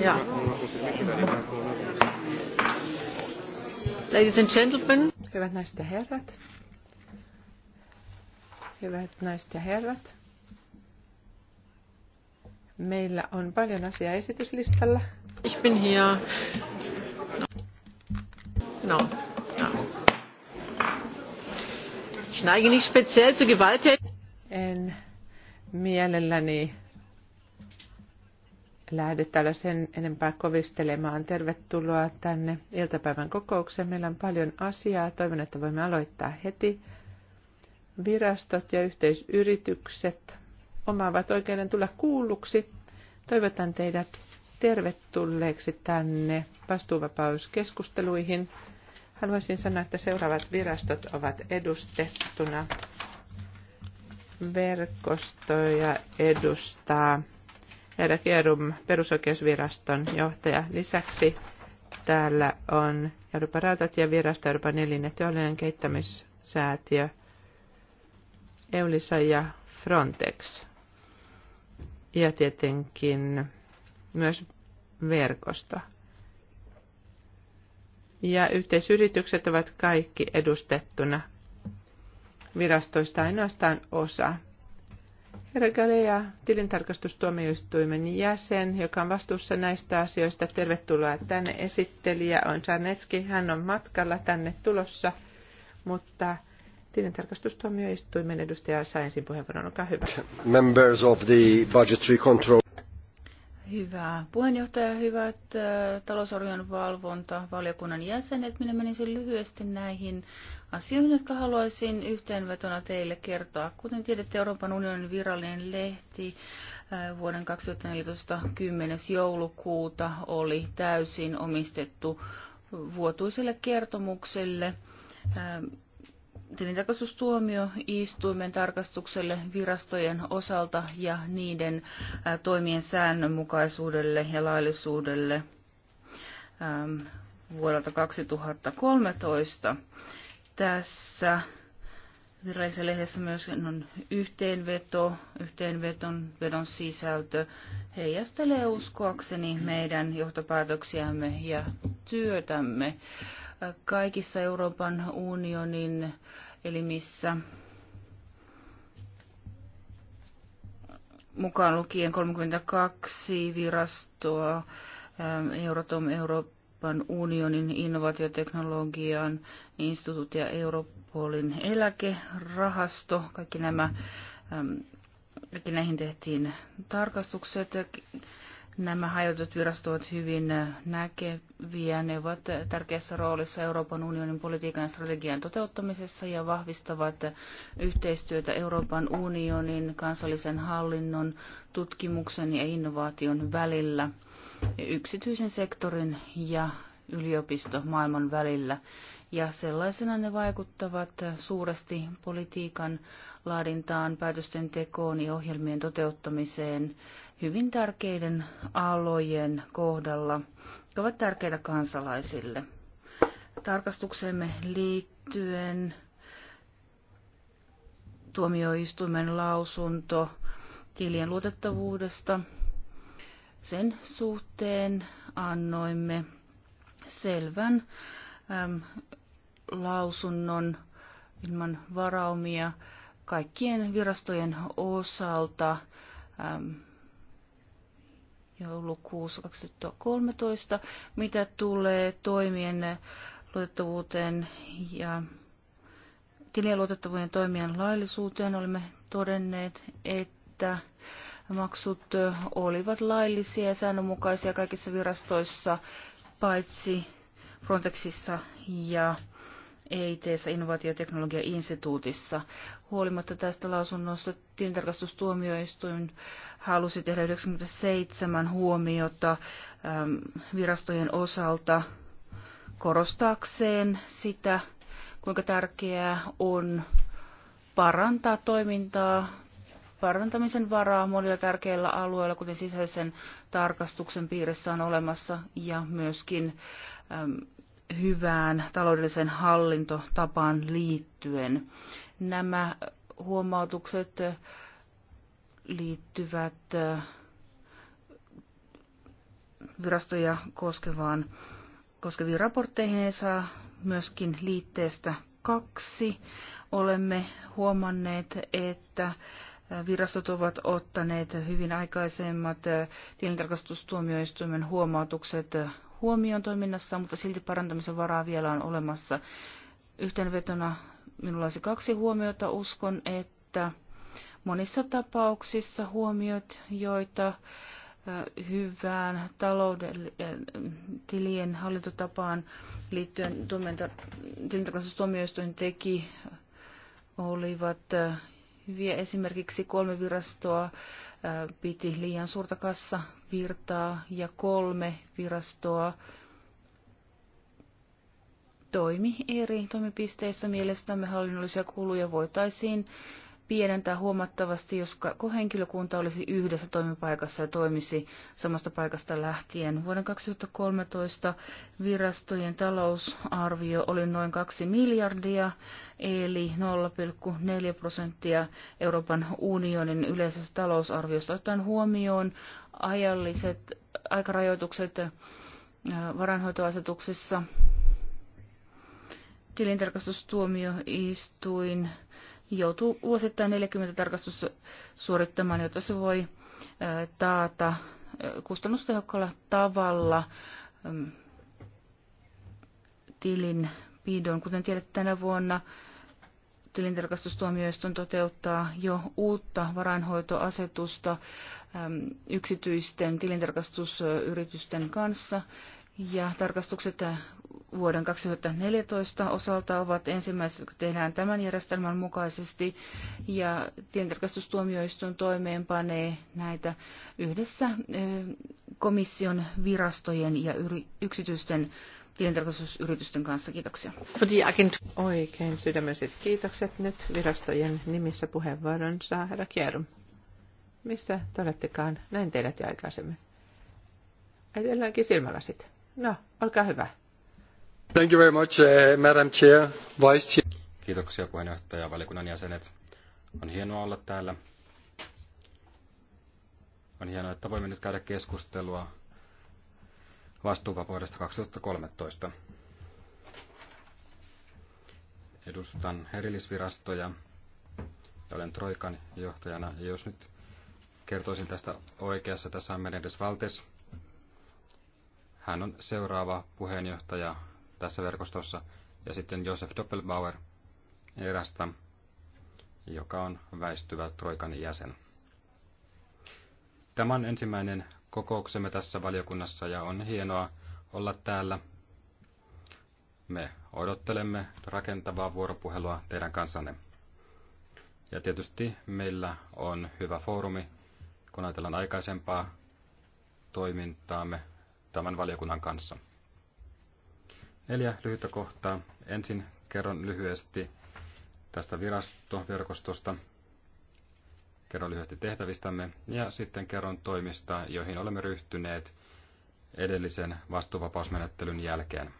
Ja. Ladies and gentlemen. Hyvät naiset ja herrat. Hyvät naiset ja herrat. Meillä on paljon asiaa esityslistalla. Ich bin hier. No. no. Ich neige nicht speziell zu Gewalttätigkeit. En mielelläni lähde täällä sen enempää kovistelemaan. Tervetuloa tänne iltapäivän kokoukseen. Meillä on paljon asiaa. Toivon, että voimme aloittaa heti. Virastot ja yhteisyritykset omaavat oikeuden tulla kuulluksi. Toivotan teidät tervetulleeksi tänne vastuuvapauskeskusteluihin. Haluaisin sanoa, että seuraavat virastot ovat edustettuna. Verkostoja edustaa herra Kierum, perusoikeusviraston johtaja. Lisäksi täällä on Euroopan rautatievirasto, Euroopan elinne, työllinen kehittämissäätiö, Eulisa ja Frontex. Ja tietenkin myös verkosto. Ja yhteisyritykset ovat kaikki edustettuna. Virastoista ainoastaan osa Herra Galea, tilintarkastustuomioistuimen jäsen, joka on vastuussa näistä asioista. Tervetuloa tänne. Esittelijä on Janetski. Hän on matkalla tänne tulossa, mutta tilintarkastustuomioistuimen edustaja saa ensin puheenvuoron. Olkaa hyvä. Members of the budgetary control. Hyvä puheenjohtaja, hyvät äh, talousarvion valvonta, valiokunnan jäsenet. Minä menisin lyhyesti näihin asioihin, jotka haluaisin yhteenvetona teille kertoa. Kuten tiedätte, Euroopan unionin virallinen lehti äh, vuoden 2014 10. joulukuuta oli täysin omistettu vuotuiselle kertomukselle ähm, tilintarkastustuomioistuimen tarkastukselle virastojen osalta ja niiden äh, toimien säännönmukaisuudelle ja laillisuudelle ähm, vuodelta 2013 tässä virallisessa lehdessä myös on yhteenveto, yhteenveton vedon sisältö heijastelee uskoakseni meidän johtopäätöksiämme ja työtämme kaikissa Euroopan unionin elimissä mukaan lukien 32 virastoa, Euratom, Euroopan Euroopan unionin innovaatioteknologian instituutti ja Europolin eläkerahasto. Kaikki nämä, kaikki näihin tehtiin tarkastukset. Nämä hajotut virastot ovat hyvin näkeviä. Ne ovat tärkeässä roolissa Euroopan unionin politiikan ja strategian toteuttamisessa ja vahvistavat yhteistyötä Euroopan unionin, kansallisen hallinnon, tutkimuksen ja innovaation välillä yksityisen sektorin ja yliopistomaailman välillä. Ja sellaisena ne vaikuttavat suuresti politiikan laadintaan, päätösten tekoon ja ohjelmien toteuttamiseen hyvin tärkeiden alojen kohdalla, jotka ovat tärkeitä kansalaisille. Tarkastuksemme liittyen tuomioistuimen lausunto tilien luotettavuudesta sen suhteen annoimme selvän äm, lausunnon ilman varaumia kaikkien virastojen osalta äm, joulukuussa 2013, mitä tulee toimien luotettavuuteen ja tilien luotettavuuden toimien laillisuuteen. Olemme todenneet, että maksut olivat laillisia ja säännönmukaisia kaikissa virastoissa, paitsi Frontexissa ja EIT-ssä innovaatioteknologia-instituutissa. Huolimatta tästä lausunnosta tilintarkastustuomioistuin halusi tehdä 97 huomiota virastojen osalta korostaakseen sitä, kuinka tärkeää on parantaa toimintaa parantamisen varaa monilla tärkeillä alueilla, kuten sisäisen tarkastuksen piirissä on olemassa, ja myöskin hyvään taloudellisen hallintotapaan liittyen. Nämä huomautukset liittyvät virastoja koskevaan, koskeviin raportteihin ei saa myöskin liitteestä kaksi. Olemme huomanneet, että Virastot ovat ottaneet hyvin aikaisemmat eh, tilintarkastustuomioistuimen huomautukset eh, huomioon toiminnassa, mutta silti parantamisen varaa vielä on olemassa. Yhteenvetona minulla olisi kaksi huomiota. Uskon, että monissa tapauksissa huomiot, joita eh, hyvään talouden tilien hallintotapaan liittyen tilintarkastustuomioistuin teki, olivat hyviä. Esimerkiksi kolme virastoa piti liian suurta kassavirtaa ja kolme virastoa toimi eri toimipisteissä. Mielestämme hallinnollisia kuluja voitaisiin pienentää huomattavasti, jos koko henkilökunta olisi yhdessä toimipaikassa ja toimisi samasta paikasta lähtien. Vuoden 2013 virastojen talousarvio oli noin 2 miljardia, eli 0,4 prosenttia Euroopan unionin yleisestä talousarviosta. Ottaen huomioon ajalliset aikarajoitukset äh, varanhoitoasetuksessa, tilintarkastustuomioistuin, joutuu vuosittain 40 tarkastus suorittamaan, jota se voi taata kustannustehokkaalla tavalla tilin pidon. Kuten tiedät, tänä vuonna tilintarkastustuomioistuin toteuttaa jo uutta varainhoitoasetusta yksityisten tilintarkastusyritysten kanssa ja tarkastukset vuoden 2014 osalta ovat ensimmäiset, jotka tehdään tämän järjestelmän mukaisesti, ja tientarkastustuomioistuin toimeenpanee näitä yhdessä komission virastojen ja yksityisten tientarkastusyritysten kanssa. Kiitoksia. Oikein sydämiset kiitokset. Nyt virastojen nimissä puheenvuoron saa herra Kierum. Missä te olettekaan? Näin teidät jo aikaisemmin. Edelläänkin silmälasit. No, olkaa hyvä. Thank you very much, eh, Madam Chair, Vice Chair. Kiitoksia puheenjohtaja ja valiokunnan jäsenet. On hienoa olla täällä. On hienoa, että voimme nyt käydä keskustelua vastuuvapaudesta 2013. Edustan erillisvirastoja ja olen Troikan johtajana. Ja jos nyt kertoisin tästä oikeassa, tässä on Menendez Valtes, hän on seuraava puheenjohtaja tässä verkostossa. Ja sitten Josef Doppelbauer erästä, joka on väistyvä Troikan jäsen. Tämä on ensimmäinen kokouksemme tässä valiokunnassa ja on hienoa olla täällä. Me odottelemme rakentavaa vuoropuhelua teidän kanssanne. Ja tietysti meillä on hyvä foorumi, kun ajatellaan aikaisempaa toimintaamme tämän valiokunnan kanssa. Neljä lyhyttä kohtaa. Ensin kerron lyhyesti tästä virastoverkostosta. Kerron lyhyesti tehtävistämme ja sitten kerron toimista, joihin olemme ryhtyneet edellisen vastuuvapausmenettelyn jälkeen.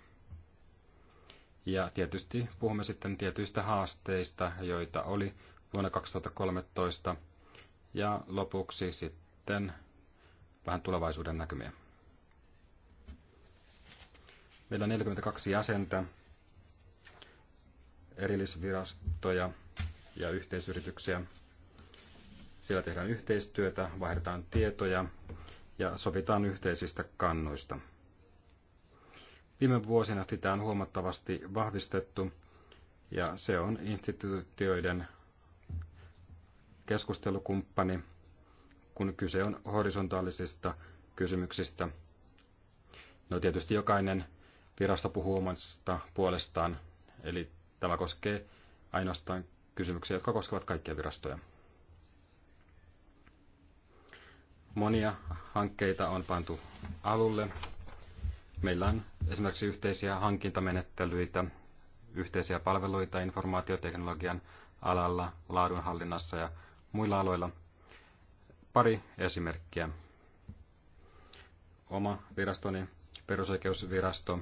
Ja tietysti puhumme sitten tietyistä haasteista, joita oli vuonna 2013. Ja lopuksi sitten vähän tulevaisuuden näkymiä. Meillä on 42 jäsentä, erillisvirastoja ja yhteisyrityksiä. Siellä tehdään yhteistyötä, vaihdetaan tietoja ja sovitaan yhteisistä kannoista. Viime vuosina sitä on huomattavasti vahvistettu ja se on instituutioiden keskustelukumppani, kun kyse on horisontaalisista kysymyksistä. No tietysti jokainen virasto puhuu omasta puolestaan. Eli tämä koskee ainoastaan kysymyksiä, jotka koskevat kaikkia virastoja. Monia hankkeita on pantu alulle. Meillä on esimerkiksi yhteisiä hankintamenettelyitä, yhteisiä palveluita informaatioteknologian alalla, laadunhallinnassa ja muilla aloilla. Pari esimerkkiä. Oma virastoni, perusoikeusvirasto,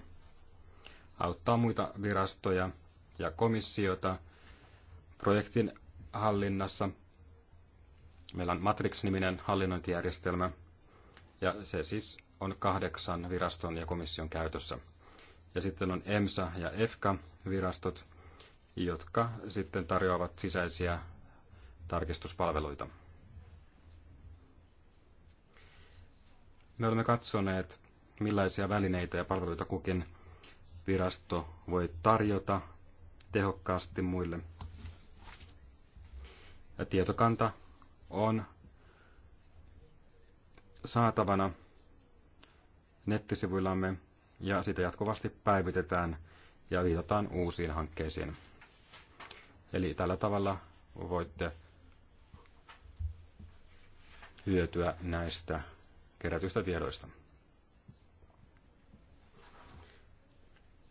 auttaa muita virastoja ja komissiota projektin hallinnassa. Meillä on Matrix-niminen hallinnointijärjestelmä, ja se siis on kahdeksan viraston ja komission käytössä. Ja sitten on EMSA ja EFKA-virastot, jotka sitten tarjoavat sisäisiä tarkistuspalveluita. Me olemme katsoneet, millaisia välineitä ja palveluita kukin virasto voi tarjota tehokkaasti muille. Ja tietokanta on saatavana nettisivuillamme ja sitä jatkuvasti päivitetään ja viitataan uusiin hankkeisiin. Eli tällä tavalla voitte hyötyä näistä kerätyistä tiedoista.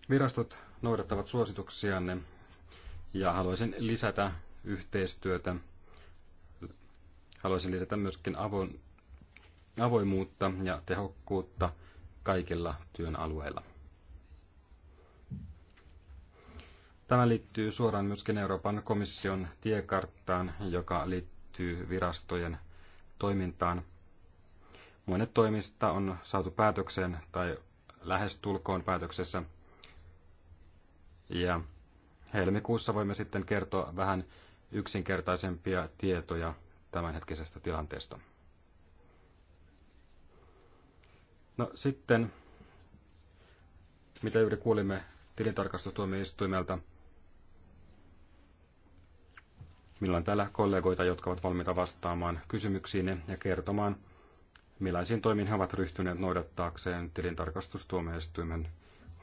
Virastot noudattavat suosituksianne ja haluaisin lisätä yhteistyötä. Haluaisin lisätä myöskin avoin, avoimuutta ja tehokkuutta kaikilla työn alueilla. Tämä liittyy suoraan myöskin Euroopan komission tiekarttaan, joka liittyy virastojen toimintaan. Monet toimista on saatu päätökseen tai lähestulkoon päätöksessä – ja helmikuussa voimme sitten kertoa vähän yksinkertaisempia tietoja tämänhetkisestä tilanteesta. No sitten, mitä juuri kuulimme tilintarkastustuomioistuimelta, Meillä on täällä kollegoita, jotka ovat valmiita vastaamaan kysymyksiin ja kertomaan, millaisiin toimiin he ovat ryhtyneet noudattaakseen tilintarkastustuomioistuimen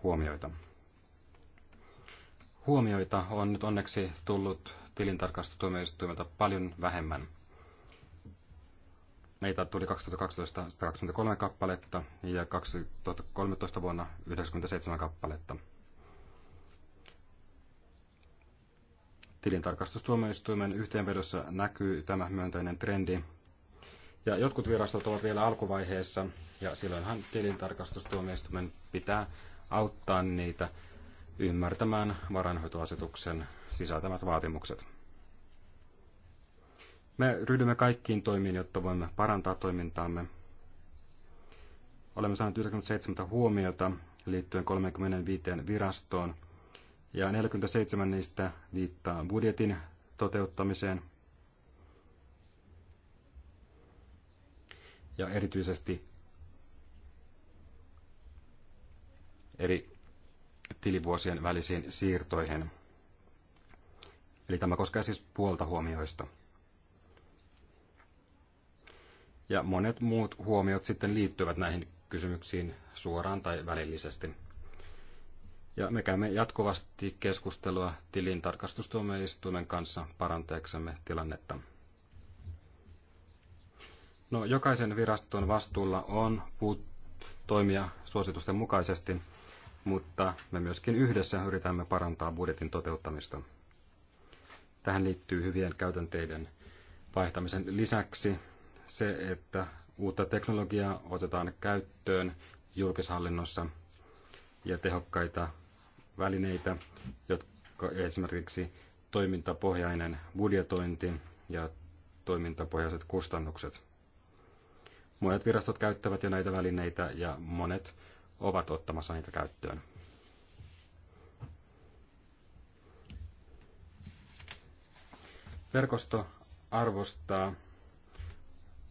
huomioita. Huomioita on nyt onneksi tullut tilintarkastustuomioistuimelta paljon vähemmän. Meitä tuli 2012 123 kappaletta ja 2013 vuonna 97 kappaletta. Tilintarkastustuomioistuimen yhteenvedossa näkyy tämä myönteinen trendi. Ja jotkut virastot ovat vielä alkuvaiheessa, ja silloinhan tilintarkastustuomioistuimen pitää auttaa niitä ymmärtämään varainhoitoasetuksen sisältämät vaatimukset. Me ryhdymme kaikkiin toimiin, jotta voimme parantaa toimintaamme. Olemme saaneet 97 huomiota liittyen 35 virastoon, ja 47 niistä viittaa budjetin toteuttamiseen. Ja erityisesti eri tilivuosien välisiin siirtoihin. Eli tämä koskee siis puolta huomioista. Ja monet muut huomiot sitten liittyvät näihin kysymyksiin suoraan tai välillisesti. Ja me käymme jatkuvasti keskustelua tilin tarkastustuomioistuimen kanssa paranteeksemme tilannetta. No, jokaisen viraston vastuulla on puut- toimia suositusten mukaisesti – mutta me myöskin yhdessä yritämme parantaa budjetin toteuttamista. Tähän liittyy hyvien käytänteiden vaihtamisen lisäksi se, että uutta teknologiaa otetaan käyttöön julkishallinnossa ja tehokkaita välineitä, jotka esimerkiksi toimintapohjainen budjetointi ja toimintapohjaiset kustannukset. Monet virastot käyttävät jo näitä välineitä ja monet ovat ottamassa niitä käyttöön. Verkosto arvostaa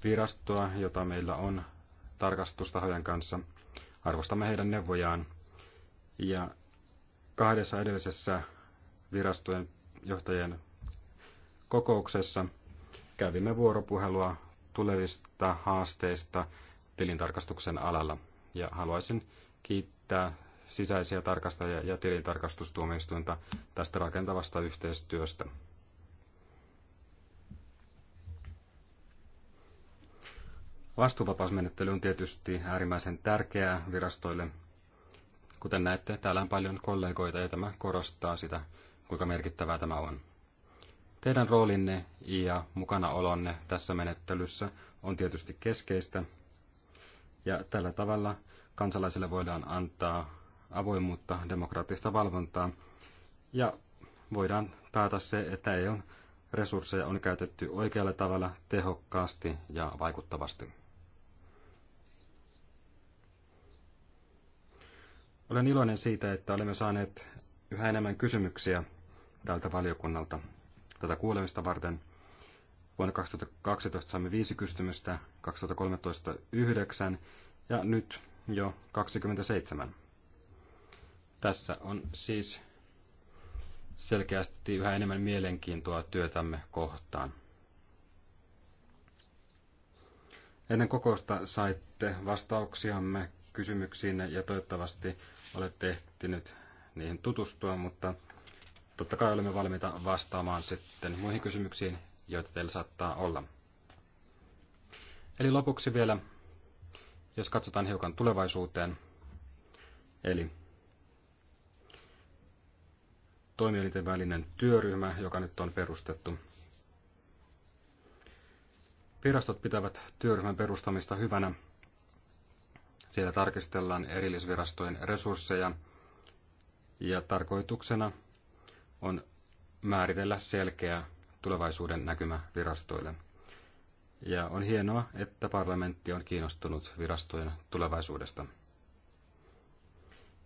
virastoa, jota meillä on tarkastustahojen kanssa. Arvostamme heidän neuvojaan. Ja kahdessa edellisessä virastojen johtajien kokouksessa kävimme vuoropuhelua tulevista haasteista tilintarkastuksen alalla. Ja haluaisin kiittää sisäisiä tarkastajia ja tilintarkastustuomioistuinta tästä rakentavasta yhteistyöstä. Vastuuvapausmenettely on tietysti äärimmäisen tärkeää virastoille. Kuten näette, täällä on paljon kollegoita ja tämä korostaa sitä, kuinka merkittävää tämä on. Teidän roolinne ja mukanaolonne tässä menettelyssä on tietysti keskeistä, ja tällä tavalla kansalaisille voidaan antaa avoimuutta, demokraattista valvontaa ja voidaan taata se, että ole resursseja on käytetty oikealla tavalla, tehokkaasti ja vaikuttavasti. Olen iloinen siitä, että olemme saaneet yhä enemmän kysymyksiä tältä valiokunnalta tätä kuulemista varten – Vuonna 2012 saimme viisi kysymystä, 2013 yhdeksän ja nyt jo 27. Tässä on siis selkeästi yhä enemmän mielenkiintoa työtämme kohtaan. Ennen kokousta saitte vastauksiamme kysymyksiin ja toivottavasti olette ehtineet niihin tutustua, mutta totta kai olemme valmiita vastaamaan sitten muihin kysymyksiin joita teillä saattaa olla. Eli lopuksi vielä, jos katsotaan hiukan tulevaisuuteen, eli toimielinten välinen työryhmä, joka nyt on perustettu. Virastot pitävät työryhmän perustamista hyvänä. Siellä tarkistellaan erillisvirastojen resursseja ja tarkoituksena on määritellä selkeä tulevaisuuden näkymä virastoille. Ja on hienoa, että parlamentti on kiinnostunut virastojen tulevaisuudesta.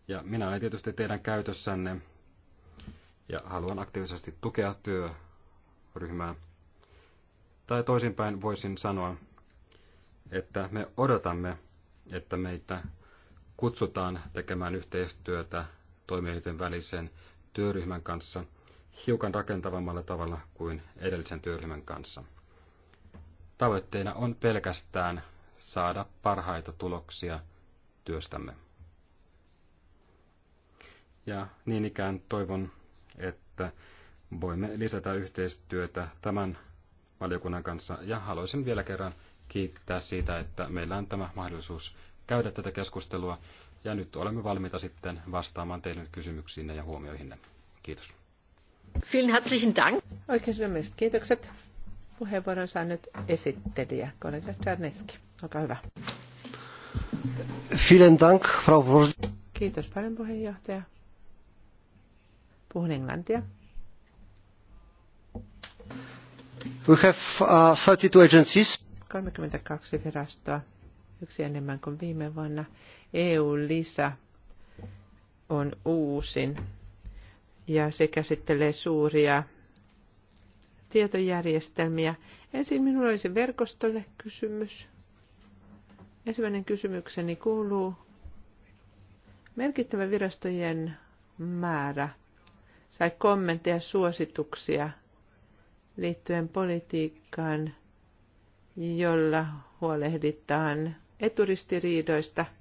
Ja minä olen tietysti teidän käytössänne ja haluan aktiivisesti tukea työryhmää. Tai toisinpäin voisin sanoa, että me odotamme, että meitä kutsutaan tekemään yhteistyötä toimielinten välisen työryhmän kanssa – hiukan rakentavammalla tavalla kuin edellisen työryhmän kanssa. Tavoitteena on pelkästään saada parhaita tuloksia työstämme. Ja niin ikään toivon, että voimme lisätä yhteistyötä tämän valiokunnan kanssa. Ja haluaisin vielä kerran kiittää siitä, että meillä on tämä mahdollisuus käydä tätä keskustelua. Ja nyt olemme valmiita sitten vastaamaan teidän kysymyksiinne ja huomioihinne. Kiitos. Vielen herzlichen Dank. Oikein sydämelliset kiitokset. Puheenvuoron saa nyt esittelijä, kollega Czarneski. Olkaa hyvä. Vielen Dank, Frau Kiitos paljon puheenjohtaja. Puhun englantia. We have uh, 32 agencies. 32 virastoa, yksi enemmän kuin viime vuonna. EU-lisä on uusin ja se käsittelee suuria tietojärjestelmiä. Ensin minulla olisi verkostolle kysymys. Ensimmäinen kysymykseni kuuluu, merkittävä virastojen määrä sai kommentteja ja suosituksia liittyen politiikkaan, jolla huolehditaan eturistiriidoista –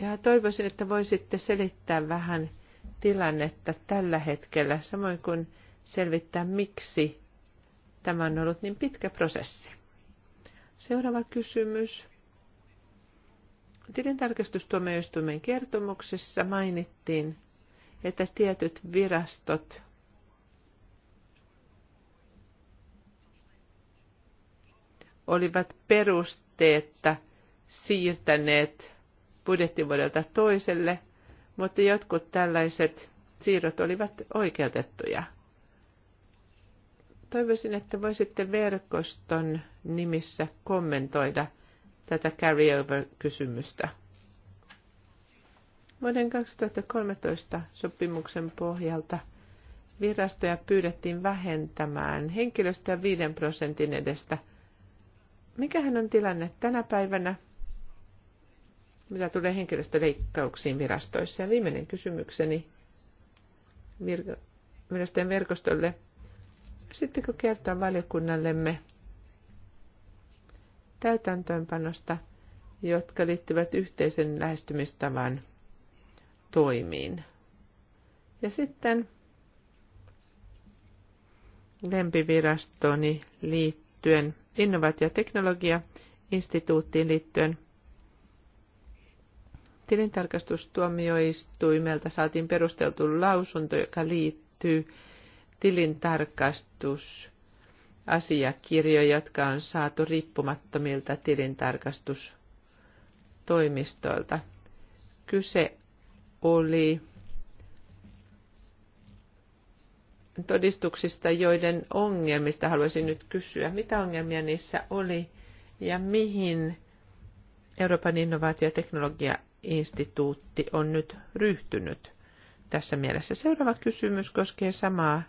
Ja toivoisin, että voisitte selittää vähän tilannetta tällä hetkellä, samoin kuin selvittää, miksi tämä on ollut niin pitkä prosessi. Seuraava kysymys. Tilintarkastustuomioistuimen kertomuksessa mainittiin, että tietyt virastot olivat perusteetta siirtäneet budjettivuodelta toiselle, mutta jotkut tällaiset siirrot olivat oikeutettuja. Toivoisin, että voisitte verkoston nimissä kommentoida tätä carryover-kysymystä. Vuoden 2013 sopimuksen pohjalta virastoja pyydettiin vähentämään henkilöstöä 5 prosentin edestä. Mikähän on tilanne tänä päivänä? mitä tulee henkilöstöleikkauksiin virastoissa. Ja viimeinen kysymykseni vir- virastojen verkostolle. Sittenkö kertoa valiokunnallemme täytäntöönpanosta, jotka liittyvät yhteisen lähestymistavan toimiin. Ja sitten lempivirastoni liittyen, innovaatioteknologia instituuttiin liittyen – Tilintarkastustuomioistuimelta saatiin perusteltu lausunto, joka liittyy tilintarkastusasiakirjoja, jotka on saatu riippumattomilta tilintarkastustoimistoilta. Kyse oli todistuksista, joiden ongelmista haluaisin nyt kysyä. Mitä ongelmia niissä oli ja mihin Euroopan innovaatio- ja teknologia instituutti on nyt ryhtynyt tässä mielessä. Seuraava kysymys koskee samaa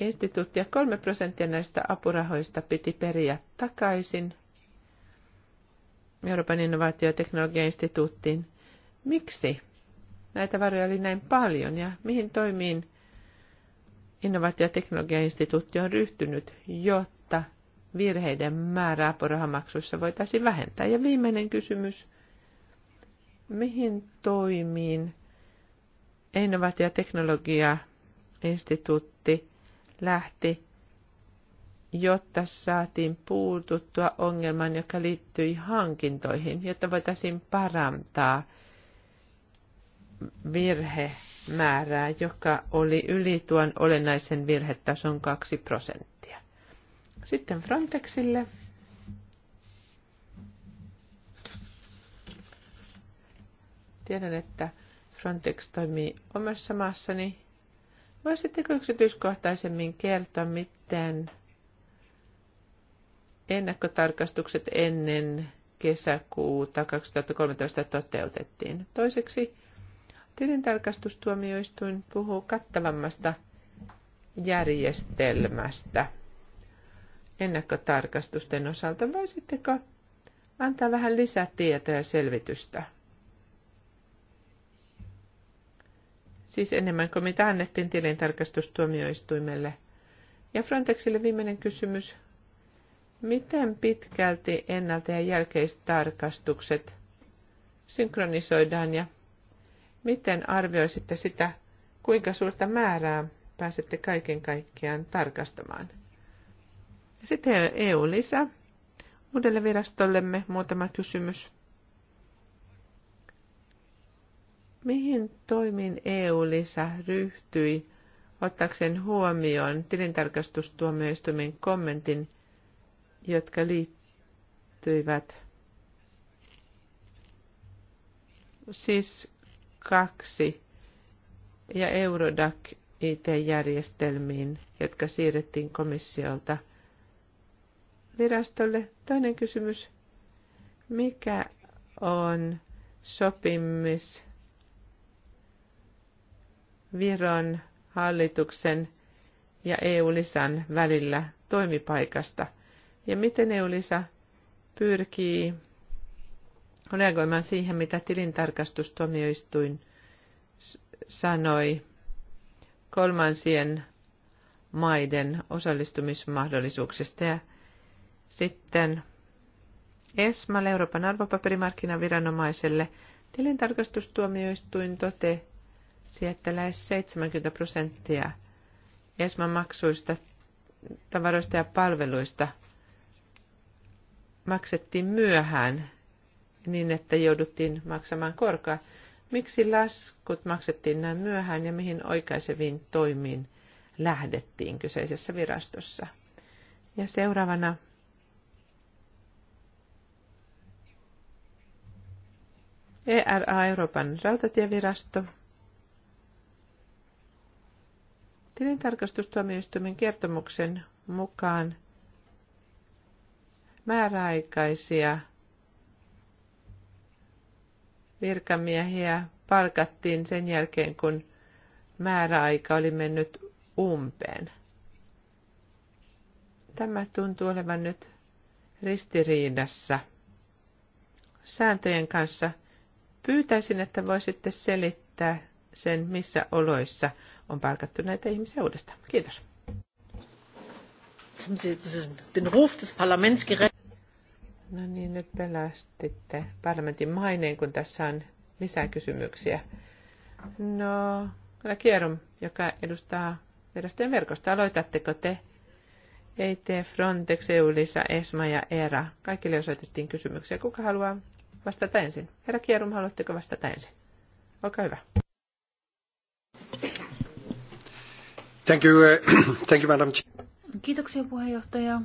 instituuttia. Kolme prosenttia näistä apurahoista piti periä takaisin Euroopan innovaatio- ja teknologiainstituuttiin. Miksi näitä varoja oli näin paljon ja mihin toimiin innovaatio- ja teknologiainstituutti on ryhtynyt, jotta virheiden määrä apurahamaksuissa voitaisiin vähentää? Ja viimeinen kysymys mihin toimiin innovaatio- ja teknologiainstituutti lähti, jotta saatiin puututtua ongelmaan, joka liittyi hankintoihin, jotta voitaisiin parantaa virhemäärää, joka oli yli tuon olennaisen virhetason 2 prosenttia. Sitten Frontexille Tiedän, että Frontex toimii omassa maassani. Voisitteko yksityiskohtaisemmin kertoa, miten ennakkotarkastukset ennen kesäkuuta 2013 toteutettiin? Toiseksi tilintarkastustuomioistuin puhuu kattavammasta järjestelmästä ennakkotarkastusten osalta. Voisitteko antaa vähän lisätietoja ja selvitystä? Siis enemmän kuin mitä annettiin tilintarkastustuomioistuimelle. Ja Frontexille viimeinen kysymys. Miten pitkälti ennalta- ja jälkeistarkastukset synkronisoidaan ja miten arvioisitte sitä, kuinka suurta määrää pääsette kaiken kaikkiaan tarkastamaan? Sitten EU-lisä uudelle virastollemme muutama kysymys. Mihin toimiin EU-lisä ryhtyi ottaakseen huomioon tilintarkastustuomioistuimen kommentin, jotka liittyivät siis kaksi ja Eurodac IT-järjestelmiin, jotka siirrettiin komissiolta virastolle. Toinen kysymys, mikä on sopimis Viron hallituksen ja EU-lisan välillä toimipaikasta ja miten EU-lisa pyrkii reagoimaan siihen, mitä tilintarkastustuomioistuin sanoi kolmansien maiden osallistumismahdollisuuksista. Ja sitten ESMAlle, Euroopan arvopaperimarkkinaviranomaiselle, tilintarkastustuomioistuin totesi, Sieltä lähes 70 prosenttia ESMAn maksuista, tavaroista ja palveluista maksettiin myöhään niin, että jouduttiin maksamaan korkoa. Miksi laskut maksettiin näin myöhään ja mihin oikaiseviin toimiin lähdettiin kyseisessä virastossa? Ja seuraavana ERA Euroopan rautatievirasto Tilintarkastustuomioistuimen kertomuksen mukaan määräaikaisia virkamiehiä palkattiin sen jälkeen, kun määräaika oli mennyt umpeen. Tämä tuntuu olevan nyt ristiriidassa sääntöjen kanssa. Pyytäisin, että voisitte selittää sen, missä oloissa on palkattu näitä ihmisiä uudestaan. Kiitos. No niin, nyt pelastitte parlamentin maineen, kun tässä on lisää kysymyksiä. No, Kierum, joka edustaa virastojen verkosta, aloitatteko te? EIT, Frontex, e Lisa, ESMA ja ERA. Kaikille osoitettiin kysymyksiä. Kuka haluaa vastata ensin? Herra Kierum, haluatteko vastata ensin? Olkaa hyvä. Thank you, uh, thank you, madam. Kiitoksia puheenjohtaja.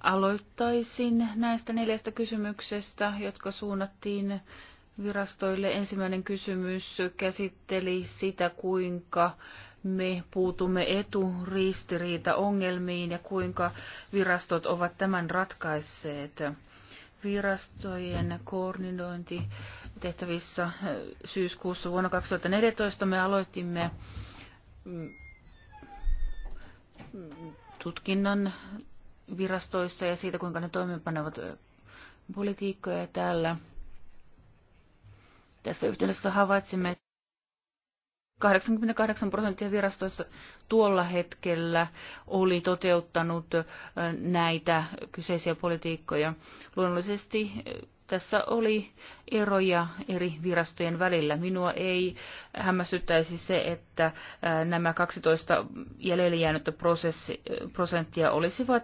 Aloittaisin näistä neljästä kysymyksestä, jotka suunnattiin virastoille. Ensimmäinen kysymys käsitteli sitä, kuinka me puutumme eturiistiriita-ongelmiin ja kuinka virastot ovat tämän ratkaisseet. Virastojen koordinointi tehtävissä syyskuussa vuonna 2014 me aloitimme tutkinnan virastoissa ja siitä, kuinka ne toimeenpanevat politiikkoja täällä. Tässä yhteydessä havaitsimme, että 88 prosenttia virastoista tuolla hetkellä oli toteuttanut näitä kyseisiä politiikkoja. Luonnollisesti tässä oli eroja eri virastojen välillä. Minua ei hämmästyttäisi se, että nämä 12 jäljellä jäänyttä prosenttia olisivat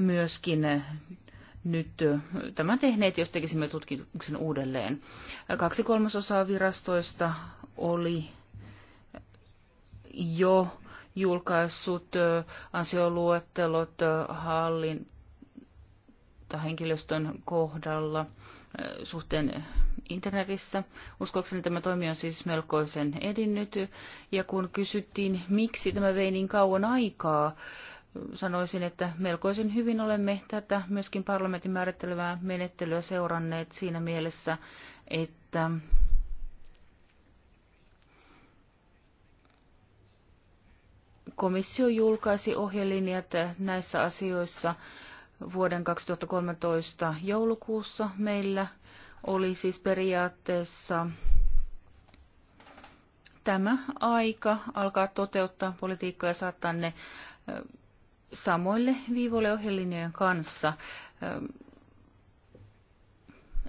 myöskin nyt tämän tehneet, jos tekisimme tutkimuksen uudelleen. Kaksi kolmasosaa virastoista oli jo julkaissut ansioluettelot hallin tai henkilöstön kohdalla äh, suhteen internetissä. Uskoakseni tämä toimi on siis melkoisen edinnyt. Ja kun kysyttiin, miksi tämä vei niin kauan aikaa, sanoisin, että melkoisen hyvin olemme tätä myöskin parlamentin määrittelevää menettelyä seuranneet siinä mielessä, että komissio julkaisi ohjelinjat näissä asioissa – vuoden 2013 joulukuussa meillä oli siis periaatteessa tämä aika alkaa toteuttaa politiikkaa ja saattaa ne samoille viivoille ohjelinjojen kanssa.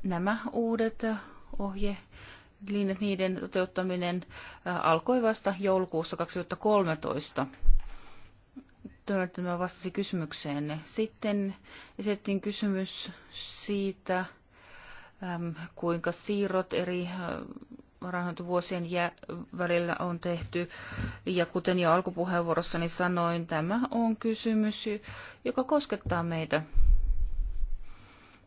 Nämä uudet ohje niiden toteuttaminen alkoi vasta joulukuussa 2013 toivon, että vastasin vastasi kysymykseenne. Sitten esitettiin kysymys siitä, kuinka siirrot eri varainhoitovuosien äh, välillä on tehty. Ja kuten jo alkupuheenvuorossani sanoin, tämä on kysymys, joka koskettaa meitä.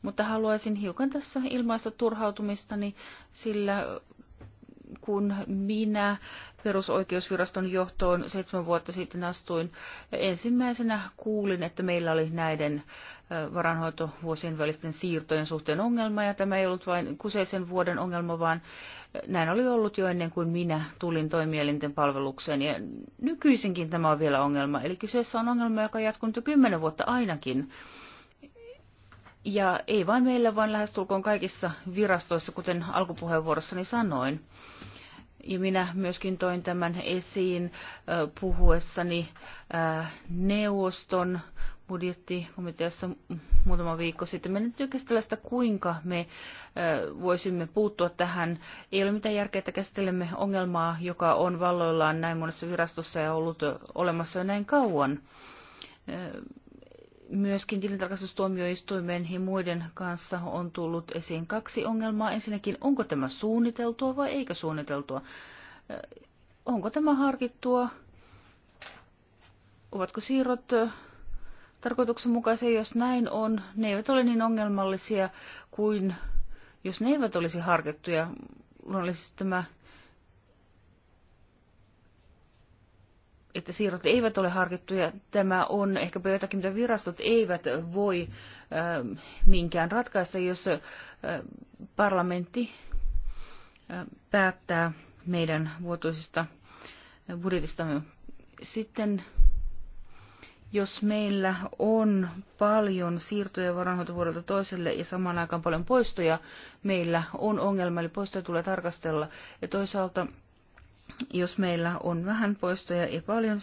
Mutta haluaisin hiukan tässä ilmaista turhautumistani, sillä kun minä perusoikeusviraston johtoon seitsemän vuotta sitten astuin, ensimmäisenä kuulin, että meillä oli näiden varanhoitovuosien välisten siirtojen suhteen ongelma, ja tämä ei ollut vain kuseisen vuoden ongelma, vaan näin oli ollut jo ennen kuin minä tulin toimielinten palvelukseen, ja nykyisinkin tämä on vielä ongelma, eli kyseessä on ongelma, joka jatkunut jo kymmenen vuotta ainakin. Ja ei vain meillä, vaan lähestulkoon kaikissa virastoissa, kuten alkupuheenvuorossani sanoin. Ja minä myöskin toin tämän esiin puhuessani neuvoston budjettikomiteassa muutama viikko sitten. Me nyt käsitellä sitä, kuinka me voisimme puuttua tähän. Ei ole mitään järkeä, että käsittelemme ongelmaa, joka on valloillaan näin monessa virastossa ja ollut olemassa jo näin kauan Myöskin tilintarkastustuomioistuimen ja muiden kanssa on tullut esiin kaksi ongelmaa. Ensinnäkin, onko tämä suunniteltua vai eikö suunniteltua? Onko tämä harkittua? Ovatko siirrot tarkoituksenmukaisia, jos näin on? Ne eivät ole niin ongelmallisia kuin jos ne eivät olisi harkittuja. Luonnollisesti tämä että siirrot eivät ole harkittuja. Tämä on ehkä jotakin, mitä virastot eivät voi äh, niinkään ratkaista, jos äh, parlamentti äh, päättää meidän vuotuisista budjetistamme. Sitten jos meillä on paljon siirtoja varainhoitovuodelta toiselle ja samaan aikaan paljon poistoja, meillä on ongelma, eli poistoja tulee tarkastella. Ja toisaalta jos meillä on vähän poistoja ja paljon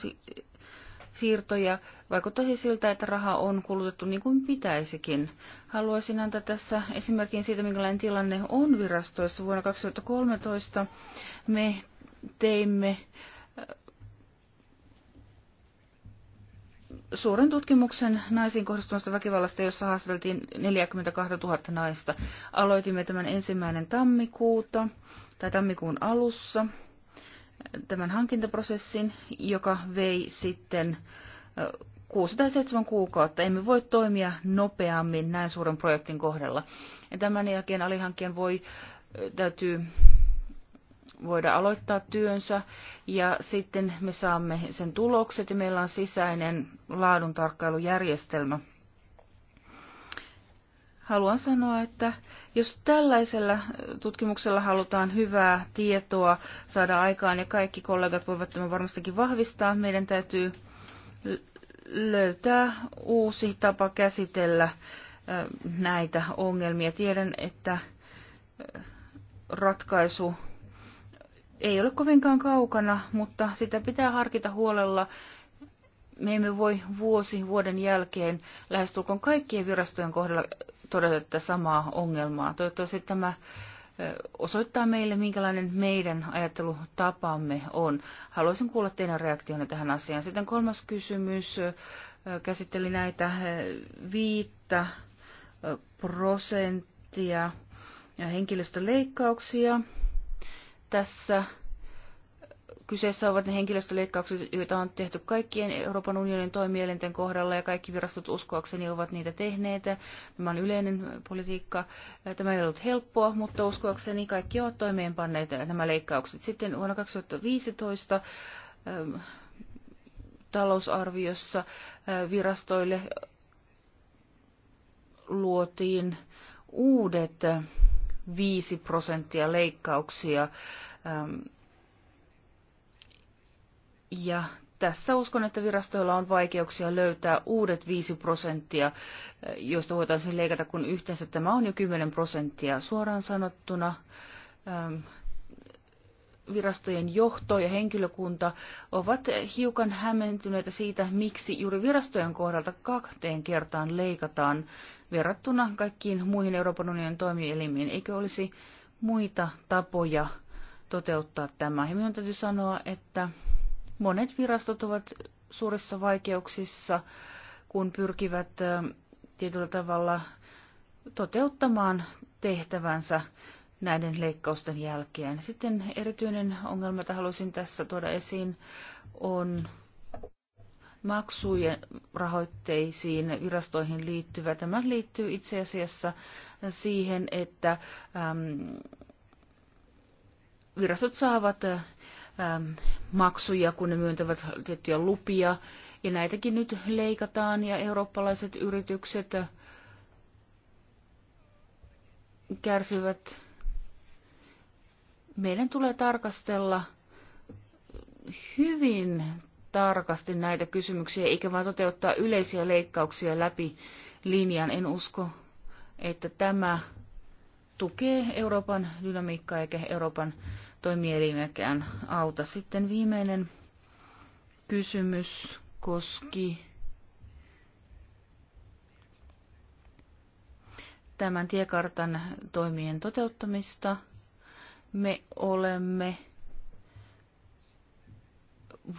siirtoja. Vaikuttaisi siltä, että raha on kulutettu niin kuin pitäisikin. Haluaisin antaa tässä esimerkin siitä, minkälainen tilanne on virastoissa. Vuonna 2013 me teimme äh, suuren tutkimuksen naisiin kohdistuvasta väkivallasta, jossa haastateltiin 42 000 naista. Aloitimme tämän ensimmäinen tammikuuta tai tammikuun alussa tämän hankintaprosessin, joka vei sitten kuusi tai seitsemän kuukautta. Emme voi toimia nopeammin näin suuren projektin kohdalla. Ja tämän jälkeen alihankkeen voi, täytyy voida aloittaa työnsä ja sitten me saamme sen tulokset ja meillä on sisäinen laaduntarkkailujärjestelmä – haluan sanoa, että jos tällaisella tutkimuksella halutaan hyvää tietoa saada aikaan, ja kaikki kollegat voivat tämän varmastikin vahvistaa, meidän täytyy löytää uusi tapa käsitellä näitä ongelmia. Tiedän, että ratkaisu ei ole kovinkaan kaukana, mutta sitä pitää harkita huolella. Me emme voi vuosi vuoden jälkeen lähestulkoon kaikkien virastojen kohdalla todeta tätä samaa ongelmaa. Toivottavasti tämä osoittaa meille, minkälainen meidän ajattelutapamme on. Haluaisin kuulla teidän reaktionne tähän asiaan. Sitten kolmas kysymys käsitteli näitä viittä prosenttia henkilöstöleikkauksia. Tässä Kyseessä ovat ne henkilöstöleikkaukset, joita on tehty kaikkien Euroopan unionin toimielinten kohdalla ja kaikki virastot uskoakseni ovat niitä tehneet. Tämä on yleinen politiikka. Tämä ei ollut helppoa, mutta uskoakseni kaikki ovat toimeenpanneet nämä leikkaukset. Sitten vuonna 2015 ähm, talousarviossa äh, virastoille luotiin uudet 5 prosenttia leikkauksia ähm, ja tässä uskon, että virastoilla on vaikeuksia löytää uudet 5 prosenttia, joista voitaisiin leikata, kun yhteensä tämä on jo 10 prosenttia suoraan sanottuna. Ähm, virastojen johto ja henkilökunta ovat hiukan hämmentyneitä siitä, miksi juuri virastojen kohdalta kahteen kertaan leikataan verrattuna kaikkiin muihin Euroopan unionin toimielimiin. Eikö olisi muita tapoja toteuttaa tämä? Ja minun täytyy sanoa, että Monet virastot ovat suurissa vaikeuksissa, kun pyrkivät tietyllä tavalla toteuttamaan tehtävänsä näiden leikkausten jälkeen. Sitten erityinen ongelma, jota haluaisin tässä tuoda esiin, on maksujen rahoitteisiin virastoihin liittyvä. Tämä liittyy itse asiassa siihen, että äm, virastot saavat Ähm, maksuja, kun ne myöntävät tiettyjä lupia. Ja näitäkin nyt leikataan ja eurooppalaiset yritykset kärsivät. Meidän tulee tarkastella hyvin tarkasti näitä kysymyksiä, eikä vain toteuttaa yleisiä leikkauksia läpi linjan. En usko, että tämä tukee Euroopan dynamiikkaa eikä Euroopan toimielimiäkään auta. Sitten viimeinen kysymys koski tämän tiekartan toimien toteuttamista. Me olemme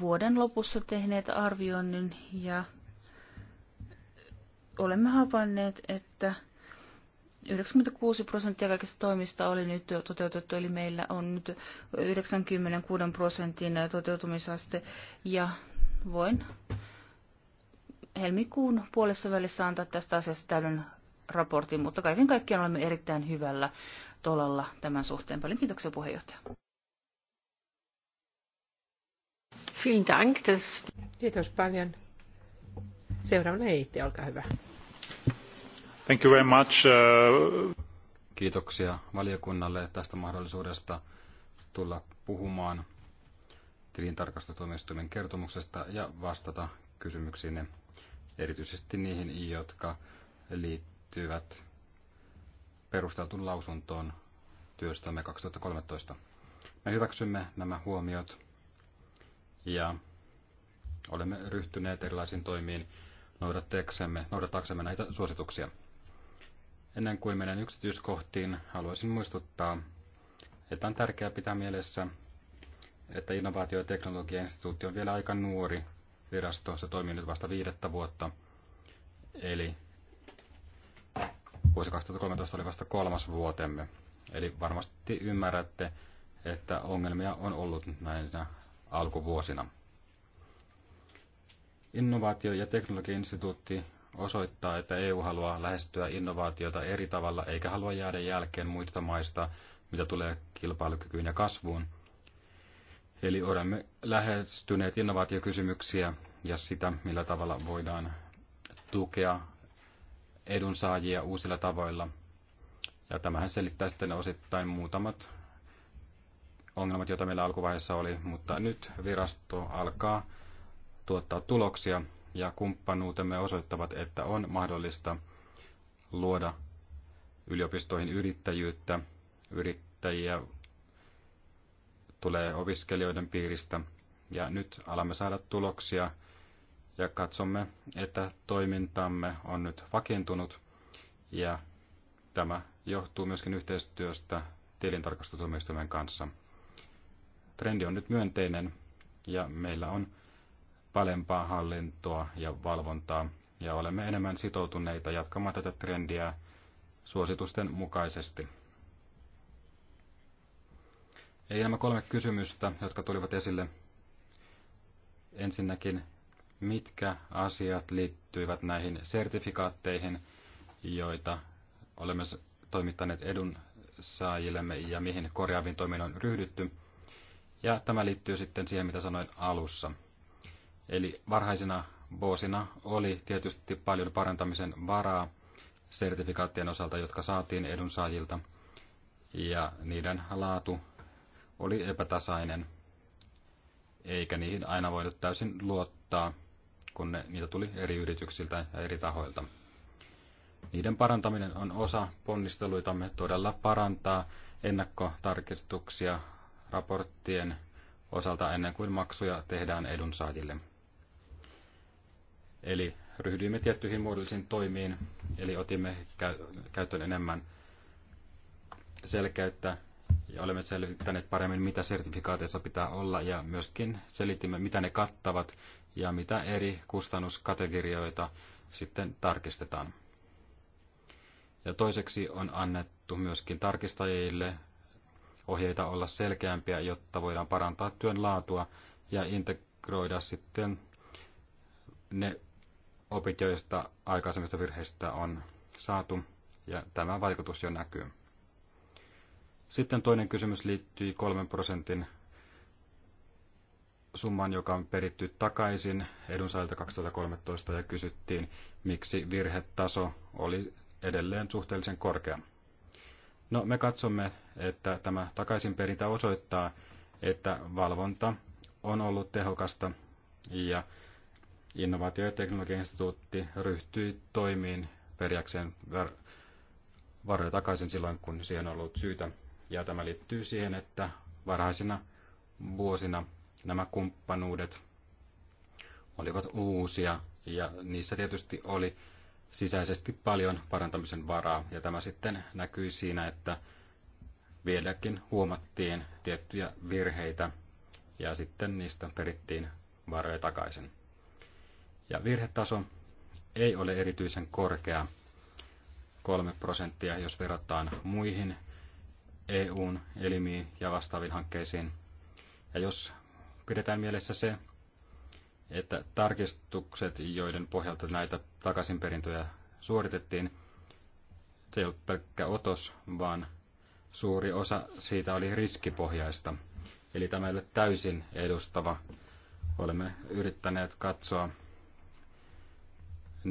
vuoden lopussa tehneet arvioinnin ja olemme havainneet, että 96 prosenttia kaikista toimista oli nyt toteutettu, eli meillä on nyt 96 prosentin toteutumisaste ja voin helmikuun puolessa välissä antaa tästä asiasta täyden raportin, mutta kaiken kaikkiaan olemme erittäin hyvällä tolalla tämän suhteen. Paljon kiitoksia puheenjohtaja. Kiitos paljon. Seuraavana Eitti, olkaa hyvä. Thank you very much. Uh, Kiitoksia valiokunnalle tästä mahdollisuudesta tulla puhumaan tilintarkastustuomioistuimen kertomuksesta ja vastata kysymyksiinne, erityisesti niihin, jotka liittyvät perusteltuun lausuntoon työstämme 2013. Me hyväksymme nämä huomiot ja olemme ryhtyneet erilaisiin toimiin noudattaaksemme näitä suosituksia. Ennen kuin menen yksityiskohtiin, haluaisin muistuttaa, että on tärkeää pitää mielessä, että innovaatio- ja teknologiainstituutti on vielä aika nuori virasto. Se toimii nyt vasta viidettä vuotta. Eli vuosi 2013 oli vasta kolmas vuotemme. Eli varmasti ymmärrätte, että ongelmia on ollut näinä alkuvuosina. Innovaatio- ja teknologiainstituutti osoittaa, että EU haluaa lähestyä innovaatiota eri tavalla eikä halua jäädä jälkeen muista maista, mitä tulee kilpailukykyyn ja kasvuun. Eli olemme lähestyneet innovaatiokysymyksiä ja sitä, millä tavalla voidaan tukea edunsaajia uusilla tavoilla. Ja tämähän selittää sitten osittain muutamat ongelmat, joita meillä alkuvaiheessa oli, mutta nyt virasto alkaa tuottaa tuloksia ja kumppanuutemme osoittavat, että on mahdollista luoda yliopistoihin yrittäjyyttä. Yrittäjiä tulee opiskelijoiden piiristä ja nyt alamme saada tuloksia ja katsomme, että toimintamme on nyt vakiintunut ja tämä johtuu myöskin yhteistyöstä tilintarkastustuomioistuimen kanssa. Trendi on nyt myönteinen ja meillä on palempaa hallintoa ja valvontaa, ja olemme enemmän sitoutuneita jatkamaan tätä trendiä suositusten mukaisesti. Eli nämä kolme kysymystä, jotka tulivat esille. Ensinnäkin, mitkä asiat liittyivät näihin sertifikaatteihin, joita olemme toimittaneet edun saajillemme ja mihin korjaaviin toimiin on ryhdytty. Ja tämä liittyy sitten siihen, mitä sanoin alussa – Eli varhaisina vuosina oli tietysti paljon parantamisen varaa sertifikaattien osalta, jotka saatiin edunsaajilta, ja niiden laatu oli epätasainen, eikä niihin aina voida täysin luottaa, kun ne, niitä tuli eri yrityksiltä ja eri tahoilta. Niiden parantaminen on osa ponnisteluitamme todella parantaa ennakkotarkistuksia raporttien osalta ennen kuin maksuja tehdään edunsaajille. Eli ryhdyimme tiettyihin muodollisiin toimiin, eli otimme käyttöön enemmän selkeyttä ja olemme selvittäneet paremmin, mitä sertifikaateissa pitää olla ja myöskin selitimme, mitä ne kattavat ja mitä eri kustannuskategorioita sitten tarkistetaan. Ja toiseksi on annettu myöskin tarkistajille ohjeita olla selkeämpiä, jotta voidaan parantaa työn laatua ja integroida sitten ne opit, joista aikaisemmista virheistä on saatu, ja tämä vaikutus jo näkyy. Sitten toinen kysymys liittyy kolmen prosentin summan, joka on peritty takaisin edunsaajilta 2013 ja kysyttiin, miksi virhetaso oli edelleen suhteellisen korkea. No, me katsomme, että tämä takaisinperintä osoittaa, että valvonta on ollut tehokasta ja innovaatio- ja teknologiainstituutti ryhtyi toimiin perjäkseen varoja takaisin silloin, kun siihen on ollut syytä. Ja tämä liittyy siihen, että varhaisina vuosina nämä kumppanuudet olivat uusia ja niissä tietysti oli sisäisesti paljon parantamisen varaa. Ja tämä sitten näkyi siinä, että vieläkin huomattiin tiettyjä virheitä ja sitten niistä perittiin varoja takaisin. Ja virhetaso ei ole erityisen korkea, 3 prosenttia, jos verrataan muihin EUn elimiin ja vastaaviin hankkeisiin. Ja jos pidetään mielessä se, että tarkistukset, joiden pohjalta näitä takaisinperintöjä suoritettiin, se ei ollut pelkkä otos, vaan suuri osa siitä oli riskipohjaista. Eli tämä ei ole täysin edustava. Olemme yrittäneet katsoa,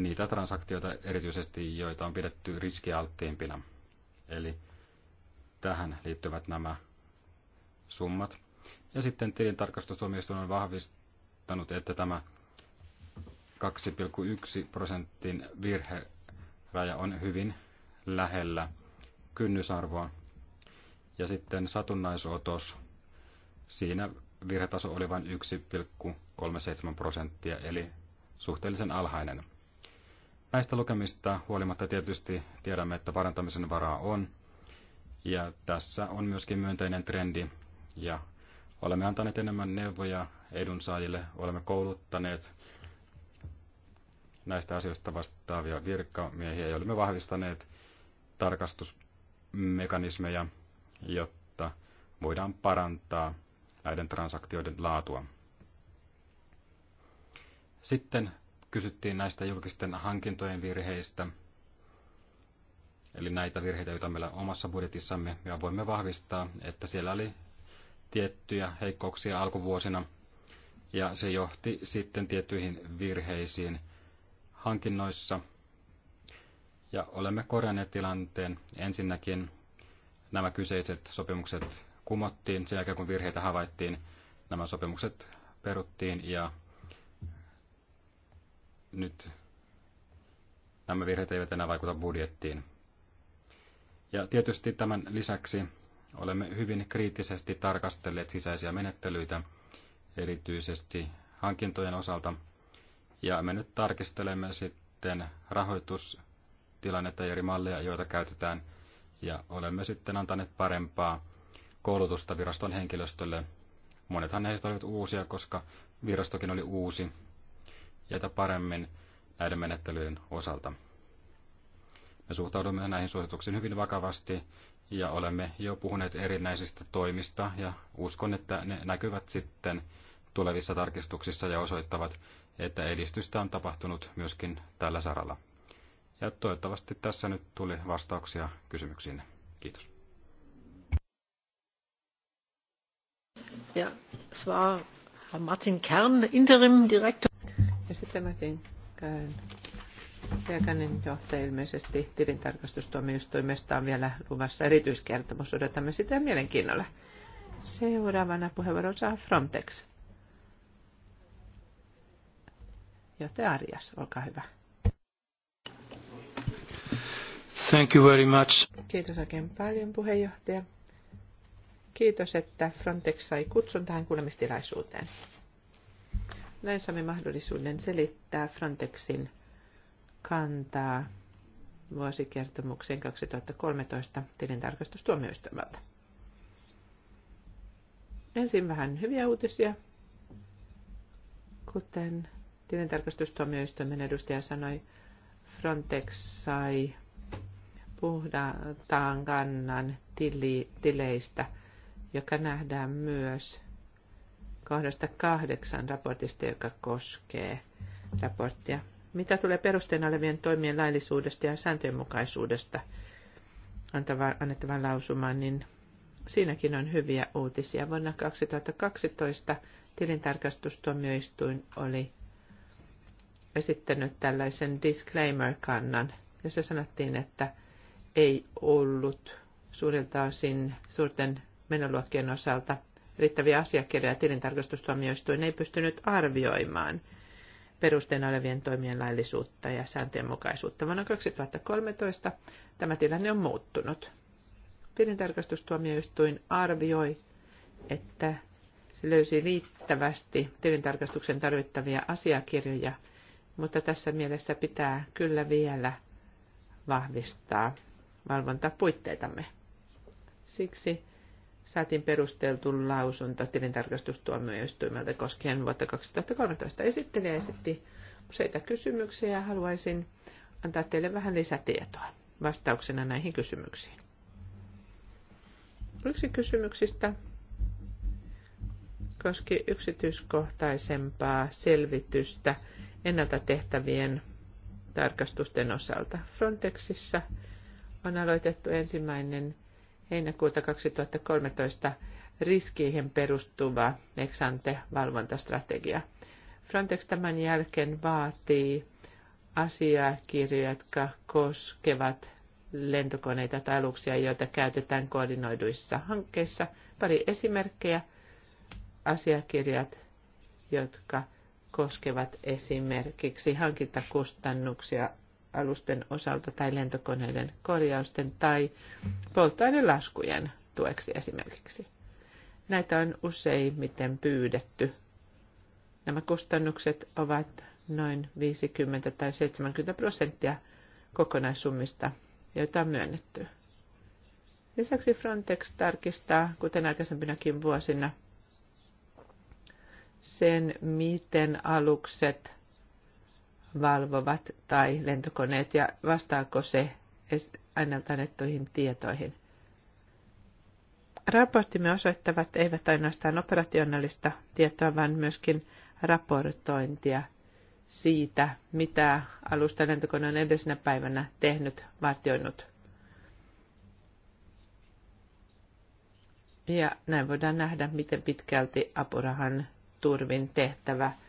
niitä transaktioita erityisesti, joita on pidetty riskialttiimpina. Eli tähän liittyvät nämä summat. Ja sitten tilintarkastustuomioistuin on vahvistanut, että tämä 2,1 prosentin virheraja on hyvin lähellä kynnysarvoa. Ja sitten satunnaisotos, siinä virhetaso oli vain 1,37 prosenttia, eli suhteellisen alhainen. Näistä lukemista huolimatta tietysti tiedämme, että parantamisen varaa on. Ja tässä on myöskin myönteinen trendi. Ja olemme antaneet enemmän neuvoja edunsaajille, olemme kouluttaneet näistä asioista vastaavia virkamiehiä ja olemme vahvistaneet tarkastusmekanismeja, jotta voidaan parantaa näiden transaktioiden laatua. Sitten kysyttiin näistä julkisten hankintojen virheistä, eli näitä virheitä, joita meillä omassa budjetissamme, ja voimme vahvistaa, että siellä oli tiettyjä heikkouksia alkuvuosina, ja se johti sitten tiettyihin virheisiin hankinnoissa. Ja olemme korjanneet tilanteen. Ensinnäkin nämä kyseiset sopimukset kumottiin sen jälkeen, kun virheitä havaittiin. Nämä sopimukset peruttiin ja nyt nämä virheet eivät enää vaikuta budjettiin. Ja tietysti tämän lisäksi olemme hyvin kriittisesti tarkastelleet sisäisiä menettelyitä, erityisesti hankintojen osalta, ja me nyt tarkistelemme sitten rahoitustilannetta ja eri malleja, joita käytetään, ja olemme sitten antaneet parempaa koulutusta viraston henkilöstölle. Monethan heistä olivat uusia, koska virastokin oli uusi Jätä paremmin näiden menettelyiden osalta. Me suhtaudumme näihin suosituksiin hyvin vakavasti ja olemme jo puhuneet erinäisistä toimista ja uskon, että ne näkyvät sitten tulevissa tarkistuksissa ja osoittavat, että edistystä on tapahtunut myöskin tällä saralla. Ja toivottavasti tässä nyt tuli vastauksia kysymyksiin. Kiitos. Ja, es war Martin Kern, Interim Direktor. Ja sitten Mäkin äh, käyn. Piekanen johtaja ilmeisesti tilintarkastustuomioistuimesta on vielä luvassa erityiskertomus. Odotamme sitä mielenkiinnolla. Seuraavana puheenvuoro saa Frontex. Johtaja Arias, olkaa hyvä. Thank you very much. Kiitos oikein paljon puheenjohtaja. Kiitos, että Frontex sai kutsun tähän kuulemistilaisuuteen. Näin saamme mahdollisuuden selittää Frontexin kantaa vuosikertomukseen 2013 tilintarkastustuomioistuimelta. Ensin vähän hyviä uutisia. Kuten tilintarkastustuomioistuimen edustaja sanoi, Frontex sai puhdataan kannan tili, tileistä, joka nähdään myös kohdasta kahdeksan raportista, joka koskee raporttia. Mitä tulee perusteena olevien toimien laillisuudesta ja sääntöjenmukaisuudesta annettavan lausumaan, niin siinäkin on hyviä uutisia. Vuonna 2012 tilintarkastustuomioistuin oli esittänyt tällaisen disclaimer-kannan, jossa sanottiin, että ei ollut suurilta osin suurten menoluokkien osalta riittäviä asiakirjoja tilintarkastustuomioistuin ei pystynyt arvioimaan perusteena olevien toimien laillisuutta ja sääntöjen mukaisuutta. Vuonna 2013 tämä tilanne on muuttunut. Tilintarkastustuomioistuin arvioi, että se löysi riittävästi tilintarkastuksen tarvittavia asiakirjoja, mutta tässä mielessä pitää kyllä vielä vahvistaa valvontapuitteitamme. Siksi saatiin perusteltu lausunto tilintarkastustuomioistuimelta koskien vuotta 2013. Esittelijä esitti useita kysymyksiä ja haluaisin antaa teille vähän lisätietoa vastauksena näihin kysymyksiin. Yksi kysymyksistä koski yksityiskohtaisempaa selvitystä ennalta tehtävien tarkastusten osalta. Frontexissa on aloitettu ensimmäinen heinäkuuta 2013 riskiihin perustuva Exante-valvontastrategia. Frontex tämän jälkeen vaatii asiakirjoja, jotka koskevat lentokoneita tai aluksia, joita käytetään koordinoiduissa hankkeissa. Pari esimerkkejä. Asiakirjat, jotka koskevat esimerkiksi hankintakustannuksia alusten osalta tai lentokoneiden korjausten tai polttoainelaskujen tueksi esimerkiksi. Näitä on useimmiten pyydetty. Nämä kustannukset ovat noin 50 tai 70 prosenttia kokonaissummista, joita on myönnetty. Lisäksi Frontex tarkistaa, kuten aikaisempinakin vuosina, sen, miten alukset valvovat tai lentokoneet ja vastaako se aineelta annettuihin tietoihin. Raporttimme osoittavat eivät ainoastaan operationaalista tietoa, vaan myöskin raportointia siitä, mitä alusta lentokone on edellisenä päivänä tehnyt, vartioinut. Ja näin voidaan nähdä, miten pitkälti apurahan turvin tehtävä –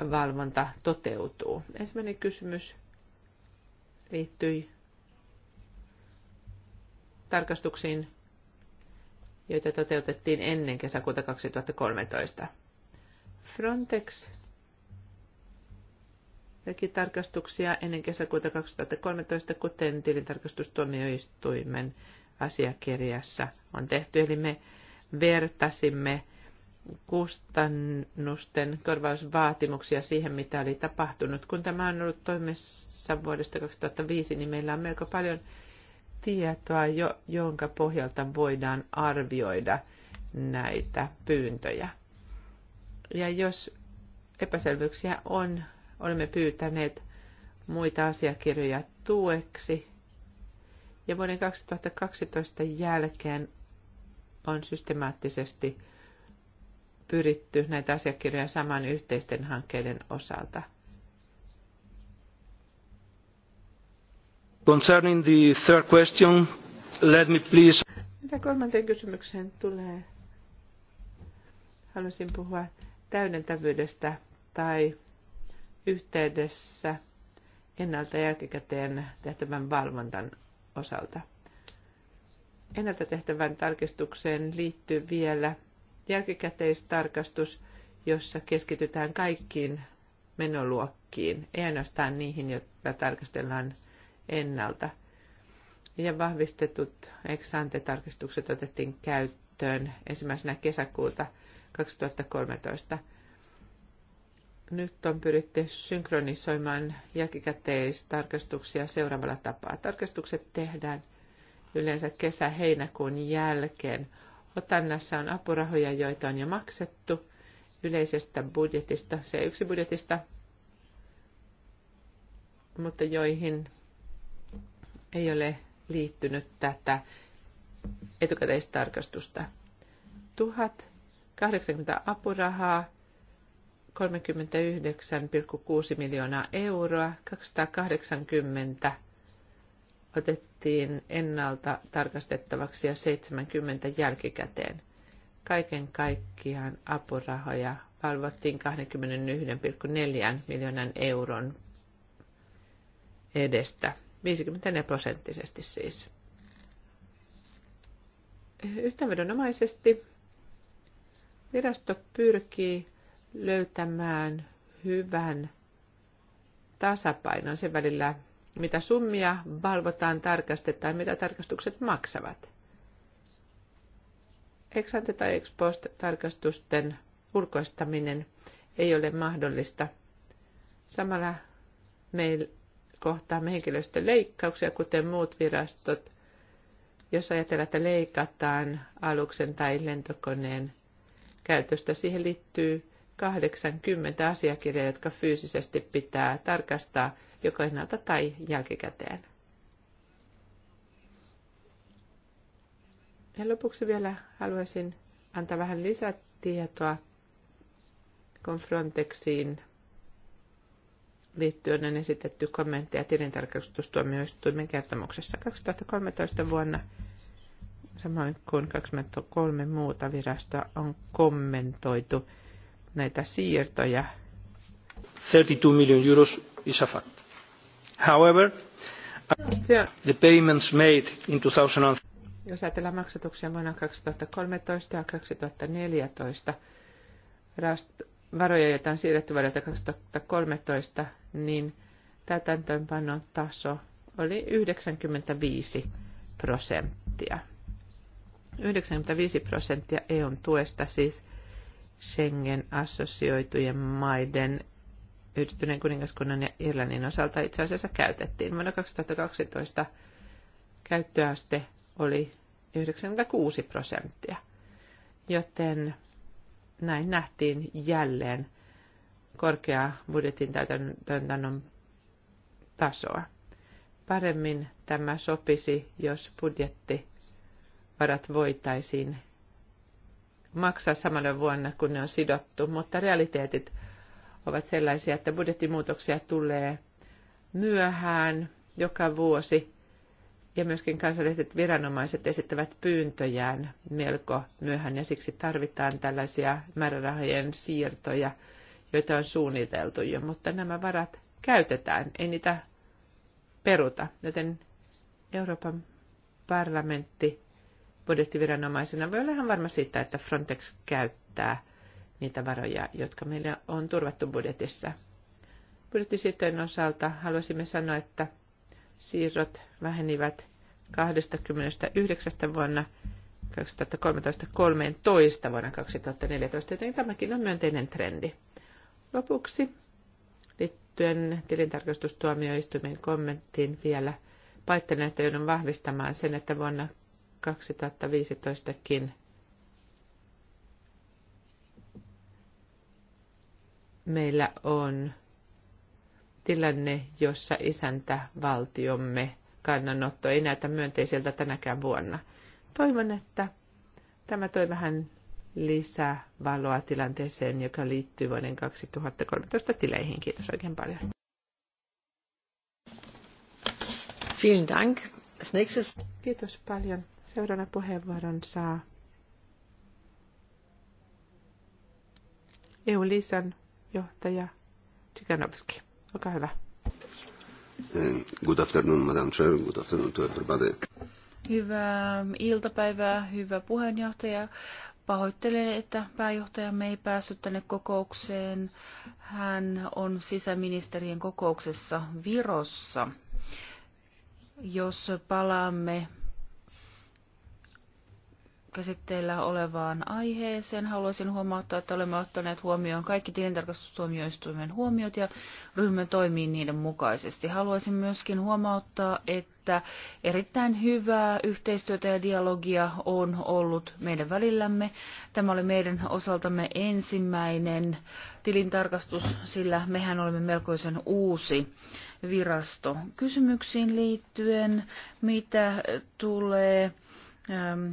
valvonta toteutuu. Ensimmäinen kysymys liittyi tarkastuksiin, joita toteutettiin ennen kesäkuuta 2013. Frontex teki tarkastuksia ennen kesäkuuta 2013, kuten tilintarkastustuomioistuimen asiakirjassa on tehty. Eli me vertasimme kustannusten korvausvaatimuksia siihen, mitä oli tapahtunut. Kun tämä on ollut toimessa vuodesta 2005, niin meillä on melko paljon tietoa, jo, jonka pohjalta voidaan arvioida näitä pyyntöjä. Ja jos epäselvyyksiä on, olemme pyytäneet muita asiakirjoja tueksi. Ja vuoden 2012 jälkeen on systemaattisesti pyritty näitä asiakirjoja saman yhteisten hankkeiden osalta. Concerning the third question, let me please... Mitä kolmanteen kysymykseen tulee? Haluaisin puhua täydentävyydestä tai yhteydessä ennalta jälkikäteen tehtävän valvontan osalta. Ennalta tehtävän tarkistukseen liittyy vielä jälkikäteistarkastus, jossa keskitytään kaikkiin menoluokkiin, ei ainoastaan niihin, joita tarkastellaan ennalta. Ja vahvistetut ex tarkistukset otettiin käyttöön ensimmäisenä kesäkuuta 2013. Nyt on pyritty synkronisoimaan jälkikäteistarkastuksia seuraavalla tapaa. Tarkastukset tehdään yleensä kesä-heinäkuun jälkeen Otannassa on apurahoja, joita on jo maksettu yleisestä budjetista, se yksi budjetista mutta joihin ei ole liittynyt tätä etukäteistarkastusta. 1080 apurahaa, 39,6 miljoonaa euroa, 280 otettu otettiin ennalta tarkastettavaksi ja 70 jälkikäteen. Kaiken kaikkiaan apurahoja valvottiin 21,4 miljoonan euron edestä, 54 prosenttisesti siis. Yhtävedonomaisesti virasto pyrkii löytämään hyvän tasapainon sen välillä, mitä summia valvotaan, tarkastetaan, mitä tarkastukset maksavat. Exante tai ex post tarkastusten ulkoistaminen ei ole mahdollista. Samalla meillä kohtaamme henkilöstöleikkauksia, kuten muut virastot. Jos ajatellaan, että leikataan aluksen tai lentokoneen käytöstä, siihen liittyy 80 asiakirjaa, jotka fyysisesti pitää tarkastaa joko ennalta tai jälkikäteen. Ja lopuksi vielä haluaisin antaa vähän lisätietoa kun Frontexiin liittyen on esitetty kommentteja tilintarkastustuomioistuimen kertomuksessa 2013 vuonna, samoin kuin 23 muuta virastoa on kommentoitu näitä siirtoja. 32 miljoonaa euroa is a fact. However, the payments made in 2000 jos ajatellaan maksatuksia vuonna 2013 ja 2014, varoja, joita on siirretty vuodelta 2013, niin täytäntöönpanon taso oli 95 prosenttia. 95 prosenttia EUn tuesta siis Schengen-assosioitujen maiden yhdistyneen kuningaskunnan ja Irlannin osalta itse asiassa käytettiin. Vuonna 2012 käyttöaste oli 96 prosenttia, joten näin nähtiin jälleen korkea budjetin täytäntöönpanon tasoa. Paremmin tämä sopisi, jos budjettivarat voitaisiin maksaa samana vuonna, kun ne on sidottu, mutta realiteetit – ovat sellaisia, että budjettimuutoksia tulee myöhään joka vuosi ja myöskin kansalliset viranomaiset esittävät pyyntöjään melko myöhään ja siksi tarvitaan tällaisia määrärahojen siirtoja, joita on suunniteltu jo, mutta nämä varat käytetään, ei niitä peruta, joten Euroopan parlamentti budjettiviranomaisena voi olla ihan varma siitä, että Frontex käyttää – niitä varoja, jotka meillä on turvattu budjetissa. Budjettisitojen osalta haluaisimme sanoa, että siirrot vähenivät 29 vuonna 2013 13 vuonna 2014, joten tämäkin on myönteinen trendi. Lopuksi liittyen tilintarkastustuomioistuimen kommenttiin vielä paittelen, että joudun vahvistamaan sen, että vuonna 2015kin meillä on tilanne, jossa isäntävaltiomme kannanotto ei näytä myönteiseltä tänäkään vuonna. Toivon, että tämä toi vähän lisää valoa tilanteeseen, joka liittyy vuoden 2013 tileihin. Kiitos oikein paljon. Vielen Dank. Kiitos paljon. Seuraavana puheenvuoron saa EU-lisän johtaja Tsikanovski. Olkaa hyvä. Good afternoon, Madam Chair. Good afternoon to everybody. Hyvää iltapäivää, hyvä puheenjohtaja. Pahoittelen, että pääjohtajamme ei päässyt tänne kokoukseen. Hän on sisäministerien kokouksessa Virossa. Jos palaamme käsitteillä olevaan aiheeseen. Haluaisin huomauttaa, että olemme ottaneet huomioon kaikki tilintarkastustuomioistuimen huomiot ja ryhmä toimii niiden mukaisesti. Haluaisin myöskin huomauttaa, että erittäin hyvää yhteistyötä ja dialogia on ollut meidän välillämme. Tämä oli meidän osaltamme ensimmäinen tilintarkastus, sillä mehän olemme melkoisen uusi virasto. Kysymyksiin liittyen, mitä tulee ähm,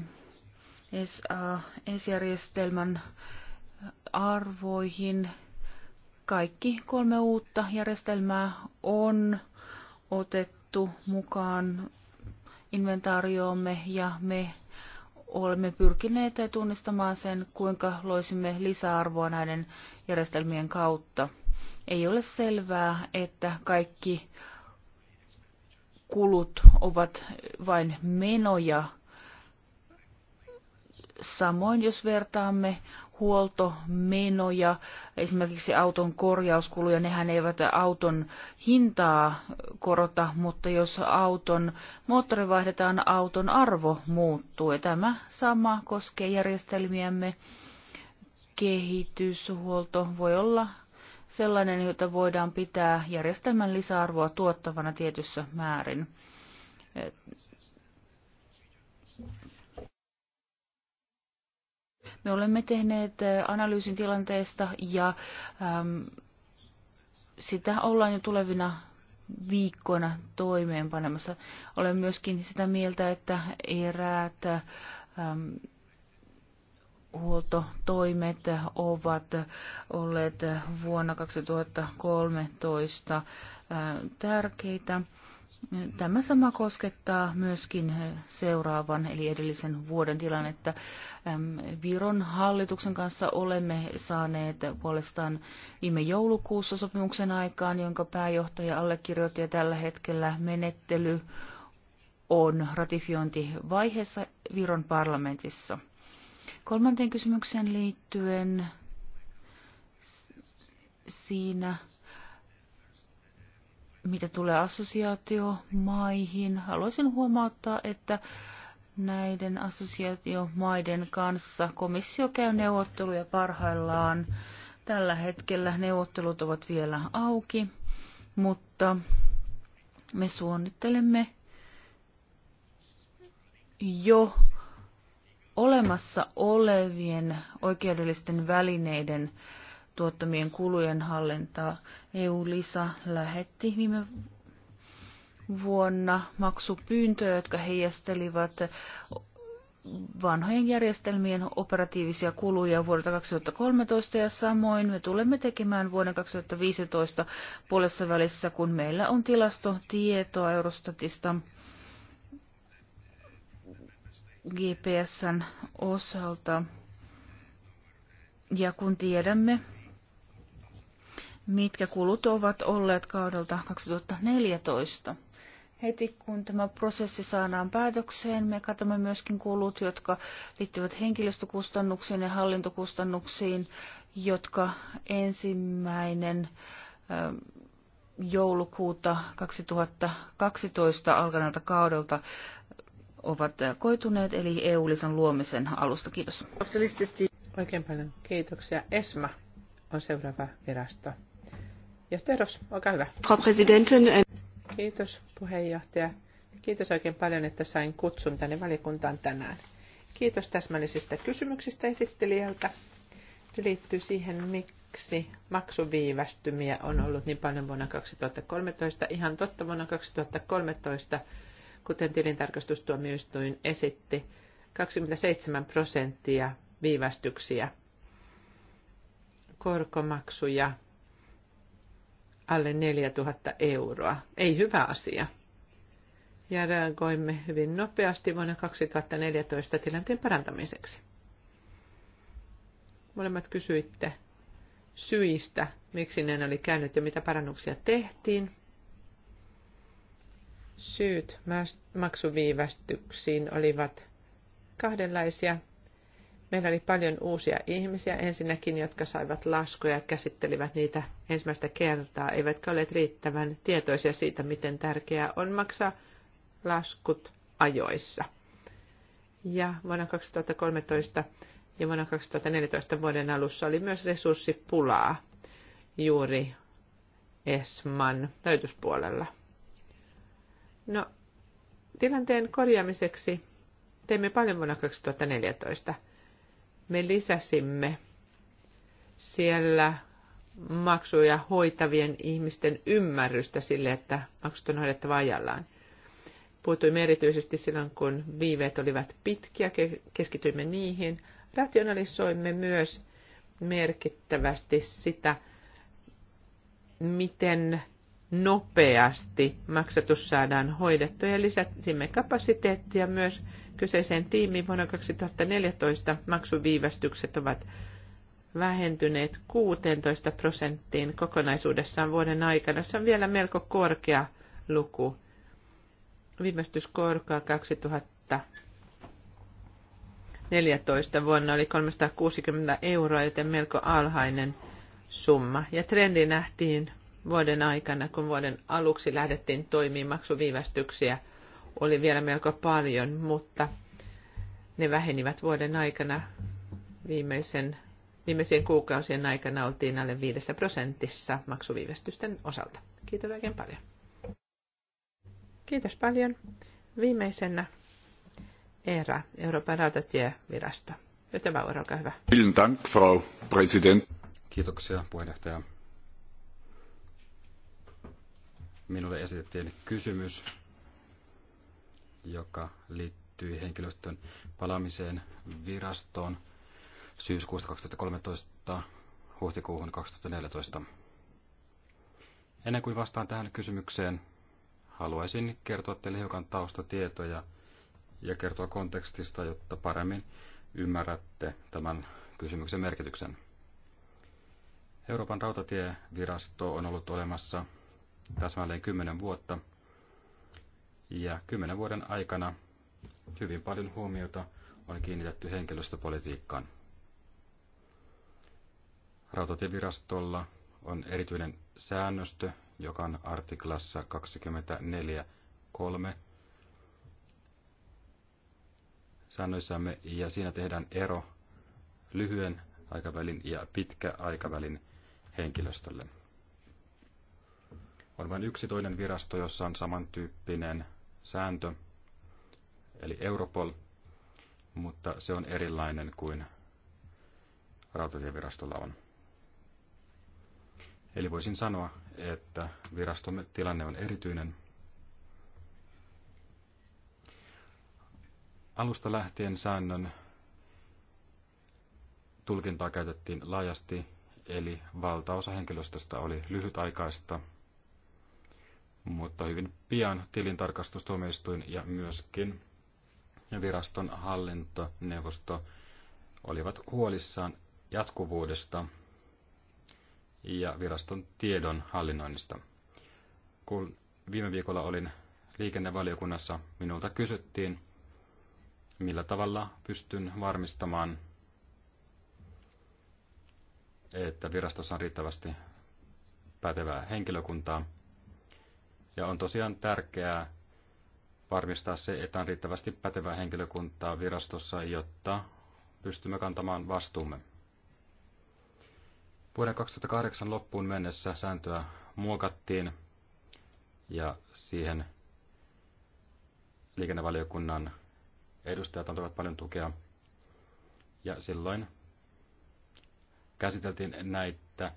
SAS-järjestelmän arvoihin. Kaikki kolme uutta järjestelmää on otettu mukaan inventaarioomme ja me olemme pyrkineet tunnistamaan sen, kuinka loisimme lisäarvoa näiden järjestelmien kautta. Ei ole selvää, että kaikki kulut ovat vain menoja Samoin jos vertaamme huoltomenoja, esimerkiksi auton korjauskuluja, nehän eivät auton hintaa korota, mutta jos auton moottori vaihdetaan, auton arvo muuttuu. Ja tämä sama koskee järjestelmiämme. Kehityshuolto voi olla sellainen, jota voidaan pitää järjestelmän lisäarvoa tuottavana tietyssä määrin. Me olemme tehneet analyysin tilanteesta ja äm, sitä ollaan jo tulevina viikkoina toimeenpanemassa. Olen myöskin sitä mieltä, että eräät äm, huoltotoimet ovat olleet vuonna 2013 tärkeitä. Tämä sama koskettaa myöskin seuraavan eli edellisen vuoden tilannetta. Viron hallituksen kanssa olemme saaneet puolestaan viime joulukuussa sopimuksen aikaan, jonka pääjohtaja allekirjoitti ja tällä hetkellä menettely on ratifiointivaiheessa Viron parlamentissa. Kolmanteen kysymykseen liittyen siinä mitä tulee assosiaatiomaihin, haluaisin huomauttaa, että näiden assosiaatiomaiden kanssa komissio käy neuvotteluja parhaillaan. Tällä hetkellä neuvottelut ovat vielä auki, mutta me suunnittelemme jo olemassa olevien oikeudellisten välineiden äh, tuottamien kulujen hallintaa. EU-LISA lähetti viime vuonna maksupyyntöjä, jotka heijastelivat vanhojen järjestelmien operatiivisia kuluja vuodelta 2013 ja samoin me tulemme tekemään vuoden 2015 puolessa välissä, kun meillä on tilastotietoa Eurostatista GPSn osalta. Ja kun tiedämme, mitkä kulut ovat olleet kaudelta 2014. Heti kun tämä prosessi saadaan päätökseen, me katsomme myöskin kulut, jotka liittyvät henkilöstökustannuksiin ja hallintokustannuksiin, jotka ensimmäinen joulukuuta 2012 alkaneelta kaudelta ovat koituneet, eli EU-lisan luomisen alusta. Kiitos. Oikein paljon kiitoksia. ESMA on seuraava virasto. Johtaja Ross, olkaa hyvä. Äh, Kiitos puheenjohtaja. Kiitos oikein paljon, että sain kutsun tänne valiokuntaan tänään. Kiitos täsmällisistä kysymyksistä esittelijältä. Se liittyy siihen, miksi maksuviivästymiä on ollut niin paljon vuonna 2013. Ihan totta vuonna 2013, kuten tilintarkastustuomioistuin esitti, 27 prosenttia viivästyksiä korkomaksuja alle 4000 euroa. Ei hyvä asia. Ja reagoimme hyvin nopeasti vuonna 2014 tilanteen parantamiseksi. Molemmat kysyitte syistä, miksi näin oli käynyt ja mitä parannuksia tehtiin. Syyt maksuviivästyksiin olivat kahdenlaisia. Meillä oli paljon uusia ihmisiä ensinnäkin, jotka saivat laskuja ja käsittelivät niitä ensimmäistä kertaa, eivätkä ole riittävän tietoisia siitä, miten tärkeää on maksaa laskut ajoissa. Ja vuonna 2013 ja vuonna 2014 vuoden alussa oli myös resurssipulaa juuri ESMAN rajoituspuolella. No, tilanteen korjaamiseksi teimme paljon vuonna 2014 me lisäsimme siellä maksuja hoitavien ihmisten ymmärrystä sille, että maksut on hoidettava ajallaan. Puutuimme erityisesti silloin, kun viiveet olivat pitkiä, keskityimme niihin. Rationalisoimme myös merkittävästi sitä, miten nopeasti maksatus saadaan hoidettua ja lisäsimme kapasiteettia myös kyseiseen tiimiin vuonna 2014 maksuviivästykset ovat vähentyneet 16 prosenttiin kokonaisuudessaan vuoden aikana. Se on vielä melko korkea luku. Viivästyskorkoa 2014 vuonna oli 360 euroa, joten melko alhainen summa. Ja trendi nähtiin vuoden aikana, kun vuoden aluksi lähdettiin toimimaan, maksuviivästyksiä oli vielä melko paljon, mutta ne vähenivät vuoden aikana viimeisen, viimeisen kuukausien aikana oltiin alle 5 prosentissa maksuviivästysten osalta. Kiitos oikein paljon. Kiitos paljon. Viimeisenä ERA, Euroopan rautatievirasto. Jutta Bauer, olkaa hyvä. Vielen Dank, Frau President. Kiitoksia puheenjohtaja. minulle esitettiin kysymys, joka liittyy henkilöstön palaamiseen virastoon syyskuusta 2013 huhtikuuhun 2014. Ennen kuin vastaan tähän kysymykseen, haluaisin kertoa teille hiukan taustatietoja ja kertoa kontekstista, jotta paremmin ymmärrätte tämän kysymyksen merkityksen. Euroopan rautatievirasto on ollut olemassa tasmalleen 10 vuotta. Ja 10 vuoden aikana hyvin paljon huomiota on kiinnitetty henkilöstöpolitiikkaan. Rautatievirastolla on erityinen säännöstö, joka on artiklassa 24.3 säännöissämme, ja siinä tehdään ero lyhyen aikavälin ja pitkä aikavälin henkilöstölle. On vain yksi toinen virasto, jossa on samantyyppinen sääntö, eli Europol, mutta se on erilainen kuin rautatievirastolla on. Eli voisin sanoa, että virastomme tilanne on erityinen. Alusta lähtien säännön tulkintaa käytettiin laajasti, eli valtaosa henkilöstöstä oli lyhytaikaista mutta hyvin pian tilintarkastustuomioistuin ja myöskin viraston hallintoneuvosto olivat huolissaan jatkuvuudesta ja viraston tiedon hallinnoinnista. Kun viime viikolla olin liikennevaliokunnassa, minulta kysyttiin, millä tavalla pystyn varmistamaan, että virastossa on riittävästi pätevää henkilökuntaa – ja on tosiaan tärkeää varmistaa se, että on riittävästi pätevää henkilökuntaa virastossa, jotta pystymme kantamaan vastuumme. Vuoden 2008 loppuun mennessä sääntöä muokattiin ja siihen liikennevaliokunnan edustajat antoivat paljon tukea. Ja silloin käsiteltiin näitä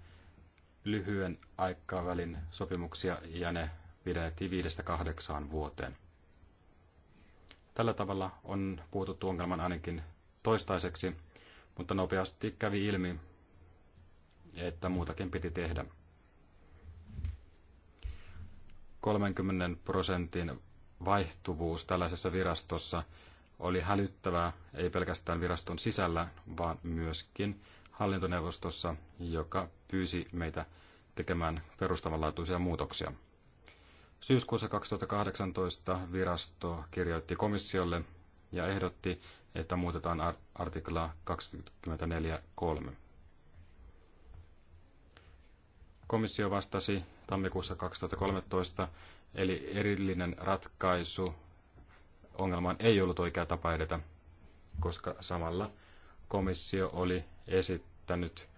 lyhyen aikavälin sopimuksia ja ne pidettiin viidestä kahdeksaan vuoteen. Tällä tavalla on puututtu ongelman ainakin toistaiseksi, mutta nopeasti kävi ilmi, että muutakin piti tehdä. 30 prosentin vaihtuvuus tällaisessa virastossa oli hälyttävää ei pelkästään viraston sisällä, vaan myöskin hallintoneuvostossa, joka pyysi meitä tekemään perustavanlaatuisia muutoksia. Syyskuussa 2018 virasto kirjoitti komissiolle ja ehdotti, että muutetaan artikla 24.3. Komissio vastasi tammikuussa 2013, eli erillinen ratkaisu ongelmaan ei ollut oikea tapa edetä, koska samalla komissio oli esittänyt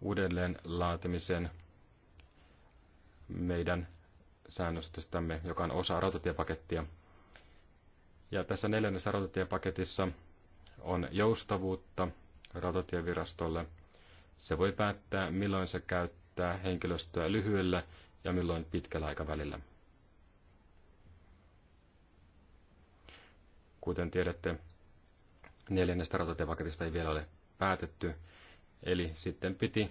uudelleen laatimisen meidän säännöstöstämme, joka on osa rautatiepakettia. Ja tässä neljännessä rautatiepaketissa on joustavuutta rautatievirastolle. Se voi päättää, milloin se käyttää henkilöstöä lyhyellä ja milloin pitkällä aikavälillä. Kuten tiedätte, neljännestä rautatiepaketista ei vielä ole päätetty, eli sitten piti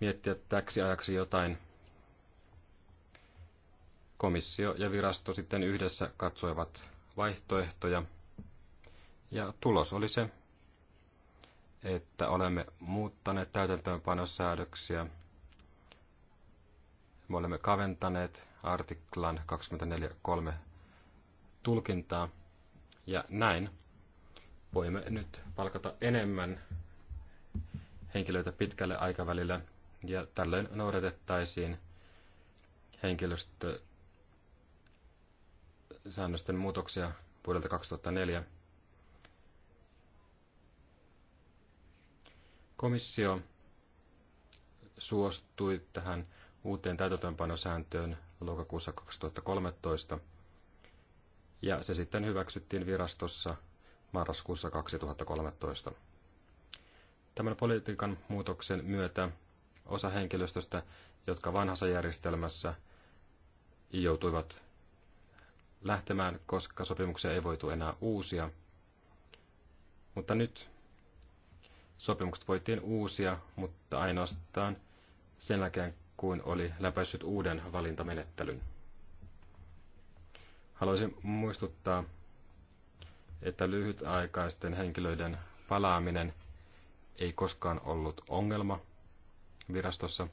miettiä täksi ajaksi jotain, komissio ja virasto sitten yhdessä katsoivat vaihtoehtoja. Ja tulos oli se, että olemme muuttaneet täytäntöönpanosäädöksiä. Me olemme kaventaneet artiklan 24.3 tulkintaa. Ja näin voimme nyt palkata enemmän henkilöitä pitkälle aikavälillä ja tällöin noudatettaisiin henkilöstö säännösten muutoksia vuodelta 2004. Komissio suostui tähän uuteen täytäntöönpanosääntöön lokakuussa 2013, ja se sitten hyväksyttiin virastossa marraskuussa 2013. Tämän politiikan muutoksen myötä osa henkilöstöstä, jotka vanhassa järjestelmässä joutuivat lähtemään, koska sopimuksia ei voitu enää uusia. Mutta nyt sopimukset voitiin uusia, mutta ainoastaan sen jälkeen, kun oli läpäissyt uuden valintamenettelyn. Haluaisin muistuttaa, että lyhytaikaisten henkilöiden palaaminen ei koskaan ollut ongelma virastossa.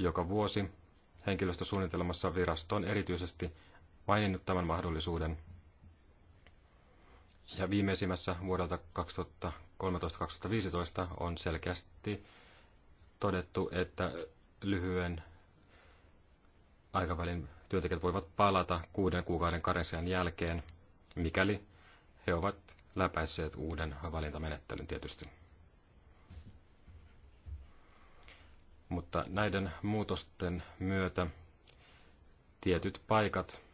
Joka vuosi henkilöstösuunnitelmassa virastoon erityisesti maininnut tämän mahdollisuuden. Ja viimeisimmässä vuodelta 2013-2015 on selkeästi todettu, että lyhyen aikavälin työntekijät voivat palata kuuden kuukauden karenssian jälkeen, mikäli he ovat läpäisseet uuden valintamenettelyn tietysti. Mutta näiden muutosten myötä tietyt paikat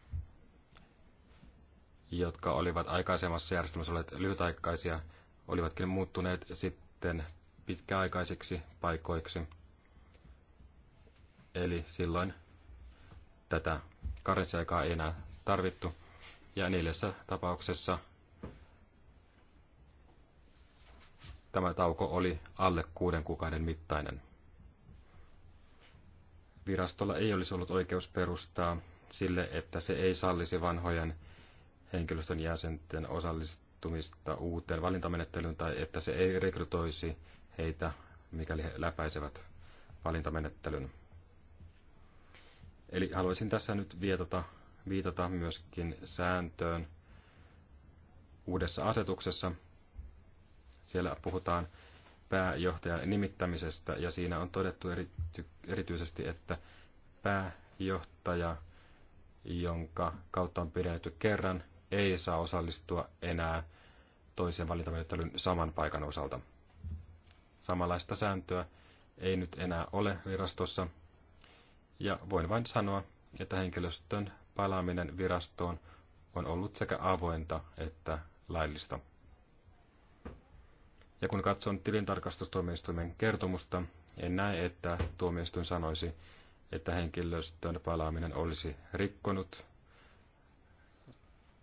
jotka olivat aikaisemmassa järjestelmässä olleet lyhytaikaisia, olivatkin muuttuneet sitten pitkäaikaisiksi paikoiksi. Eli silloin tätä karenssiaikaa ei enää tarvittu. Ja neljässä tapauksessa tämä tauko oli alle kuuden kuukauden mittainen. Virastolla ei olisi ollut oikeus perustaa sille, että se ei sallisi vanhojen henkilöstön jäsenten osallistumista uuteen valintamenettelyyn tai että se ei rekrytoisi heitä, mikäli he läpäisevät valintamenettelyn. Eli haluaisin tässä nyt viitata, viitata myöskin sääntöön uudessa asetuksessa. Siellä puhutaan pääjohtajan nimittämisestä ja siinä on todettu erity, erityisesti, että pääjohtaja, jonka kautta on pidetty kerran ei saa osallistua enää toisen valintamenettelyn saman paikan osalta. Samanlaista sääntöä ei nyt enää ole virastossa, ja voin vain sanoa, että henkilöstön palaaminen virastoon on ollut sekä avointa että laillista. Ja kun katson tilintarkastustuomioistuimen kertomusta, en näe, että tuomioistuin sanoisi, että henkilöstön palaaminen olisi rikkonut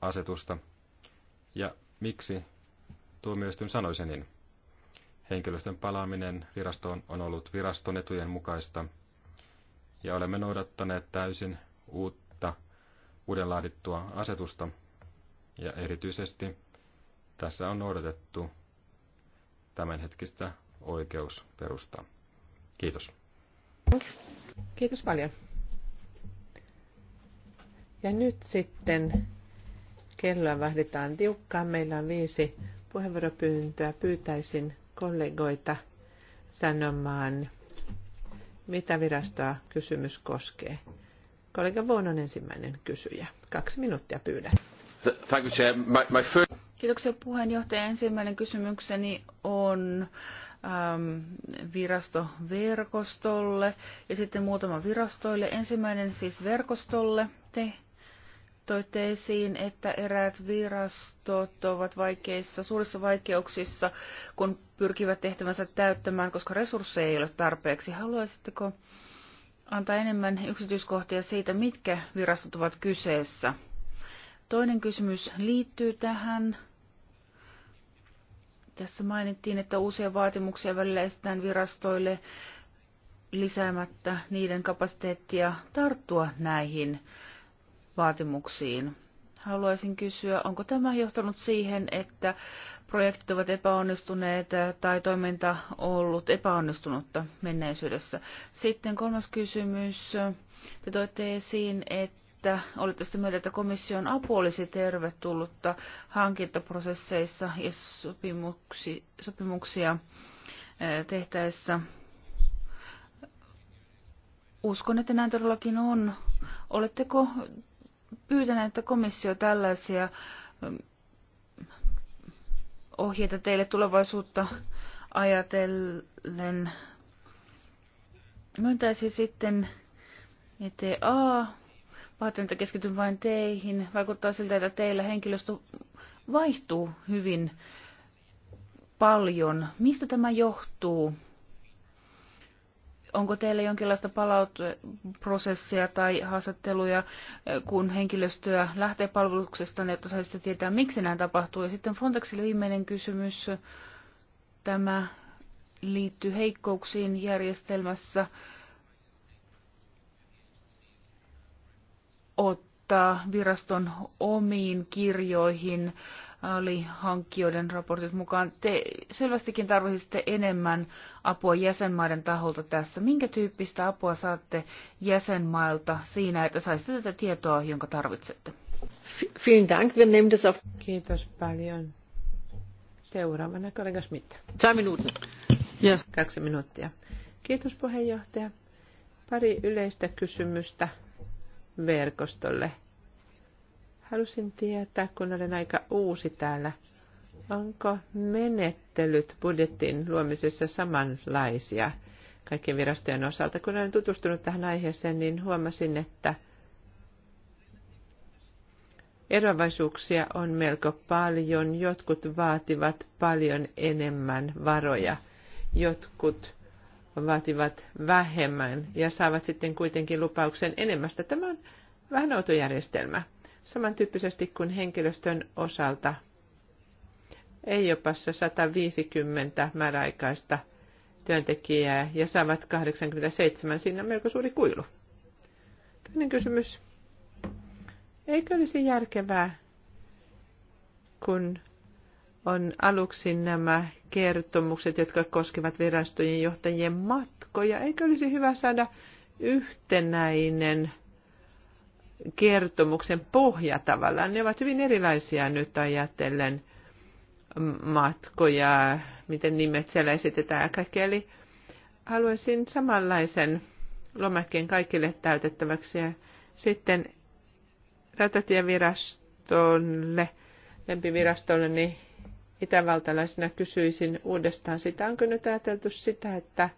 asetusta. Ja miksi tuomioistuin sanoi sen niin? Henkilöstön palaaminen virastoon on ollut viraston etujen mukaista, ja olemme noudattaneet täysin uutta, uuden laadittua asetusta, ja erityisesti tässä on noudatettu tämänhetkistä oikeusperustaa. Kiitos. Kiitos paljon. Ja nyt sitten Kelloa vahditaan tiukkaan. Meillä on viisi puheenvuoropyyntöä. Pyytäisin kollegoita sanomaan, mitä virastoa kysymys koskee. Kollega Vuon on ensimmäinen kysyjä. Kaksi minuuttia pyydän. Thank you, Chair. My, my first... Kiitoksia puheenjohtaja. Ensimmäinen kysymykseni on äm, virastoverkostolle ja sitten muutama virastoille. Ensimmäinen siis verkostolle. Te Toitte esiin, että eräät virastot ovat vaikeissa, suurissa vaikeuksissa, kun pyrkivät tehtävänsä täyttämään, koska resursseja ei ole tarpeeksi. Haluaisitteko antaa enemmän yksityiskohtia siitä, mitkä virastot ovat kyseessä? Toinen kysymys liittyy tähän. Tässä mainittiin, että uusia vaatimuksia välillä estetään virastoille lisäämättä niiden kapasiteettia tarttua näihin vaatimuksiin. Haluaisin kysyä, onko tämä johtanut siihen, että projektit ovat epäonnistuneet tai toiminta ollut epäonnistunutta menneisyydessä? Sitten kolmas kysymys. Te toitte esiin, että olette sitä mieltä, että komission apu olisi tervetullutta hankintaprosesseissa ja sopimuksi, sopimuksia tehtäessä. Uskon, että näin todellakin on. Oletteko pyydän, että komissio tällaisia ähm, ohjeita teille tulevaisuutta ajatellen myöntäisi sitten ETA, että keskityn vain teihin. Vaikuttaa siltä, että teillä henkilöstö vaihtuu hyvin paljon. Mistä tämä johtuu? onko teillä jonkinlaista palautprosessia tai haastatteluja, eh, kun henkilöstöä lähtee palveluksesta, jotta saisitte tietää, miksi näin tapahtuu? Ja sitten Frontexille viimeinen kysymys. Tämä liittyy heikkouksiin järjestelmässä ottaa viraston omiin kirjoihin alihankkijoiden raportit mukaan. Te selvästikin tarvitsisitte enemmän apua jäsenmaiden taholta tässä. Minkä tyyppistä apua saatte jäsenmailta siinä, että saisitte tätä tietoa, jonka tarvitsette? Vielen Dank, wir nehmen das auf. Kiitos paljon. Seuraavana kollega Schmidt. Zwei Minuten. Ja. Kaksi minuuttia. Kiitos puheenjohtaja. Pari yleistä kysymystä verkostolle Halusin tietää, kun olen aika uusi täällä, onko menettelyt budjetin luomisessa samanlaisia kaikkien virastojen osalta? Kun olen tutustunut tähän aiheeseen, niin huomasin, että eroavaisuuksia on melko paljon. Jotkut vaativat paljon enemmän varoja, jotkut vaativat vähemmän ja saavat sitten kuitenkin lupauksen enemmästä. Tämä on vähän outo järjestelmä samantyyppisesti kuin henkilöstön osalta. Ei opassa 150 määräaikaista työntekijää ja saavat 87, siinä on melko suuri kuilu. Toinen kysymys. Eikö olisi järkevää, kun on aluksi nämä kertomukset, jotka koskevat virastojen johtajien matkoja. Eikö olisi hyvä saada yhtenäinen kertomuksen pohja tavallaan. Ne ovat hyvin erilaisia nyt ajatellen matkoja, miten nimet siellä esitetään ja kaikkea. Eli haluaisin samanlaisen lomakkeen kaikille täytettäväksi ja sitten ratatievirastolle, lempivirastolle, niin itävaltalaisena kysyisin uudestaan sitä, onko nyt ajateltu sitä, että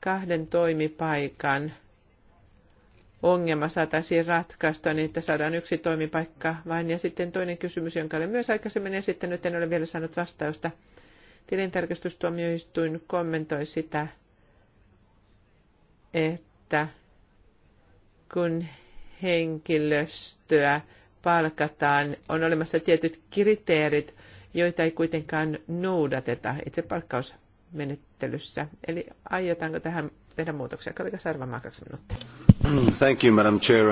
kahden toimipaikan ongelma saataisiin ratkaistua niin, että saadaan yksi toimipaikka vain. Ja sitten toinen kysymys, jonka olen myös aikaisemmin esittänyt, en ole vielä saanut vastausta. Tilintarkastustuomioistuin kommentoi sitä, että kun henkilöstöä palkataan, on olemassa tietyt kriteerit, joita ei kuitenkaan noudateta itse palkkausmenettelyssä. Eli aiotaanko tähän tehdä muutoksia? Kollega Sarvamaa, kaksi minuuttia. Thank you, Madam Chair.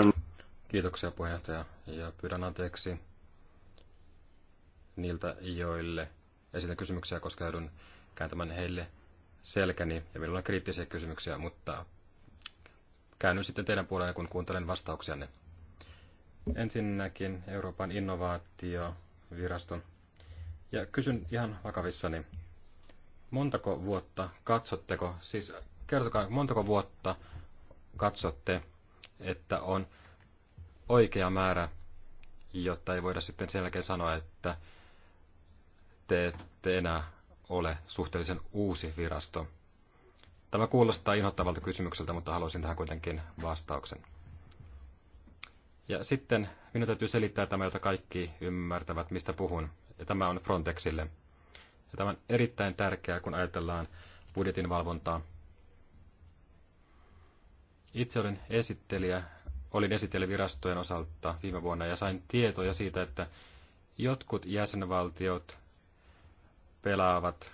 Kiitoksia puheenjohtaja ja pyydän anteeksi niiltä, joille esitän kysymyksiä, koska joudun kääntämään heille selkäni ja minulla on kriittisiä kysymyksiä, mutta käännyn sitten teidän puolelle, kun kuuntelen vastauksianne. Ensinnäkin Euroopan innovaatiovirasto. Ja kysyn ihan vakavissani, montako vuotta katsotteko, siis kertokaa, montako vuotta katsotte, että on oikea määrä, jotta ei voida sitten sen jälkeen sanoa, että te ette enää ole suhteellisen uusi virasto. Tämä kuulostaa inhottavalta kysymykseltä, mutta haluaisin tähän kuitenkin vastauksen. Ja sitten minun täytyy selittää tämä, jota kaikki ymmärtävät, mistä puhun. Ja tämä on Frontexille. Ja tämä on erittäin tärkeää, kun ajatellaan budjetin valvontaa. Itse olin esittelijä, olin esittelijä virastojen osalta viime vuonna ja sain tietoja siitä, että jotkut jäsenvaltiot pelaavat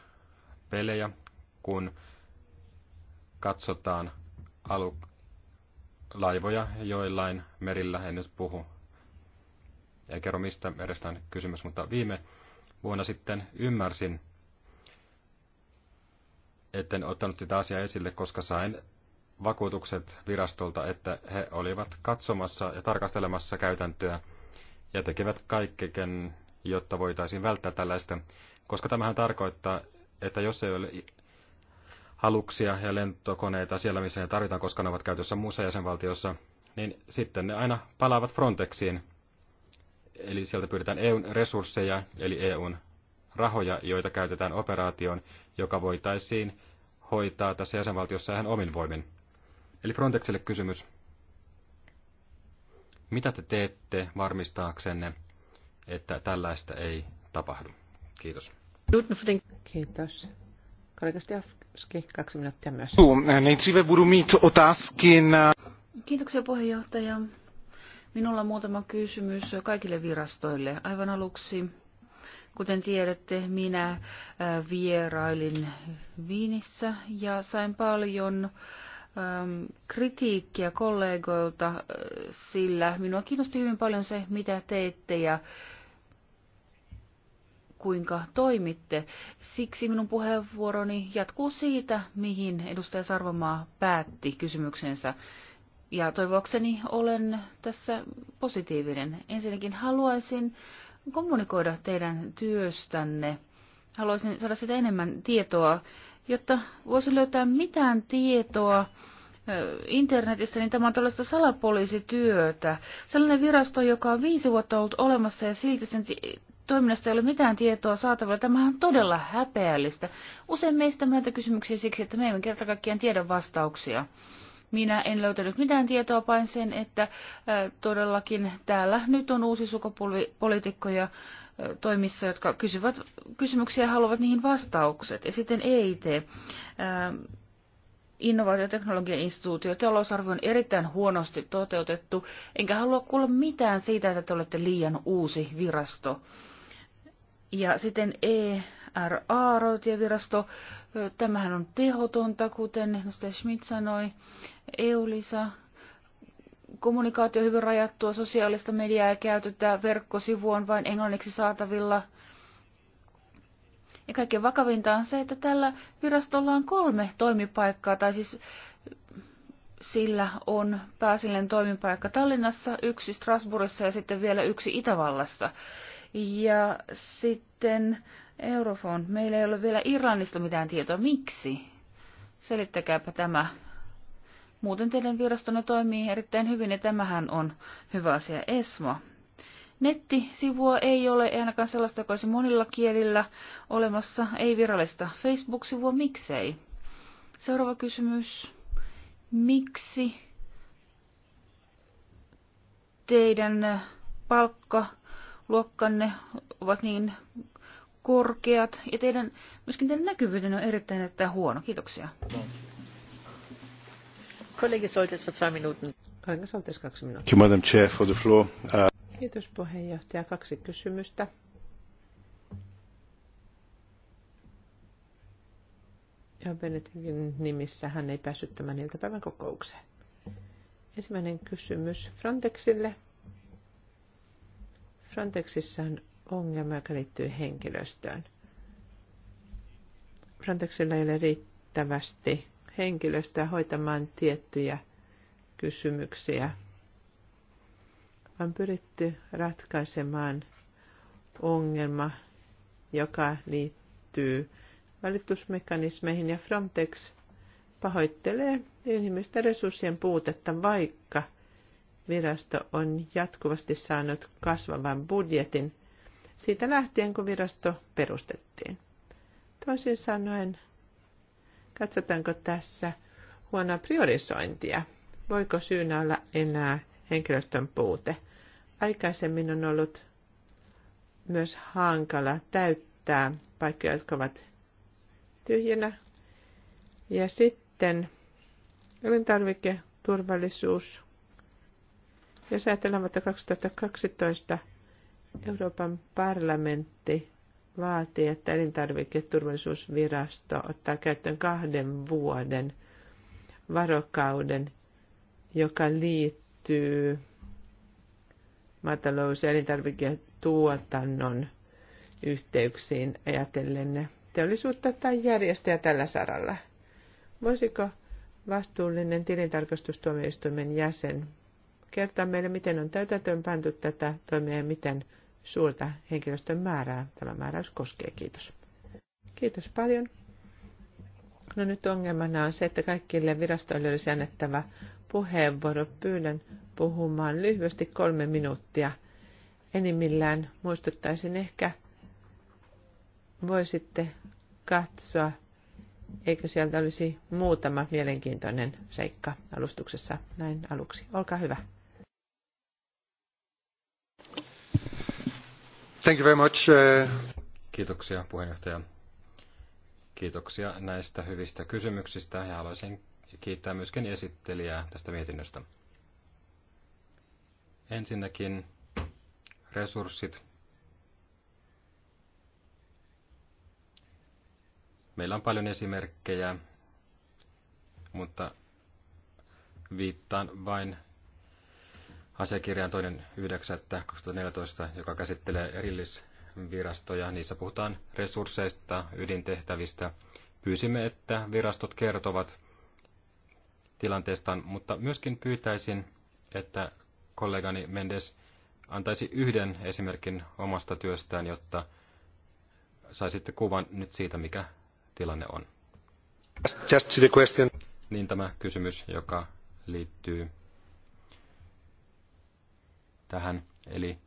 pelejä, kun katsotaan alu- laivoja joillain merillä, en nyt puhu, en kerro mistä merestä on kysymys, mutta viime vuonna sitten ymmärsin, etten ottanut sitä asiaa esille, koska sain vakuutukset virastolta, että he olivat katsomassa ja tarkastelemassa käytäntöä ja tekevät kaikkeken, jotta voitaisiin välttää tällaista, koska tämähän tarkoittaa, että jos ei ole aluksia ja lentokoneita siellä, missä ne tarvitaan, koska ne ovat käytössä muussa jäsenvaltiossa, niin sitten ne aina palaavat Frontexiin. Eli sieltä pyydetään EUn resursseja, eli EUn rahoja, joita käytetään operaatioon, joka voitaisiin hoitaa tässä jäsenvaltiossa ihan omin voimin. Eli Frontexille kysymys. Mitä te teette varmistaaksenne, että tällaista ei tapahdu? Kiitos. Kiitos. Kolega Stjavski, kaksi minuuttia myös. Eh, nejdříve budu mít otázky na... Kiitoksia puheenjohtaja. Minulla on muutama kysymys kaikille virastoille. Aivan aluksi, kuten tiedätte, minä eh, vierailin Viinissä ja sain paljon äh, Ähm, kritiikkiä kollegoilta, äh, sillä minua kiinnosti hyvin paljon se, mitä teette ja kuinka toimitte. Siksi minun puheenvuoroni jatkuu siitä, mihin edustaja Sarvamaa päätti kysymyksensä. Ja toivokseni olen tässä positiivinen. Ensinnäkin haluaisin kommunikoida teidän työstänne. Haluaisin saada sitä enemmän tietoa jotta voisi löytää mitään tietoa internetistä, niin tämä on tällaista salapoliisityötä. Sellainen virasto, joka on viisi vuotta ollut olemassa ja silti sen toiminnasta ei ole mitään tietoa saatavilla. Tämä on todella häpeällistä. Usein meistä näitä kysymyksiä siksi, että me emme kerta kaikkiaan tiedä vastauksia. Minä en löytänyt mitään tietoa vain sen, että äh, todellakin täällä nyt on uusi sukupolvi poliitikkoja, toimissa, jotka kysyvät kysymyksiä ja haluavat niihin vastaukset. Ja sitten EIT, innovaatioteknologian instituutio, talousarvio on erittäin huonosti toteutettu, enkä halua kuulla mitään siitä, että te olette liian uusi virasto. Ja sitten ERA, rautatievirasto, tämähän on tehotonta, kuten Schmidt sanoi, e lisa kommunikaatio hyvin rajattua, sosiaalista mediaa ei käytetä, verkkosivu on vain englanniksi saatavilla. Ja kaikkein vakavinta on se, että tällä virastolla on kolme toimipaikkaa, tai siis sillä on pääsillinen toimipaikka Tallinnassa, yksi Strasbourgissa ja sitten vielä yksi Itävallassa. Ja sitten Eurofond. Meillä ei ole vielä Irlannista mitään tietoa. Miksi? Selittäkääpä tämä Muuten teidän virastonne toimii erittäin hyvin ja tämähän on hyvä asia ESMA. Nettisivua ei ole ainakaan sellaista, joka olisi monilla kielillä olemassa, ei virallista Facebook-sivua, miksei? Seuraava kysymys. Miksi teidän palkkaluokkanne ovat niin korkeat ja teidän, myöskin teidän näkyvyyden on erittäin, erittäin huono. Kiitoksia. No. Kollegi Chair for the floor. Uh, Kiitos puheenjohtaja. Kaksi kysymystä. Ja Benetekin nimissä hän ei päässyt tämän iltapäivän kokoukseen. Ensimmäinen kysymys Frontexille. Frontexissa on ongelma, joka liittyy henkilöstöön. Frontexilla ei ole riittävästi henkilöstöä hoitamaan tiettyjä kysymyksiä, vaan pyritty ratkaisemaan ongelma, joka liittyy valitusmekanismeihin ja Frontex pahoittelee inhimillisten resurssien puutetta, vaikka virasto on jatkuvasti saanut kasvavan budjetin siitä lähtien, kun virasto perustettiin. Toisin sanoen Katsotaanko tässä huonoa priorisointia? Voiko syynä olla enää henkilöstön puute? Aikaisemmin on ollut myös hankala täyttää paikkoja, jotka ovat tyhjänä. Ja sitten elintarviketurvallisuus. Jos ajatellaan vuotta 2012, Euroopan parlamentti vaatii, että elintarviketurvallisuusvirasto ottaa käyttöön kahden vuoden varokauden, joka liittyy maatalous- ja elintarviketuotannon yhteyksiin ajatellen teollisuutta tai järjestöjä tällä saralla. Voisiko vastuullinen tilintarkastustuomioistuimen jäsen kertoa meille, miten on täytäntöön pantu tätä toimia ja miten suurta henkilöstön määrää tämä määräys koskee. Kiitos. Kiitos paljon. No nyt ongelmana on se, että kaikille virastoille olisi annettava puheenvuoro. Pyydän puhumaan lyhyesti kolme minuuttia. Enimmillään muistuttaisin ehkä, voisitte katsoa, eikö sieltä olisi muutama mielenkiintoinen seikka alustuksessa näin aluksi. Olkaa hyvä. Thank you very much. Uh, Kiitoksia puheenjohtaja. Kiitoksia näistä hyvistä kysymyksistä ja haluaisin kiittää myöskin esittelijää tästä mietinnöstä. Ensinnäkin resurssit. Meillä on paljon esimerkkejä, mutta viittaan vain asiakirjaan toinen 9.2014, joka käsittelee erillisvirastoja. Niissä puhutaan resursseista, ydintehtävistä. Pyysimme, että virastot kertovat tilanteestaan, mutta myöskin pyytäisin, että kollegani Mendes antaisi yhden esimerkin omasta työstään, jotta saisitte kuvan nyt siitä, mikä tilanne on. Just to the question. Niin tämä kysymys, joka liittyy tähän. Eli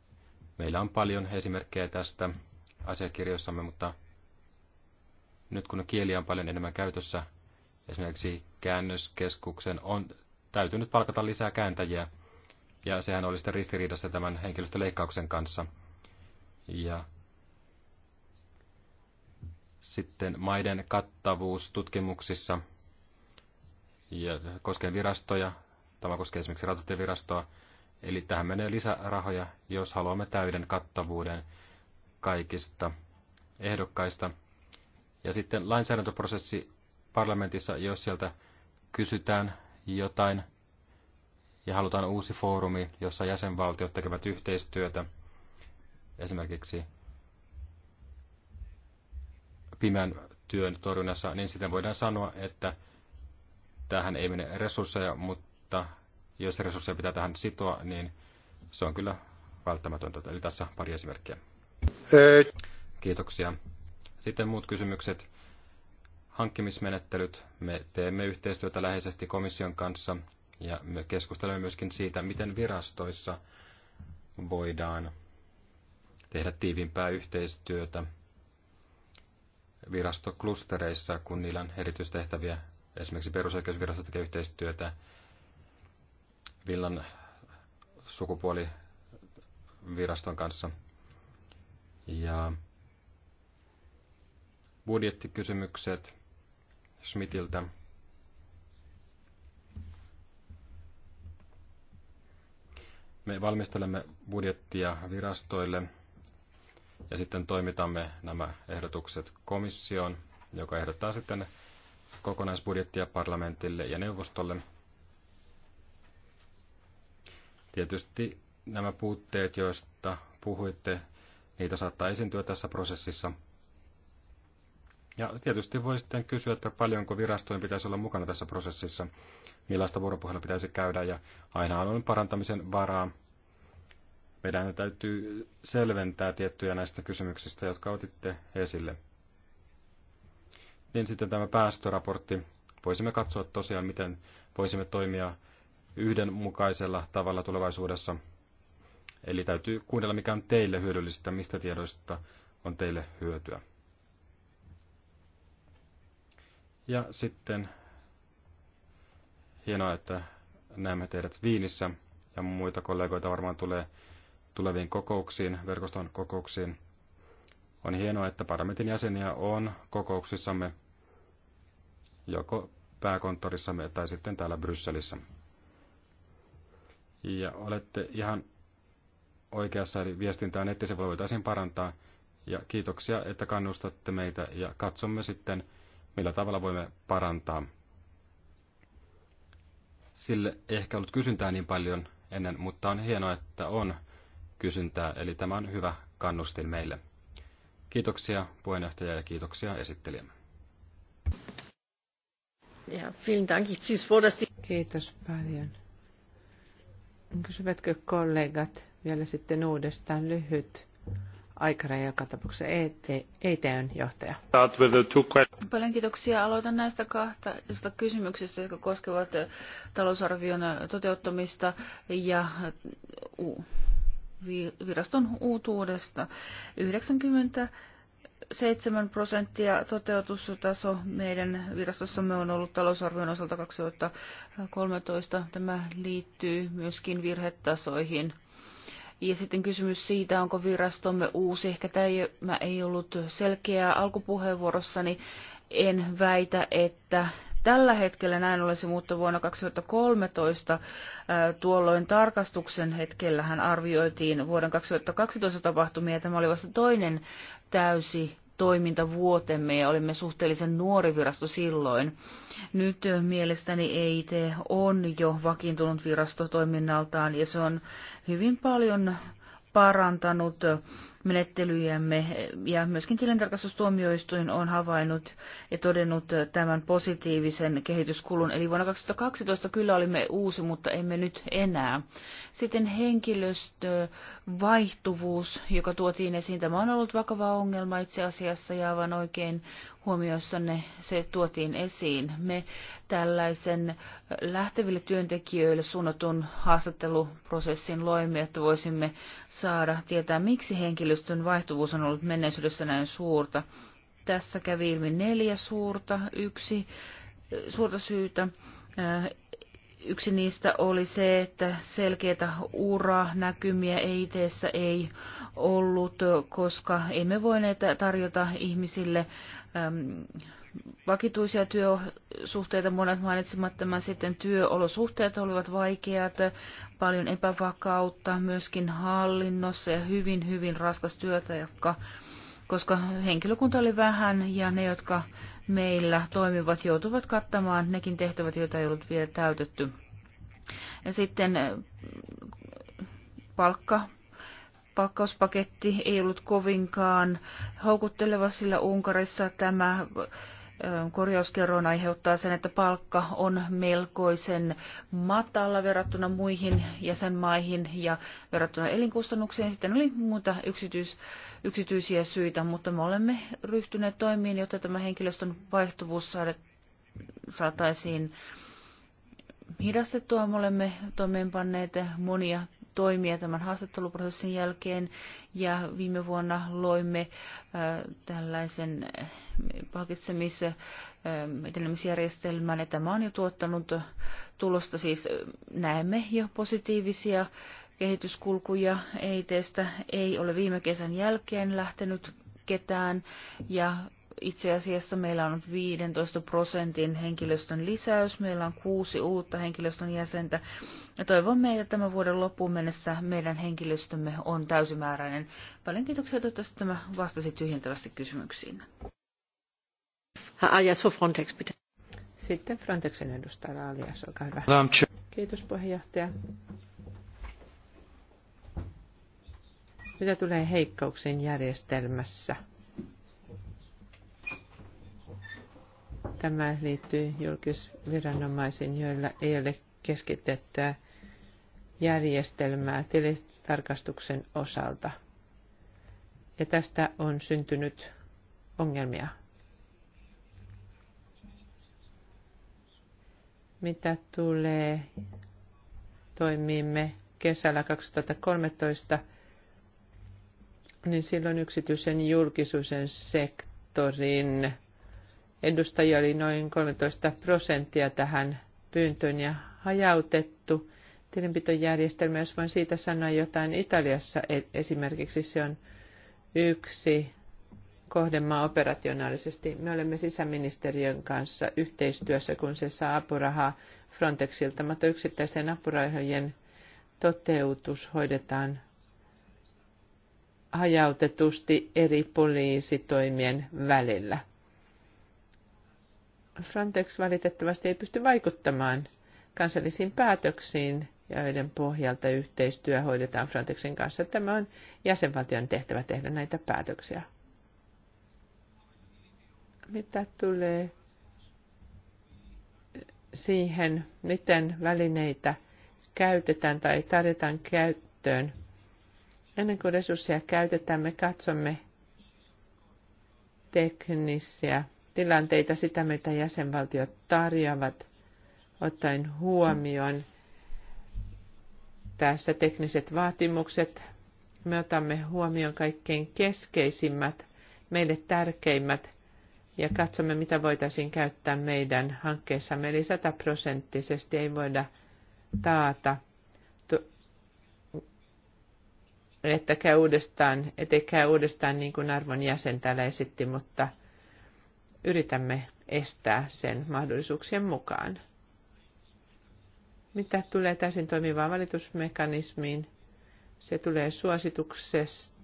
meillä on paljon esimerkkejä tästä asiakirjoissamme, mutta nyt kun kieli on paljon enemmän käytössä, esimerkiksi käännöskeskuksen on täytynyt palkata lisää kääntäjiä, ja sehän oli sitten ristiriidassa tämän henkilöstöleikkauksen kanssa. Ja sitten maiden kattavuus tutkimuksissa ja koskee virastoja. Tämä koskee esimerkiksi rautatievirastoa. Eli tähän menee lisärahoja, jos haluamme täyden kattavuuden kaikista ehdokkaista. Ja sitten lainsäädäntöprosessi parlamentissa, jos sieltä kysytään jotain ja halutaan uusi foorumi, jossa jäsenvaltiot tekevät yhteistyötä, esimerkiksi pimeän työn torjunnassa, niin sitten voidaan sanoa, että tähän ei mene resursseja, mutta jos resursseja pitää tähän sitoa, niin se on kyllä välttämätöntä. Eli tässä pari esimerkkiä. Kiitoksia. Sitten muut kysymykset. Hankkimismenettelyt. Me teemme yhteistyötä läheisesti komission kanssa ja me keskustelemme myöskin siitä, miten virastoissa voidaan tehdä tiivimpää yhteistyötä virastoklustereissa, kun niillä on erityistehtäviä. Esimerkiksi perusoikeusvirasto tekee yhteistyötä villan sukupuoliviraston kanssa. Ja budjettikysymykset Smithiltä. Me valmistelemme budjettia virastoille ja sitten toimitamme nämä ehdotukset komissioon, joka ehdottaa sitten kokonaisbudjettia parlamentille ja neuvostolle – Tietysti nämä puutteet, joista puhuitte, niitä saattaa esiintyä tässä prosessissa. Ja tietysti voi sitten kysyä, että paljonko virastojen pitäisi olla mukana tässä prosessissa, millaista vuoropuhelua pitäisi käydä, ja aina on parantamisen varaa. Meidän täytyy selventää tiettyjä näistä kysymyksistä, jotka otitte esille. Niin sitten tämä päästöraportti. Voisimme katsoa tosiaan, miten voisimme toimia yhdenmukaisella tavalla tulevaisuudessa. Eli täytyy kuunnella, mikä on teille hyödyllistä, mistä tiedoista on teille hyötyä. Ja sitten hienoa, että näemme teidät Viinissä ja muita kollegoita varmaan tulee tuleviin kokouksiin, verkoston kokouksiin. On hienoa, että parlamentin jäseniä on kokouksissamme joko pääkonttorissamme tai sitten täällä Brysselissä. Ja olette ihan oikeassa, eli viestintää nettisivuilla voitaisiin parantaa. Ja kiitoksia, että kannustatte meitä ja katsomme sitten, millä tavalla voimme parantaa. Sille ei ehkä ollut kysyntää niin paljon ennen, mutta on hienoa, että on kysyntää, eli tämä on hyvä kannustin meille. Kiitoksia puheenjohtaja ja kiitoksia esittelijä. Ja, vielen Dank. Kiitos paljon. Kysyvätkö kollegat vielä sitten uudestaan lyhyt aikaraja joka tapauksessa ETN e johtaja? Paljon kiitoksia. Aloitan näistä kahdesta kysymyksestä, jotka koskevat eh, talousarvion eh, toteuttamista ja eh, viraston uutuudesta. 90 7 prosenttia toteutustaso meidän virastossamme on ollut talousarvion osalta 2013. Tämä liittyy myöskin virhetasoihin. Ja sitten kysymys siitä, onko virastomme uusi. Ehkä tämä ei ollut selkeää alkupuheenvuorossani. En väitä, että tällä hetkellä näin olisi, mutta vuonna 2013 tuolloin tarkastuksen hetkellä hän arvioitiin vuoden 2012 tapahtumia. Tämä oli vasta toinen täysi toimintavuotemme ja olimme suhteellisen nuori virasto silloin. Nyt mielestäni EIT on jo vakiintunut virasto toiminnaltaan ja se on hyvin paljon parantanut menettelyjämme ja myöskin tilintarkastustuomioistuin on havainnut ja todennut tämän positiivisen kehityskulun. Eli vuonna 2012 kyllä olimme uusi, mutta emme nyt enää. Sitten henkilöstövaihtuvuus, joka tuotiin esiin. Tämä on ollut vakava ongelma itse asiassa ja aivan oikein huomioissanne se tuotiin esiin. Me tällaisen lähteville työntekijöille suunnatun haastatteluprosessin loimme, että voisimme saada tietää, miksi henkilöstön vaihtuvuus on ollut menneisyydessä näin suurta. Tässä kävi ilmi neljä suurta, yksi suurta syytä. Äh, yksi niistä oli se, että selkeitä uranäkymiä e it ei ollut, koska emme voineet tarjota ihmisille Ähm, vakituisia työsuhteita, monet mainitsivat tämän sitten työolosuhteet olivat vaikeat, paljon epävakautta myöskin hallinnossa ja hyvin, hyvin raskas työtä, jotka, koska henkilökunta oli vähän ja ne, jotka meillä toimivat, joutuvat kattamaan nekin tehtävät, joita ei ollut vielä täytetty. Ja sitten äh, palkka pakkauspaketti ei ollut kovinkaan houkutteleva, sillä Unkarissa tämä korjauskerroin aiheuttaa sen, että palkka on melkoisen matala verrattuna muihin jäsenmaihin ja verrattuna elinkustannuksiin. Sitten oli muuta yksityis, yksityisiä syitä, mutta me olemme ryhtyneet toimiin, jotta tämä henkilöstön vaihtuvuus saada, saataisiin hidastettua. Me olemme toimeenpanneet monia toimia tämän haastatteluprosessin jälkeen ja viime vuonna loimme äh, tällaisen äh, palkitsemis- äh, ja tämä on jo tuottanut tulosta, siis näemme jo positiivisia kehityskulkuja EIT-stä ei ole viime kesän jälkeen lähtenyt ketään ja itse asiassa meillä on 15 prosentin henkilöstön lisäys, meillä on kuusi uutta henkilöstön jäsentä ja toivomme, että tämän vuoden loppuun mennessä meidän henkilöstömme on täysimääräinen. Paljon kiitoksia, toivottavasti tämä vastasi tyhjentävästi kysymyksiin. Ajas for Frontex, pitää. Sitten Frontexin edustaja Alias, olkaa hyvä. Kiitos puheenjohtaja. Mitä tulee heikkouksiin järjestelmässä – Tämä liittyy julkisviranomaisiin, joilla ei ole keskitettyä järjestelmää tilitarkastuksen osalta. Ja tästä on syntynyt ongelmia. Mitä tulee toimimme kesällä 2013, niin silloin yksityisen julkisuuden sektorin edustajia oli noin 13 prosenttia tähän pyyntöön ja hajautettu tilinpitojärjestelmä, jos voin siitä sanoa jotain Italiassa e- esimerkiksi, se on yksi kohdemaa operationaalisesti. Me olemme sisäministeriön kanssa yhteistyössä, kun se saa apurahaa Frontexilta, mutta yksittäisten apurahojen toteutus hoidetaan hajautetusti eri poliisitoimien välillä. Frontex valitettavasti ei pysty vaikuttamaan kansallisiin päätöksiin, joiden pohjalta yhteistyö hoidetaan Frontexin kanssa. Tämä on jäsenvaltion tehtävä tehdä näitä päätöksiä. Mitä tulee siihen, miten välineitä käytetään tai tarjotaan käyttöön. Ennen kuin resursseja käytetään, me katsomme teknisiä tilanteita, sitä mitä jäsenvaltiot tarjoavat, ottaen huomioon tässä tekniset vaatimukset. Me otamme huomioon kaikkein keskeisimmät, meille tärkeimmät ja katsomme, mitä voitaisiin käyttää meidän hankkeessamme. Eli sataprosenttisesti ei voida taata, että käy uudestaan, ettei käy uudestaan niin kuin arvon jäsen täällä esitti, mutta – yritämme estää sen mahdollisuuksien mukaan. Mitä tulee täysin toimivaan valitusmekanismiin, se tulee suosituksesta,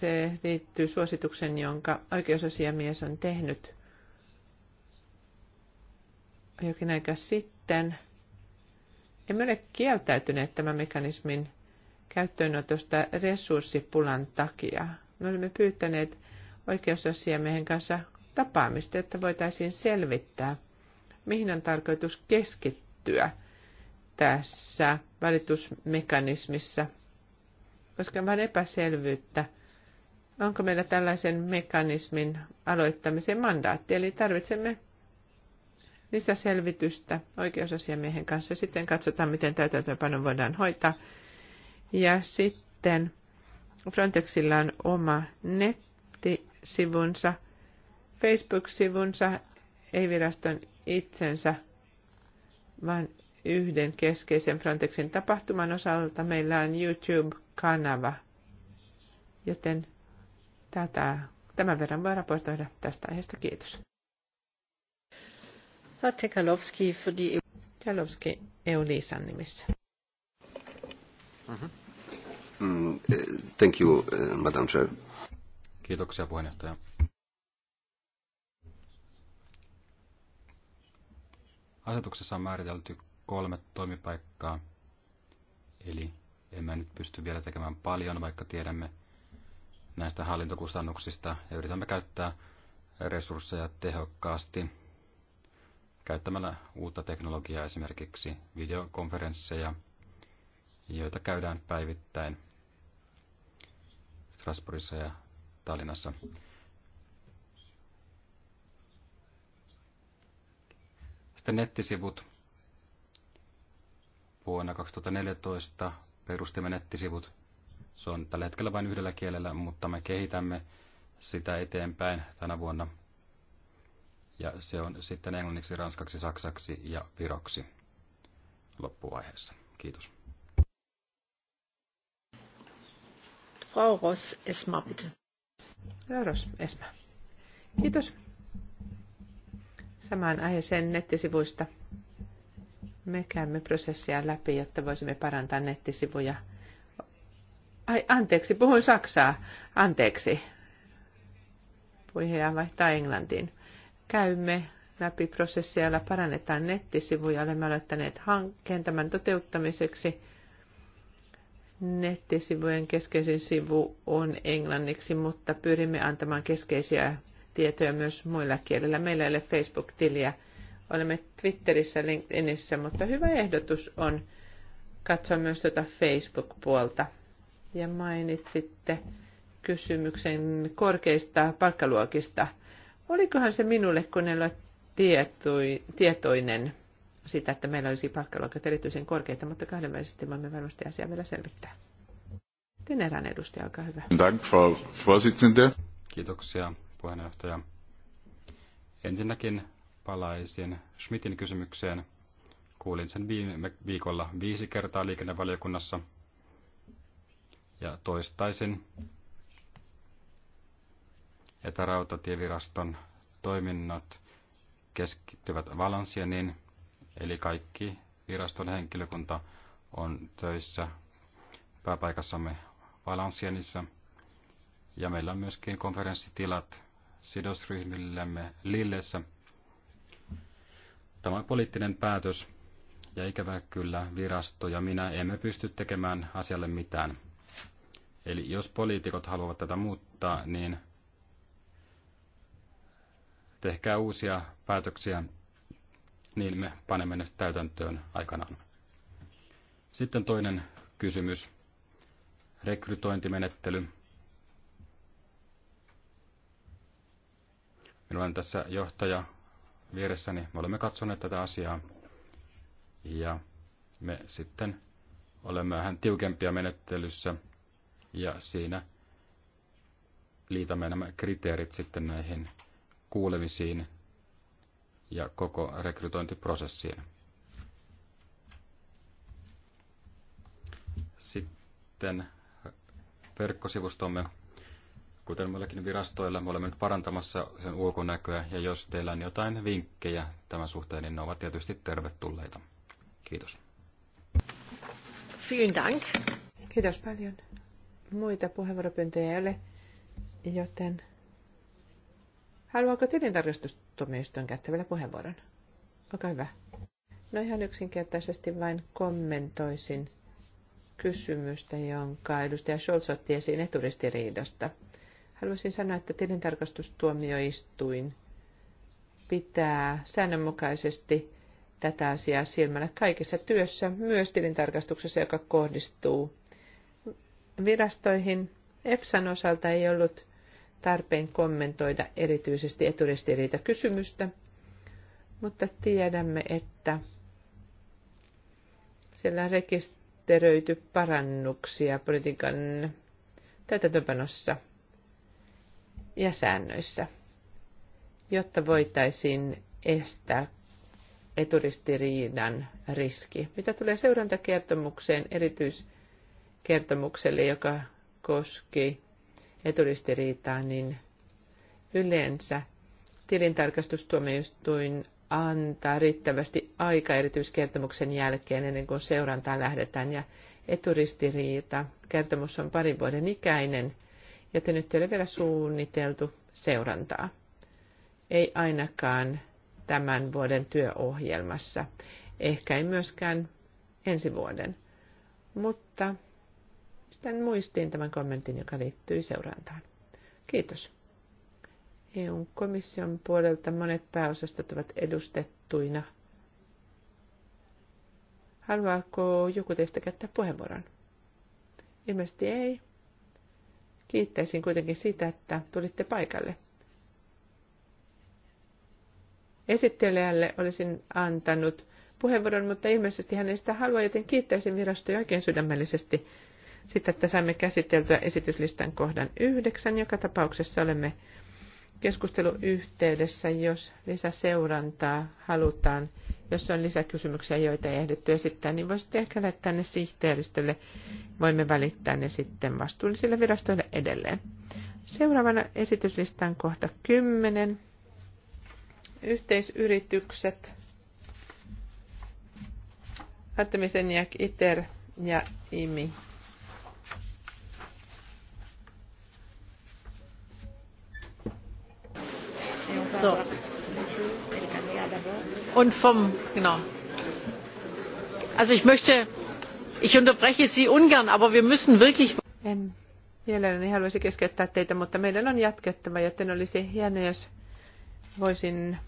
se liittyy suosituksen, jonka oikeusasiamies on tehnyt jokin aika sitten. Emme ole kieltäytyneet tämän mekanismin käyttöönotosta resurssipulan takia. Me olemme pyytäneet oikeusasiamiehen kanssa tapaamista, että voitaisiin selvittää, mihin on tarkoitus keskittyä tässä välitysmekanismissa, koska on vain epäselvyyttä, onko meillä tällaisen mekanismin aloittamisen mandaatti. Eli tarvitsemme lisäselvitystä oikeusasiamiehen kanssa. Sitten katsotaan, miten täytäntöönpano voidaan hoitaa. Ja sitten Frontexilla on oma nettisivunsa – Facebook-sivunsa, ei viraston itsensä, vaan yhden keskeisen Frontexin tapahtuman osalta meillä on YouTube-kanava, joten tätä, tämän verran voi raportoida tästä aiheesta. Kiitos. Tekalowski för EU-liisan e e nimissä. Mm-hmm. Mm, eh, thank you, eh, Madam Chair. Kiitoksia puheenjohtaja. Asetuksessa on määritelty kolme toimipaikkaa, eli emme nyt pysty vielä tekemään paljon, vaikka tiedämme näistä hallintokustannuksista ja yritämme käyttää resursseja tehokkaasti käyttämällä uutta teknologiaa, esimerkiksi videokonferensseja, joita käydään päivittäin Strasbourgissa ja Tallinnassa. Sitten nettisivut. Vuonna 2014 perustimme nettisivut. Se on tällä hetkellä vain yhdellä kielellä, mutta me kehitämme sitä eteenpäin tänä vuonna. Ja se on sitten englanniksi, ranskaksi, saksaksi ja viroksi loppuvaiheessa. Kiitos. Frau Ross, Esma, bitte. Frau Ross, Esma. Kiitos samaan aiheeseen nettisivuista. Me käymme prosessia läpi, jotta voisimme parantaa nettisivuja. Ai, anteeksi, puhun saksaa. Anteeksi. Puhuja vaihtaa englantiin. Käymme läpi prosessia, jolla parannetaan nettisivuja. Olemme aloittaneet hankkeen tämän toteuttamiseksi. Nettisivujen keskeisin sivu on englanniksi, mutta pyrimme antamaan keskeisiä tietoja myös muilla kielillä. Meillä ei ole Facebook-tiliä, olemme Twitterissä, LinkedInissä, mutta hyvä ehdotus on katsoa myös tuota Facebook-puolta. Ja mainitsitte kysymyksen korkeista palkkaluokista. Olikohan se minulle, kun en ole tietoi, tietoinen sitä, että meillä olisi palkkaluokat erityisen korkeita, mutta kahdenvälisesti voimme varmasti asiaa vielä selvittää. Tenerän edustaja, olkaa hyvä. Dank, Frau Vorsitzende. Kiitoksia, puheenjohtaja. Ensinnäkin palaisin Schmidtin kysymykseen. Kuulin sen viime viikolla viisi kertaa liikennevaliokunnassa ja toistaisin, että rautatieviraston toiminnot keskittyvät Valansianiin, eli kaikki viraston henkilökunta on töissä pääpaikassamme Valansianissa. Ja meillä on myöskin konferenssitilat sidosryhmillemme Lillessä. Tämä on poliittinen päätös, ja ikävä kyllä virasto ja minä emme pysty tekemään asialle mitään. Eli jos poliitikot haluavat tätä muuttaa, niin tehkää uusia päätöksiä, niin me panemme ne täytäntöön aikanaan. Sitten toinen kysymys, rekrytointimenettely. Minulla on tässä johtaja vieressäni. Me olemme katsoneet tätä asiaa ja me sitten olemme vähän tiukempia menettelyssä ja siinä liitämme nämä kriteerit sitten näihin kuulemisiin ja koko rekrytointiprosessiin. Sitten verkkosivustomme Kuten muillakin virastoilla, me olemme nyt parantamassa sen ulkonäköä, ja jos teillä on jotain vinkkejä tämän suhteen, niin ne ovat tietysti tervetulleita. Kiitos. Vielen Dank. Kiitos paljon. Muita puheenvuoropyyntöjä ei ole, joten haluaako tilintarkastustuomioistuin käyttää vielä puheenvuoron? Olkaa hyvä. No ihan yksinkertaisesti vain kommentoisin kysymystä, jonka edustaja Scholz otti esiin eturistiriidasta – Haluaisin sanoa, että tilintarkastustuomioistuin pitää säännönmukaisesti tätä asiaa silmällä kaikessa työssä, myös tilintarkastuksessa, joka kohdistuu virastoihin. EFSAn osalta ei ollut tarpeen kommentoida erityisesti eturistiriita kysymystä, mutta tiedämme, että siellä on rekisteröity parannuksia politiikan täytäntöpanossa – ja säännöissä, jotta voitaisiin estää eturistiriidan riski. Mitä tulee seurantakertomukseen, erityiskertomukselle, joka koski eturistiriitaa, niin yleensä tilintarkastustuomioistuin antaa riittävästi aika erityiskertomuksen jälkeen ennen kuin seurantaan lähdetään ja eturistiriita. Kertomus on parin vuoden ikäinen joten nyt ei ole vielä suunniteltu seurantaa. Ei ainakaan tämän vuoden työohjelmassa, ehkä ei myöskään ensi vuoden. Mutta sitten muistiin tämän kommentin, joka liittyy seurantaan. Kiitos. eu komission puolelta monet pääosastot ovat edustettuina. Haluaako joku teistä käyttää puheenvuoron? Ilmeisesti ei. Kiittäisin kuitenkin sitä, että tulitte paikalle. Esittelijälle olisin antanut puheenvuoron, mutta ilmeisesti hän ei sitä halua, joten kiittäisin virastoja oikein sydämellisesti sitä, että saimme käsiteltyä esityslistan kohdan yhdeksän. Joka tapauksessa olemme keskusteluyhteydessä, jos lisäseurantaa halutaan, jos on lisäkysymyksiä, joita ei ehditty esittää, niin voisitte ehkä lähettää ne sihteeristölle. Voimme välittää ne sitten vastuullisille virastoille edelleen. Seuraavana esityslistan kohta 10. Yhteisyritykset. ja ITER ja IMI So. Und vom, genau. Also ich möchte, ich unterbreche Sie ungern, aber wir müssen wirklich. En mielelläni haluaisi keskeyttää teitä, mutta meidän on jatkettava, joten olisi hienoa, jos voisin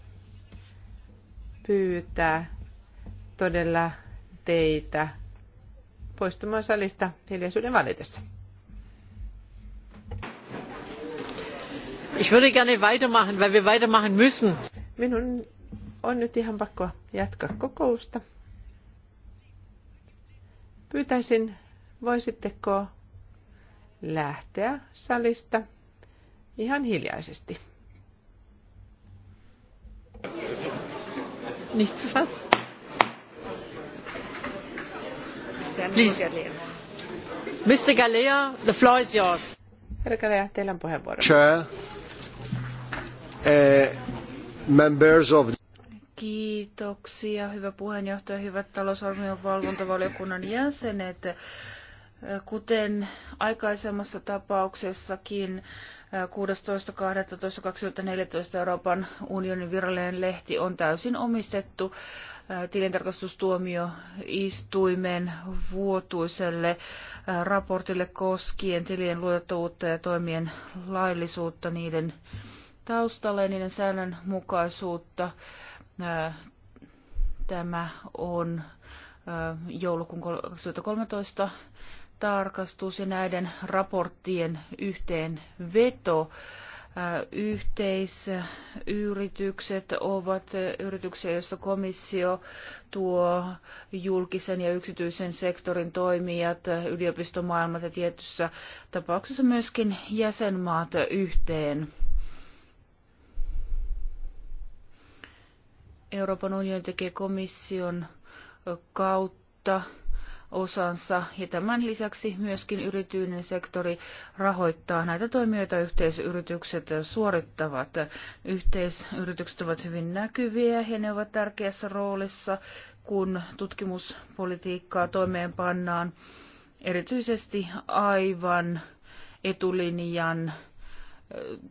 pyytää todella teitä poistumaan salista hiljaisuuden valitessa. Ich würde gerne weitermachen, weil wir weitermachen müssen. Minun on nyt ihan pakko jatkaa kokousta. Pyytäisin, voisitteko lähteä salista ihan hiljaisesti. Nicht zu Mr. Galea, the floor is yours. Herra Galea, teillä on puheenvuoro. Chair. Uh, members of Kiitoksia, hyvä puheenjohtaja, hyvät talousarvion valvontavaliokunnan jäsenet. Äh, kuten aikaisemmassa tapauksessakin 16.12.2014 äh, Euroopan unionin virallinen lehti on täysin omistettu äh, tilintarkastustuomioistuimen vuotuiselle raportille koskien tilien luotettavuutta ja toimien laillisuutta niiden taustalla ja niiden säännönmukaisuutta. Tämä on joulukuun 2013 tarkastus ja näiden raporttien yhteenveto. Yhteisyritykset ovat yrityksiä, joissa komissio tuo julkisen ja yksityisen sektorin toimijat, yliopistomaailmat ja tietyssä tapauksessa myöskin jäsenmaat yhteen. Euroopan unioni tekee komission kautta osansa ja tämän lisäksi myöskin yrityinen sektori rahoittaa näitä toimijoita yhteisyritykset suorittavat. Yhteisyritykset ovat hyvin näkyviä ja ne ovat tärkeässä roolissa, kun tutkimuspolitiikkaa toimeenpannaan erityisesti aivan etulinjan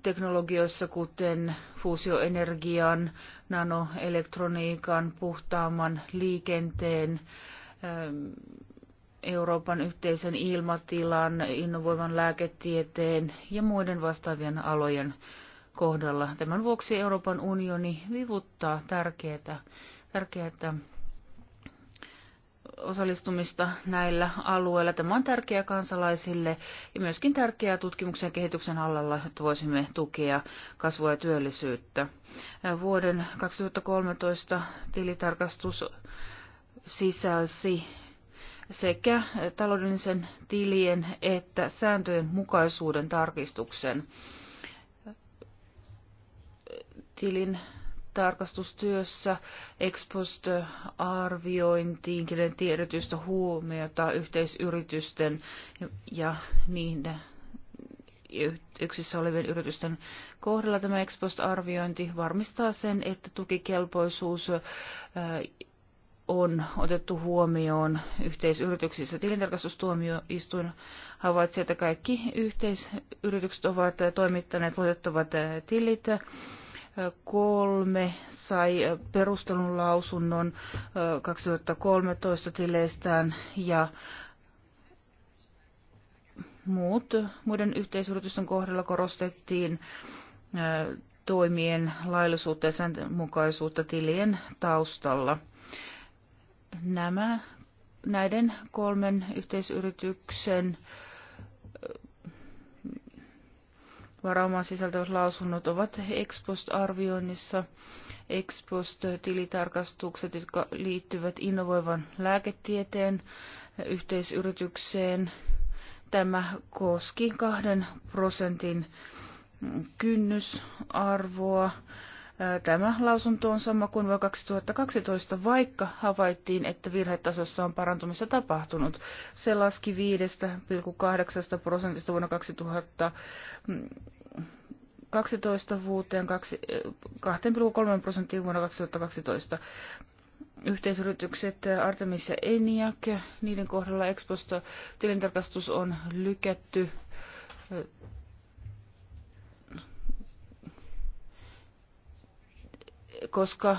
teknologioissa, kuten fuusioenergian, nanoelektroniikan, puhtaamman liikenteen, ähm, Euroopan yhteisen ilmatilan, innovoivan lääketieteen ja muiden vastaavien alojen kohdalla. Tämän vuoksi Euroopan unioni vivuttaa tärkeää, tärkeää osallistumista näillä alueilla. Tämä on tärkeää kansalaisille ja myöskin tärkeää tutkimuksen ja kehityksen alalla, että voisimme tukea kasvua ja työllisyyttä. Vuoden 2013 tilitarkastus sisälsi sekä taloudellisen tilien että sääntöjen mukaisuuden tarkistuksen. Tilin tarkastustyössä expost-arviointiin kiinnitettiin erityistä huomiota yhteisyritysten ja niin yksissä olevien yritysten kohdalla tämä expost-arviointi varmistaa sen, että tukikelpoisuus on otettu huomioon yhteisyrityksissä. Tilintarkastustuomioistuin havaitsee, että kaikki yhteisyritykset ovat toimittaneet luotettavat tilit kolme sai perustelun lausunnon 2013 tileistään ja muut, muiden yhteisyritysten kohdalla korostettiin toimien laillisuutta ja sen mukaisuutta tilien taustalla. Nämä, näiden kolmen yhteisyrityksen varaumaa sisältävät lausunnot ovat ex post-arvioinnissa, ex post-tilitarkastukset, jotka liittyvät innovoivan lääketieteen yhteisyritykseen. Tämä koski kahden prosentin kynnysarvoa Tämä lausunto on sama kuin vuonna 2012, vaikka havaittiin, että virhetasossa on parantumista tapahtunut. Se laski 5,8 prosentista vuonna 2012 mm, vuoteen 2,3 prosenttiin vuonna 2012. Yhteisyritykset Artemis ja Eniak, niiden kohdalla Exposta tilintarkastus on lykätty koska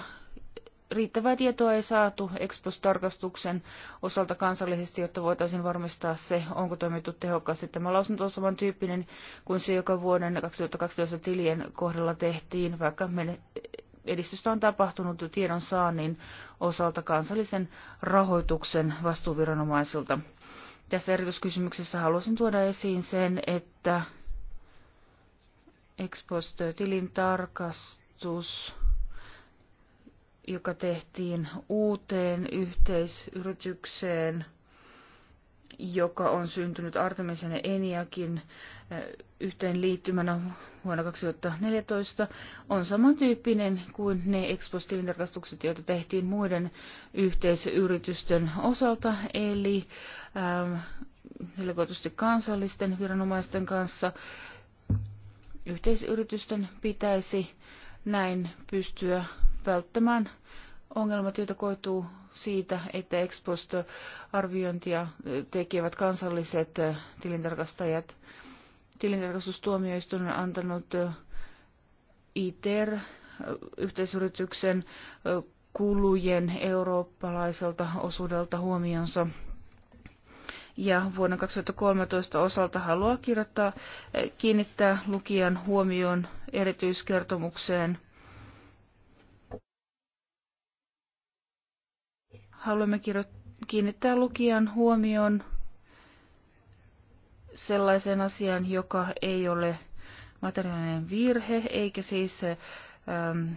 riittävää tietoa ei saatu expos tarkastuksen osalta kansallisesti, jotta voitaisiin varmistaa se, onko toimittu tehokkaasti. Tämä lausunto on samantyyppinen kuin se, joka vuoden 2012 tilien kohdalla tehtiin, vaikka edistystä on tapahtunut tiedon saannin osalta kansallisen rahoituksen vastuuviranomaisilta. Tässä erityiskysymyksessä haluaisin tuoda esiin sen, että ex tilin tarkastus joka tehtiin uuteen yhteisyritykseen, joka on syntynyt Artemisen ja Eniakin eh, yhteen liittymänä vuonna 2014, on samantyyppinen kuin ne ekspostilintarkastukset, joita tehtiin muiden yhteisyritysten osalta, eli ähm, helkoitusti kansallisten viranomaisten kanssa yhteisyritysten pitäisi näin pystyä välttämään ongelmat, joita koituu siitä, että ex post arviointia eh, tekevät kansalliset eh, tilintarkastajat. Tilintarkastustuomioistuin on antanut eh, ITER-yhteisyrityksen kulujen eurooppalaiselta osuudelta huomionsa. Ja vuonna 2013 osalta haluaa kirjoittaa, kiinnittää lukijan huomioon erityiskertomukseen – haluamme kiinnittää lukijan huomioon sellaisen asian, joka ei ole materiaalinen virhe, eikä siis ähm,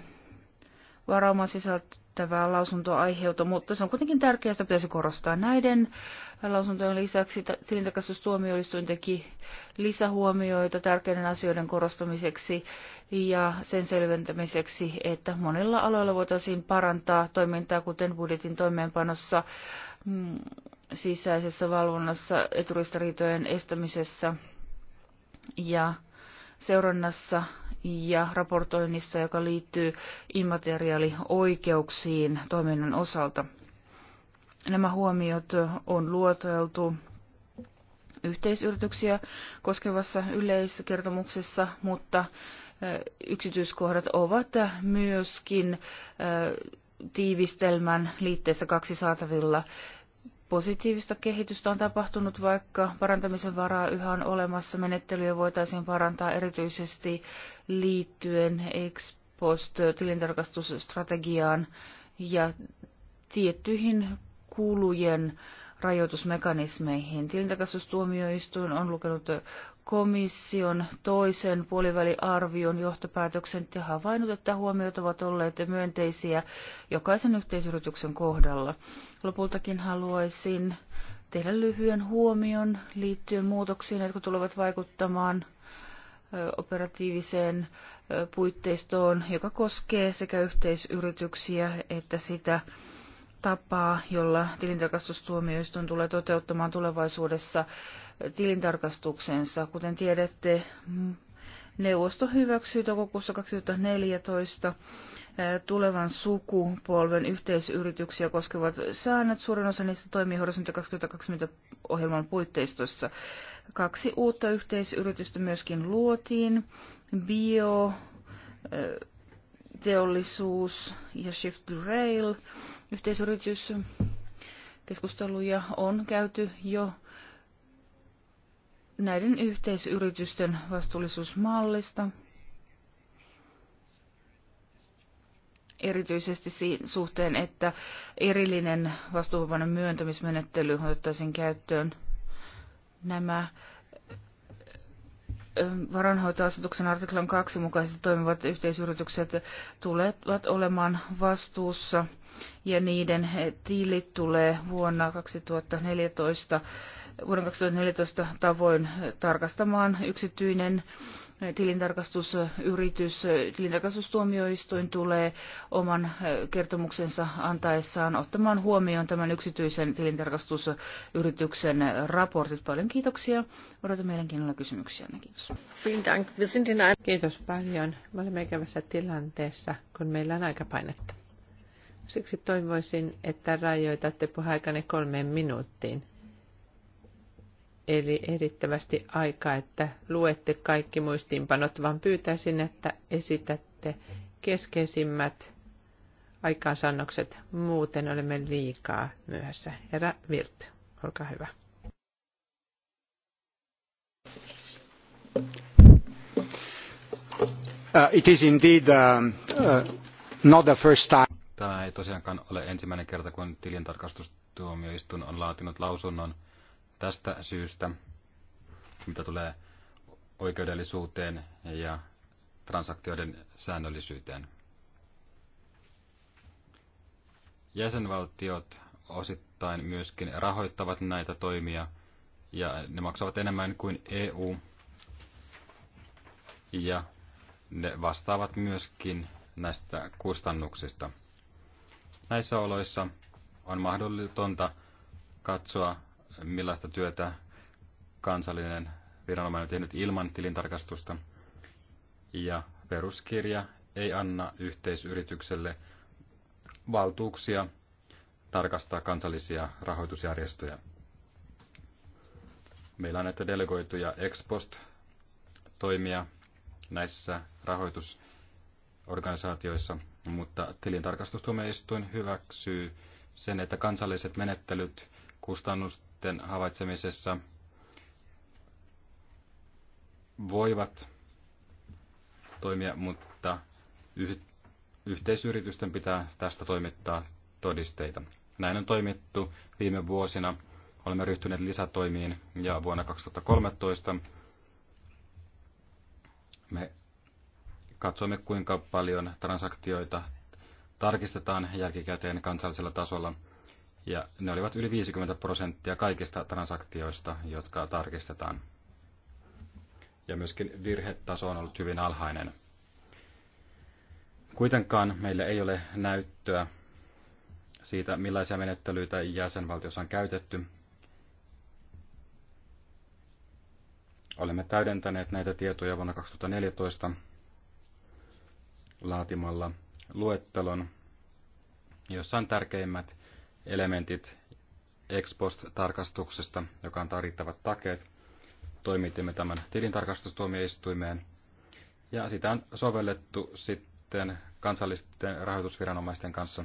varauma sisältö täydentävää lausuntoa mutta se on kuitenkin tärkeää, että pitäisi korostaa näiden lausuntojen lisäksi. Tilintarkastustuomioistuin teki lisähuomioita tärkeiden asioiden korostamiseksi ja sen selventämiseksi, että monilla aloilla voitaisiin parantaa toimintaa, kuten budjetin toimeenpanossa, mm, sisäisessä valvonnassa, eturistariitojen estämisessä ja seurannassa ja raportoinnissa, joka liittyy immateriaalioikeuksiin toiminnan osalta. Nämä huomiot on luoteltu yhteisyrityksiä koskevassa yleiskertomuksessa, mutta yksityiskohdat ovat myöskin tiivistelmän liitteessä kaksi saatavilla Positiivista kehitystä on tapahtunut, vaikka parantamisen varaa yhä on olemassa. Menettelyjä voitaisiin parantaa erityisesti liittyen ex post tilintarkastusstrategiaan ja tiettyihin kulujen rajoitusmekanismeihin. Tilintarkastustuomioistuin on lukenut komission toisen puoliväliarvion johtopäätöksen ja havainnut, että huomiot ovat olleet myönteisiä jokaisen yhteisyrityksen kohdalla. Lopultakin haluaisin tehdä lyhyen huomion liittyen muutoksiin, jotka tulevat vaikuttamaan operatiiviseen puitteistoon, joka koskee sekä yhteisyrityksiä että sitä, tapaa, jolla tilintarkastustuomioistuin tulee toteuttamaan tulevaisuudessa tilintarkastuksensa. Kuten tiedätte, neuvosto hyväksyi toukokuussa 2014 tulevan sukupolven yhteisyrityksiä koskevat säännöt. Suurin osa niistä toimii Horisontti 2020 ohjelman puitteistossa. Kaksi uutta yhteisyritystä myöskin luotiin. Bio, teollisuus ja Shift to Rail yhteisyrityskeskusteluja on käyty jo näiden yhteisyritysten vastuullisuusmallista, erityisesti siinä suhteen, että erillinen vastuuvapauden myöntämismenettely otettaisiin käyttöön. Nämä varanhoitoasetuksen artiklan 2 mukaisesti toimivat yhteisyritykset tulevat olemaan vastuussa ja niiden tilit tulee vuonna 2014 vuoden 2014 tavoin tarkastamaan yksityinen tilintarkastusyritys, tilintarkastustuomioistuin tulee oman kertomuksensa antaessaan ottamaan huomioon tämän yksityisen tilintarkastusyrityksen raportit. Paljon kiitoksia. Odotan mielenkiinnolla kysymyksiä. Kiitos. Kiitos paljon. Me olemme ikävässä tilanteessa, kun meillä on aikapainetta. Siksi toivoisin, että rajoitatte puheaikanne kolmeen minuuttiin eli erittävästi aikaa, että luette kaikki muistiinpanot, vaan pyytäisin, että esitätte keskeisimmät aikaansannokset. Muuten olemme liikaa myöhässä. Herra Virt, olkaa hyvä. Uh, it is indeed uh, uh, not the first time. Tämä ei tosiaankaan ole ensimmäinen kerta, kun tilintarkastustuomioistuin on laatinut lausunnon – Tästä syystä, mitä tulee oikeudellisuuteen ja transaktioiden säännöllisyyteen. Jäsenvaltiot osittain myöskin rahoittavat näitä toimia ja ne maksavat enemmän kuin EU ja ne vastaavat myöskin näistä kustannuksista. Näissä oloissa on mahdollista katsoa millaista työtä kansallinen viranomainen on tehnyt ilman tilintarkastusta. Ja peruskirja ei anna yhteisyritykselle valtuuksia tarkastaa kansallisia rahoitusjärjestöjä. Meillä on näitä delegoituja ex post toimia näissä rahoitusorganisaatioissa, mutta tilintarkastustuomioistuin hyväksyy sen, että kansalliset menettelyt kustannusten sitten havaitsemisessa voivat toimia, mutta yh- yhteisyritysten pitää tästä toimittaa todisteita. Näin on toimittu viime vuosina. Olemme ryhtyneet lisätoimiin ja vuonna 2013 me katsoimme, kuinka paljon transaktioita tarkistetaan jälkikäteen kansallisella tasolla – ja ne olivat yli 50 prosenttia kaikista transaktioista, jotka tarkistetaan. Ja myöskin virhetaso on ollut hyvin alhainen. Kuitenkaan meillä ei ole näyttöä siitä, millaisia menettelyitä jäsenvaltiossa on käytetty. Olemme täydentäneet näitä tietoja vuonna 2014 laatimalla luettelon, jossa on tärkeimmät elementit ex post-tarkastuksesta, joka antaa riittävät takeet. Toimitimme tämän tilintarkastustuomioistuimeen ja sitä on sovellettu sitten kansallisten rahoitusviranomaisten kanssa.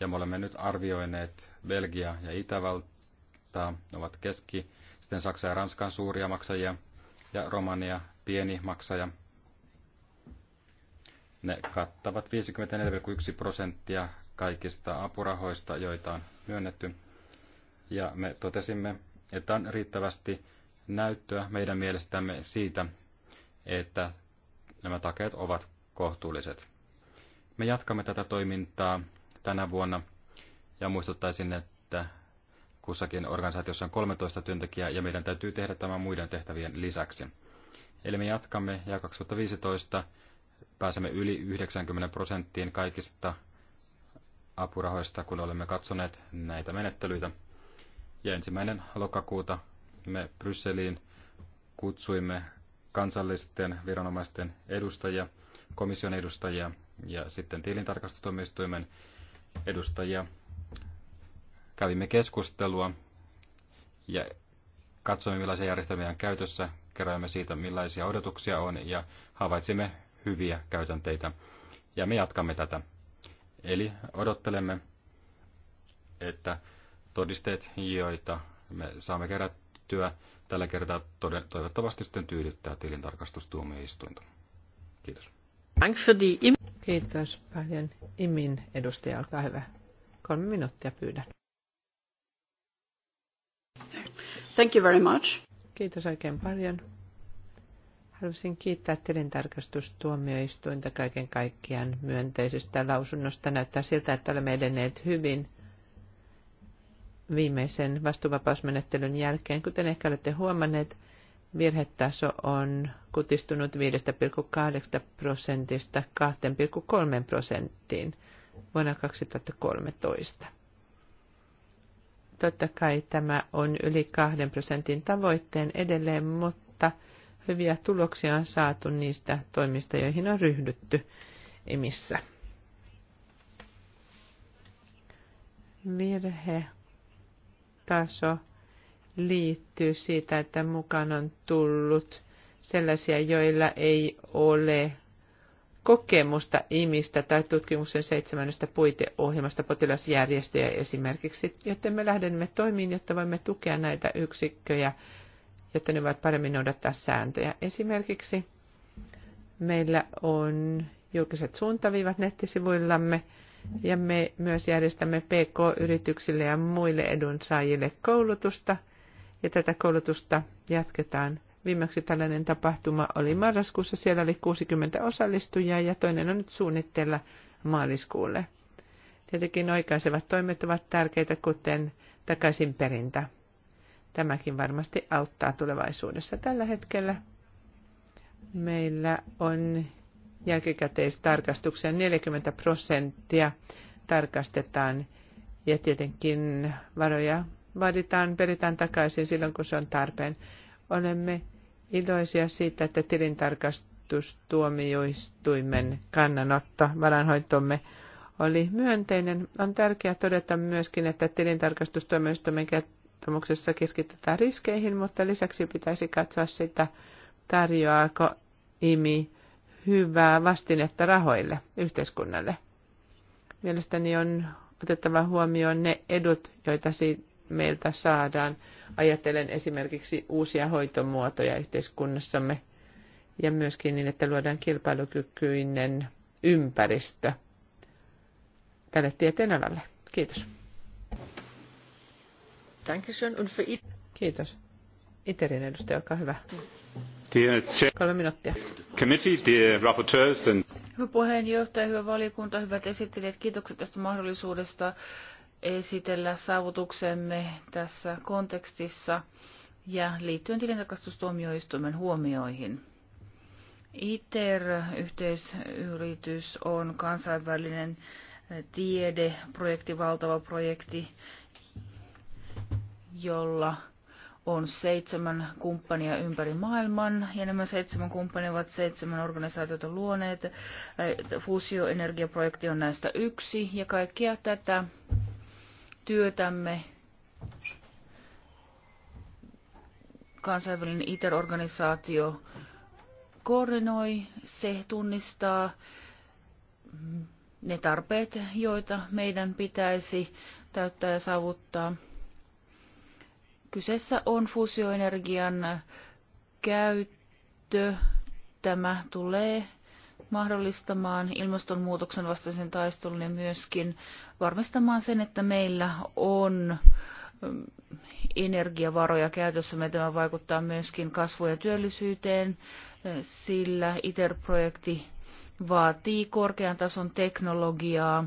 Ja me olemme nyt arvioineet Belgia ja Itävaltaa, ovat keski, sitten Saksa ja Ranskan suuria maksajia ja Romania pieni maksaja. Ne kattavat 54,1 prosenttia kaikista apurahoista, joita on myönnetty. Ja me totesimme, että on riittävästi näyttöä meidän mielestämme siitä, että nämä takeet ovat kohtuulliset. Me jatkamme tätä toimintaa tänä vuonna ja muistuttaisin, että kussakin organisaatiossa on 13 työntekijää ja meidän täytyy tehdä tämä muiden tehtävien lisäksi. Eli me jatkamme ja 2015 pääsemme yli 90 prosenttiin kaikista apurahoista, kun olemme katsoneet näitä menettelyitä. Ja ensimmäinen lokakuuta me Brysseliin kutsuimme kansallisten viranomaisten edustajia, komission edustajia ja sitten tilintarkastustuomioistuimen edustajia. Kävimme keskustelua ja katsoimme millaisia järjestelmiä on käytössä, keräämme siitä millaisia odotuksia on ja havaitsimme hyviä käytänteitä. Ja me jatkamme tätä. Eli odottelemme, että todisteet, joita me saamme kerättyä, tällä kertaa toivottavasti sitten tyydyttää tilintarkastustuomioistuinta. Kiitos. Kiitos paljon. Imin edustaja, olkaa hyvä. Kolme minuuttia pyydän. Thank you very much. Kiitos oikein paljon Haluaisin kiittää tilintarkastustuomioistuinta kaiken kaikkiaan myönteisestä lausunnosta. Näyttää siltä, että olemme edenneet hyvin viimeisen vastuvapausmenettelyn jälkeen. Kuten ehkä olette huomanneet, virhetaso on kutistunut 5,8 prosentista 2,3 prosenttiin vuonna 2013. Totta kai tämä on yli 2 prosentin tavoitteen edelleen, mutta – hyviä tuloksia on saatu niistä toimista, joihin on ryhdytty emissä. Virhetaso liittyy siitä, että mukaan on tullut sellaisia, joilla ei ole kokemusta imistä tai tutkimuksen seitsemännestä puiteohjelmasta potilasjärjestöjä esimerkiksi, joten me lähdemme toimiin, jotta voimme tukea näitä yksikköjä jotta ne voivat paremmin noudattaa sääntöjä. Esimerkiksi meillä on julkiset suuntaviivat nettisivuillamme ja me myös järjestämme PK-yrityksille ja muille edunsaajille koulutusta ja tätä koulutusta jatketaan. Viimeksi tällainen tapahtuma oli marraskuussa, siellä oli 60 osallistujaa ja toinen on nyt suunnitteilla maaliskuulle. Tietenkin oikaisevat toimet ovat tärkeitä, kuten takaisinperintä. perintä. Tämäkin varmasti auttaa tulevaisuudessa. Tällä hetkellä meillä on jälkikäteistarkastuksia 40 prosenttia tarkastetaan ja tietenkin varoja vaaditaan, peritään takaisin silloin, kun se on tarpeen. Olemme iloisia siitä, että tilintarkastustuomioistuimen kannanotto varanhoitomme oli myönteinen. On tärkeää todeta myöskin, että tilintarkastustuomioistuimen luottamuksessa keskitytään riskeihin, mutta lisäksi pitäisi katsoa sitä, tarjoaako IMI hyvää vastinetta rahoille yhteiskunnalle. Mielestäni on otettava huomioon ne edut, joita meiltä saadaan. Ajattelen esimerkiksi uusia hoitomuotoja yhteiskunnassamme ja myöskin niin, että luodaan kilpailukykyinen ympäristö tälle tieteenalalle. Kiitos. Kiitos. Iterin edustaja, olkaa hyvä. Kolme minuuttia. Committee, dear rapporteurs and... Hyvä puheenjohtaja, hyvä valiokunta, hyvät esittelijät, kiitokset tästä mahdollisuudesta esitellä saavutuksemme tässä kontekstissa ja liittyen tilintarkastustuomioistuimen huomioihin. ITER-yhteisyritys on kansainvälinen tiedeprojekti, valtava projekti, jolla on seitsemän kumppania ympäri maailman, ja nämä seitsemän kumppania ovat seitsemän organisaatiota luoneet. Äh, fuusioenergiaprojekti on näistä yksi, ja kaikkia tätä työtämme kansainvälinen ITER-organisaatio koordinoi, se tunnistaa ne tarpeet, joita meidän pitäisi täyttää ja saavuttaa – Kyseessä on fuusioenergian käyttö. Tämä tulee mahdollistamaan ilmastonmuutoksen vastaisen taistelun ja myöskin varmistamaan sen, että meillä on mm, energiavaroja käytössämme. Tämä vaikuttaa myöskin kasvu- ja työllisyyteen, sillä ITER-projekti vaatii korkean tason teknologiaa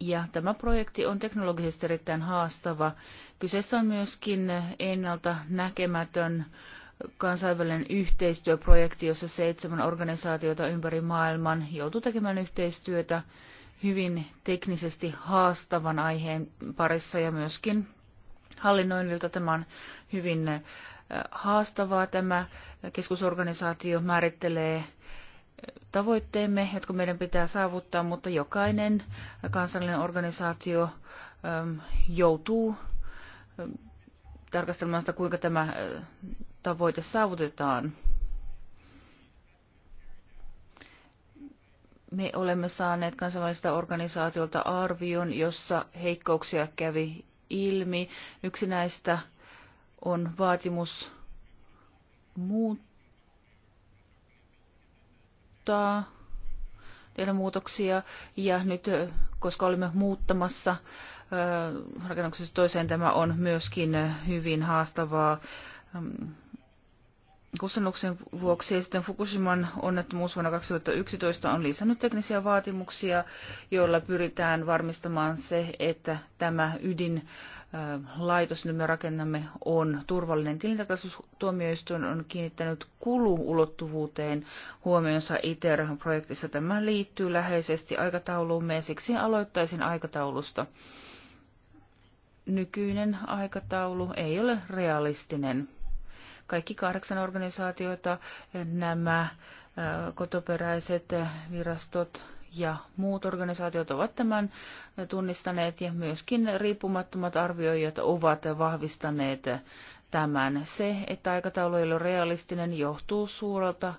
ja tämä projekti on teknologisesti erittäin haastava. Kyseessä on myöskin ennalta näkemätön kansainvälinen yhteistyöprojekti, jossa seitsemän organisaatiota ympäri maailman joutuu tekemään yhteistyötä hyvin teknisesti haastavan aiheen parissa ja myöskin hallinnoinnilta tämä on hyvin äh, haastavaa. Tämä keskusorganisaatio määrittelee tavoitteemme, jotka meidän pitää saavuttaa, mutta jokainen kansallinen organisaatio ähm, joutuu ähm, tarkastelemaan sitä, kuinka tämä äh, tavoite saavutetaan. Me olemme saaneet kansainvälisestä organisaatiolta arvion, jossa heikkouksia kävi ilmi. Yksi näistä on vaatimus muut muuttaa, tehdä muutoksia. Ja nyt, koska olemme muuttamassa rakennuksesta toiseen, tämä on myöskin hyvin haastavaa kustannuksen vuoksi ja sitten Fukushiman onnettomuus vuonna 2011 on lisännyt teknisiä vaatimuksia, joilla pyritään varmistamaan se, että tämä ydin laitos, jota me rakennamme, on turvallinen. Tilintarkastustuomioistuin on kiinnittänyt kuluulottuvuuteen huomionsa ITER-projektissa. Tämä liittyy läheisesti aikatauluumme ja siksi aloittaisin aikataulusta. Nykyinen aikataulu ei ole realistinen kaikki kahdeksan organisaatiota, nämä kotoperäiset virastot ja muut organisaatiot ovat tämän tunnistaneet ja myöskin riippumattomat arvioijat ovat vahvistaneet tämän. Se, että aikataulu ei ole realistinen, johtuu suurelta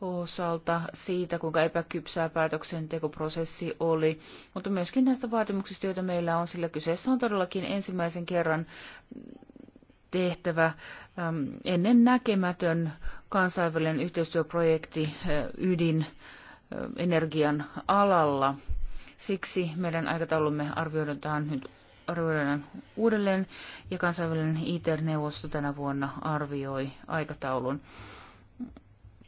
osalta siitä, kuinka epäkypsää päätöksentekoprosessi oli, mutta myöskin näistä vaatimuksista, joita meillä on, sillä kyseessä on todellakin ensimmäisen kerran tehtävä ähm, ennen näkemätön kansainvälinen yhteistyöprojekti äh, ydinenergian äh, alalla. Siksi meidän aikataulumme arvioidaan nyt arvioidaan uudelleen ja kansainvälinen ITER-neuvosto tänä vuonna arvioi aikataulun.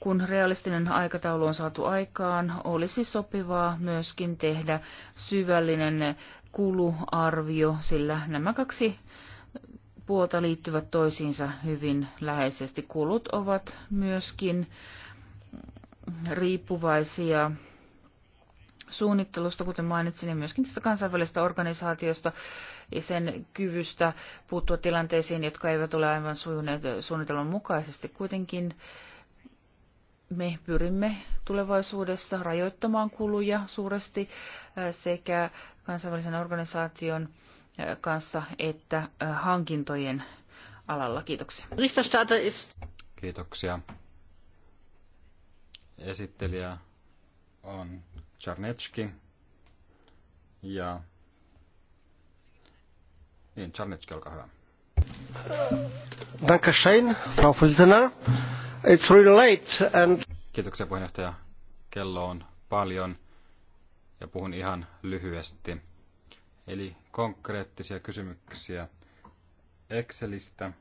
Kun realistinen aikataulu on saatu aikaan, olisi sopivaa myöskin tehdä syvällinen kuluarvio, sillä nämä kaksi puolta liittyvät toisiinsa hyvin läheisesti. Kulut ovat myöskin riippuvaisia suunnittelusta, kuten mainitsin, ja myöskin tästä kansainvälisestä organisaatiosta ja sen kyvystä puuttua tilanteisiin, jotka eivät ole aivan sujuneet suunnitelman mukaisesti. Kuitenkin me pyrimme tulevaisuudessa rajoittamaan kuluja suuresti sekä kansainvälisen organisaation kanssa että äh, hankintojen alalla. Kiitoksia. Kiitoksia. Esittelijä on Czarnecki ja niin, Czarnecki, olkaa hyvä. Dankeschön, Frau Vorsitzender. It's really late and... Kiitoksia puheenjohtaja. Kello on paljon ja puhun ihan lyhyesti Eli konkreettisia kysymyksiä Excelistä.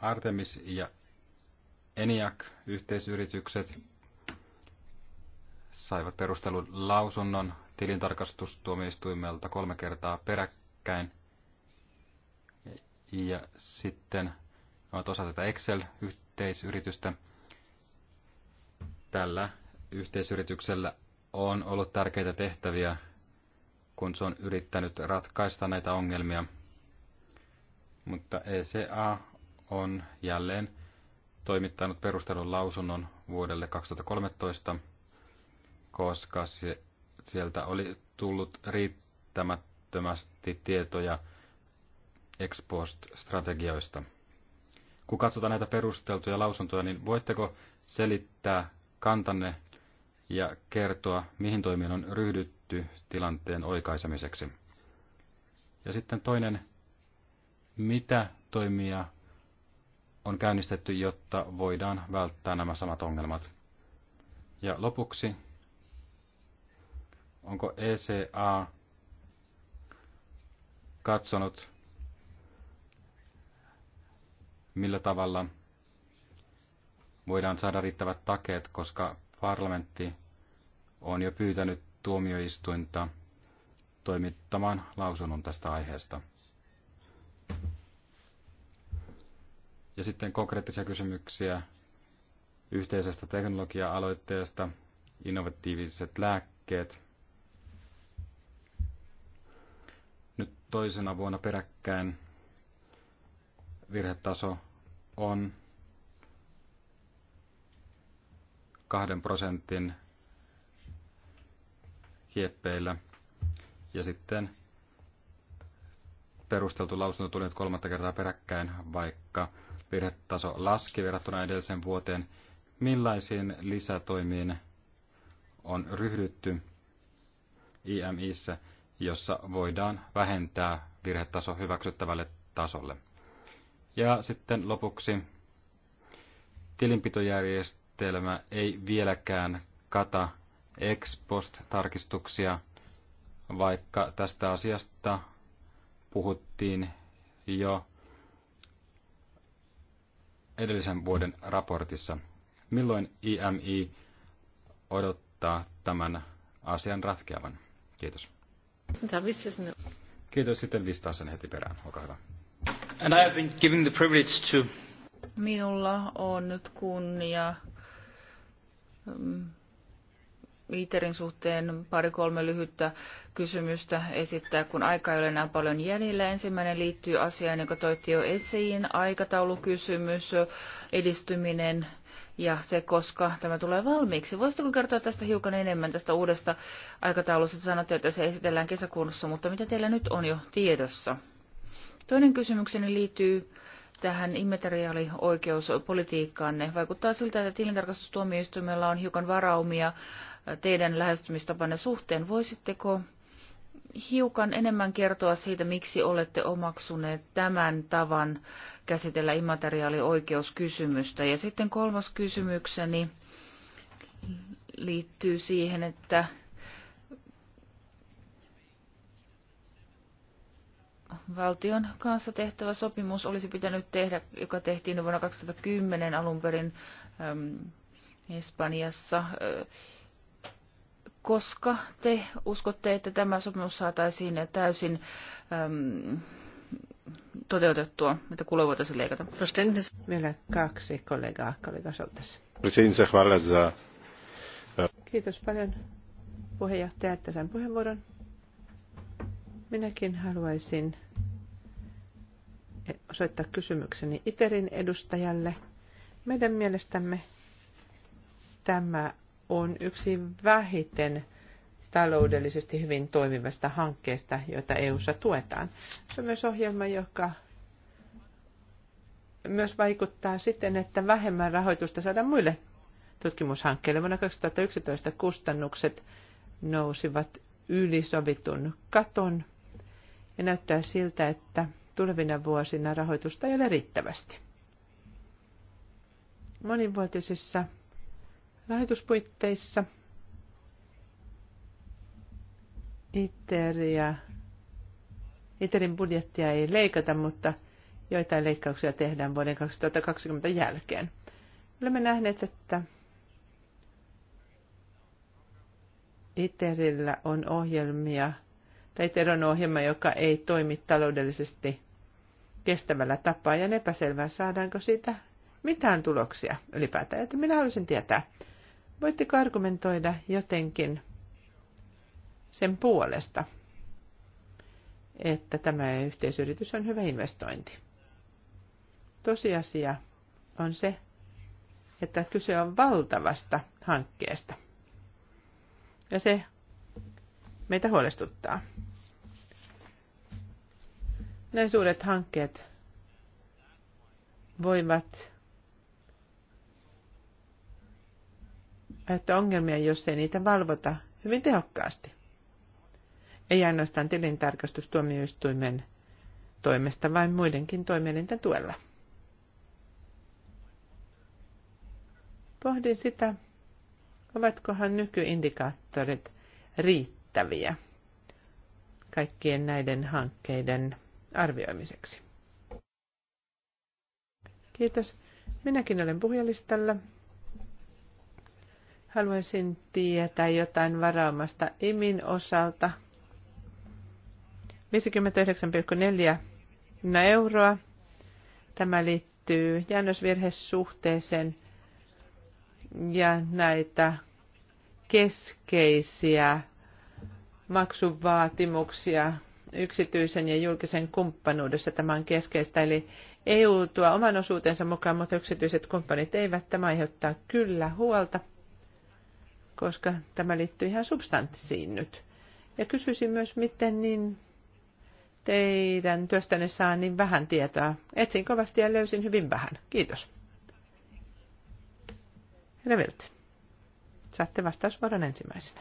Artemis ja ENIAC yhteisyritykset saivat perustelun lausunnon tilintarkastustuomioistuimelta kolme kertaa peräkkäin. Ja sitten ovat osa tätä Excel-yhteisyritystä. Tällä yhteisyrityksellä on ollut tärkeitä tehtäviä kun se on yrittänyt ratkaista näitä ongelmia. Mutta ECA on jälleen toimittanut perustelun lausunnon vuodelle 2013, koska se, sieltä oli tullut riittämättömästi tietoja ex strategioista Kun katsotaan näitä perusteltuja lausuntoja, niin voitteko selittää kantanne ja kertoa, mihin toimiin on ryhdytty tilanteen oikaisemiseksi. Ja sitten toinen, mitä toimia on käynnistetty, jotta voidaan välttää nämä samat ongelmat. Ja lopuksi, onko ECA katsonut, millä tavalla voidaan saada riittävät takeet, koska parlamentti on jo pyytänyt tuomioistuinta toimittamaan lausunnon tästä aiheesta. Ja sitten konkreettisia kysymyksiä yhteisestä teknologia-aloitteesta, innovatiiviset lääkkeet. Nyt toisena vuonna peräkkäin virhetaso on kahden prosentin kieppeillä. Ja sitten perusteltu lausunto tuli nyt kolmatta kertaa peräkkäin, vaikka virhetaso laski verrattuna edelliseen vuoteen. Millaisiin lisätoimiin on ryhdytty IMIssä, jossa voidaan vähentää virhetaso hyväksyttävälle tasolle? Ja sitten lopuksi tilinpitojärjestelmä järjestelmä ei vieläkään kata ex post-tarkistuksia, vaikka tästä asiasta puhuttiin jo edellisen vuoden raportissa. Milloin IMI odottaa tämän asian ratkeavan? Kiitos. Kiitos sitten sen heti perään. Olkaa hyvä. And I have been given the privilege to... Minulla on nyt kunnia Mm. ITERin suhteen pari-kolme lyhyttä kysymystä esittää, kun aika ei ole enää paljon jäljellä. Ensimmäinen liittyy asiaan, joka toitti jo esiin, aikataulukysymys, edistyminen ja se, koska tämä tulee valmiiksi. Voisitko kertoa tästä hiukan enemmän, tästä uudesta aikataulusta? Sanotte, että se esitellään kesäkuussa, mutta mitä teillä nyt on jo tiedossa? Toinen kysymykseni liittyy tähän immateriaalioikeuspolitiikkaanne. Vaikuttaa siltä, että tilintarkastustuomioistuimella on hiukan varaumia teidän lähestymistapanne suhteen. Voisitteko hiukan enemmän kertoa siitä, miksi olette omaksuneet tämän tavan käsitellä immateriaalioikeuskysymystä? Ja sitten kolmas kysymykseni liittyy siihen, että valtion kanssa tehtävä sopimus olisi pitänyt tehdä, joka tehtiin vuonna 2010 alun perin äm, Espanjassa. Äh, koska te uskotte, että tämä sopimus saataisiin täysin äm, toteutettua, että kuluja voitaisiin leikata? Verständnis. Meillä kaksi kollegaa, kollega Soltas. Kiitos paljon puheenjohtaja, että sain puheenvuoron. Minäkin haluaisin osoittaa kysymykseni ITERin edustajalle. Meidän mielestämme tämä on yksi vähiten taloudellisesti hyvin toimivasta hankkeesta, jota EU:ssa tuetaan. Se on myös ohjelma, joka myös vaikuttaa siten, että vähemmän rahoitusta saadaan muille tutkimushankkeille. Vuonna 2011 kustannukset nousivat yli sovitun katon ja näyttää siltä, että tulevina vuosina rahoitusta ei ole riittävästi. Monivuotisissa rahoituspuitteissa Iteria, ITERin budjettia ei leikata, mutta joitain leikkauksia tehdään vuoden 2020 jälkeen. Olemme nähneet, että ITERillä on ohjelmia – tai Teron ohjelma, joka ei toimi taloudellisesti kestävällä tapaa ja epäselvää, saadaanko siitä mitään tuloksia ylipäätään. Että minä haluaisin tietää, voitteko argumentoida jotenkin sen puolesta, että tämä yhteisyritys on hyvä investointi. Tosiasia on se, että kyse on valtavasta hankkeesta. Ja se meitä huolestuttaa. Näin suuret hankkeet voivat aiheuttaa ongelmia, jos ei niitä valvota hyvin tehokkaasti. Ei ainoastaan tilintarkastustuomioistuimen toimesta, vaan muidenkin toimielinten tuella. Pohdin sitä, ovatkohan nykyindikaattorit riittävät riittäviä kaikkien näiden hankkeiden arvioimiseksi. Kiitos. Minäkin olen puhujalistalla. Haluaisin tietää jotain varaamasta IMIN osalta. 59,4 euroa. Tämä liittyy jäännösvirhesuhteeseen ja näitä keskeisiä maksuvaatimuksia yksityisen ja julkisen kumppanuudessa. Tämä on keskeistä, eli EU tuo oman osuutensa mukaan, mutta yksityiset kumppanit eivät. Tämä aiheuttaa kyllä huolta, koska tämä liittyy ihan substanssiin nyt. Ja kysyisin myös, miten niin teidän työstänne saa niin vähän tietoa. Etsin kovasti ja löysin hyvin vähän. Kiitos. Revilt. Saatte vastausvuoron ensimmäisenä.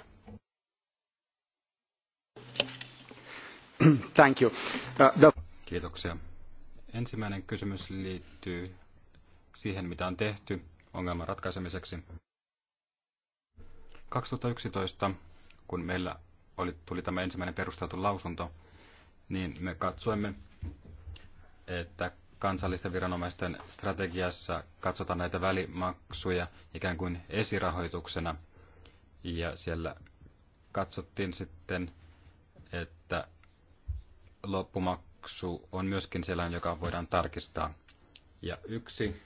Uh, Kiitoksia. Ensimmäinen kysymys liittyy siihen, mitä on tehty ongelman ratkaisemiseksi. 2011, kun meillä oli, tuli tämä ensimmäinen perusteltu lausunto, niin me katsoimme, että kansallisten viranomaisten strategiassa katsotaan näitä välimaksuja ikään kuin esirahoituksena. Ja siellä katsottiin sitten, että loppumaksu on myöskin sellainen, joka voidaan tarkistaa. Ja yksi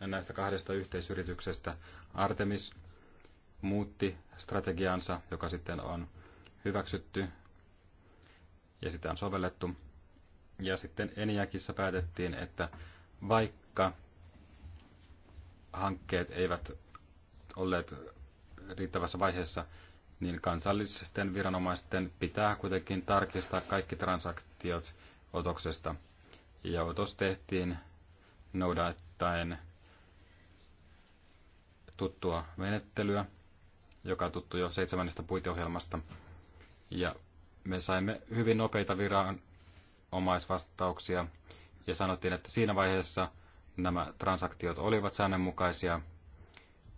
näistä kahdesta yhteisyrityksestä, Artemis, muutti strategiansa, joka sitten on hyväksytty ja sitä on sovellettu. Ja sitten Eniakissa päätettiin, että vaikka hankkeet eivät olleet riittävässä vaiheessa, niin kansallisten viranomaisten pitää kuitenkin tarkistaa kaikki transaktiot reaktiot otoksesta. Ja otos tehtiin noudattaen tuttua menettelyä, joka on tuttu jo seitsemännestä puiteohjelmasta. Ja me saimme hyvin nopeita viranomaisvastauksia ja sanottiin, että siinä vaiheessa nämä transaktiot olivat säännönmukaisia.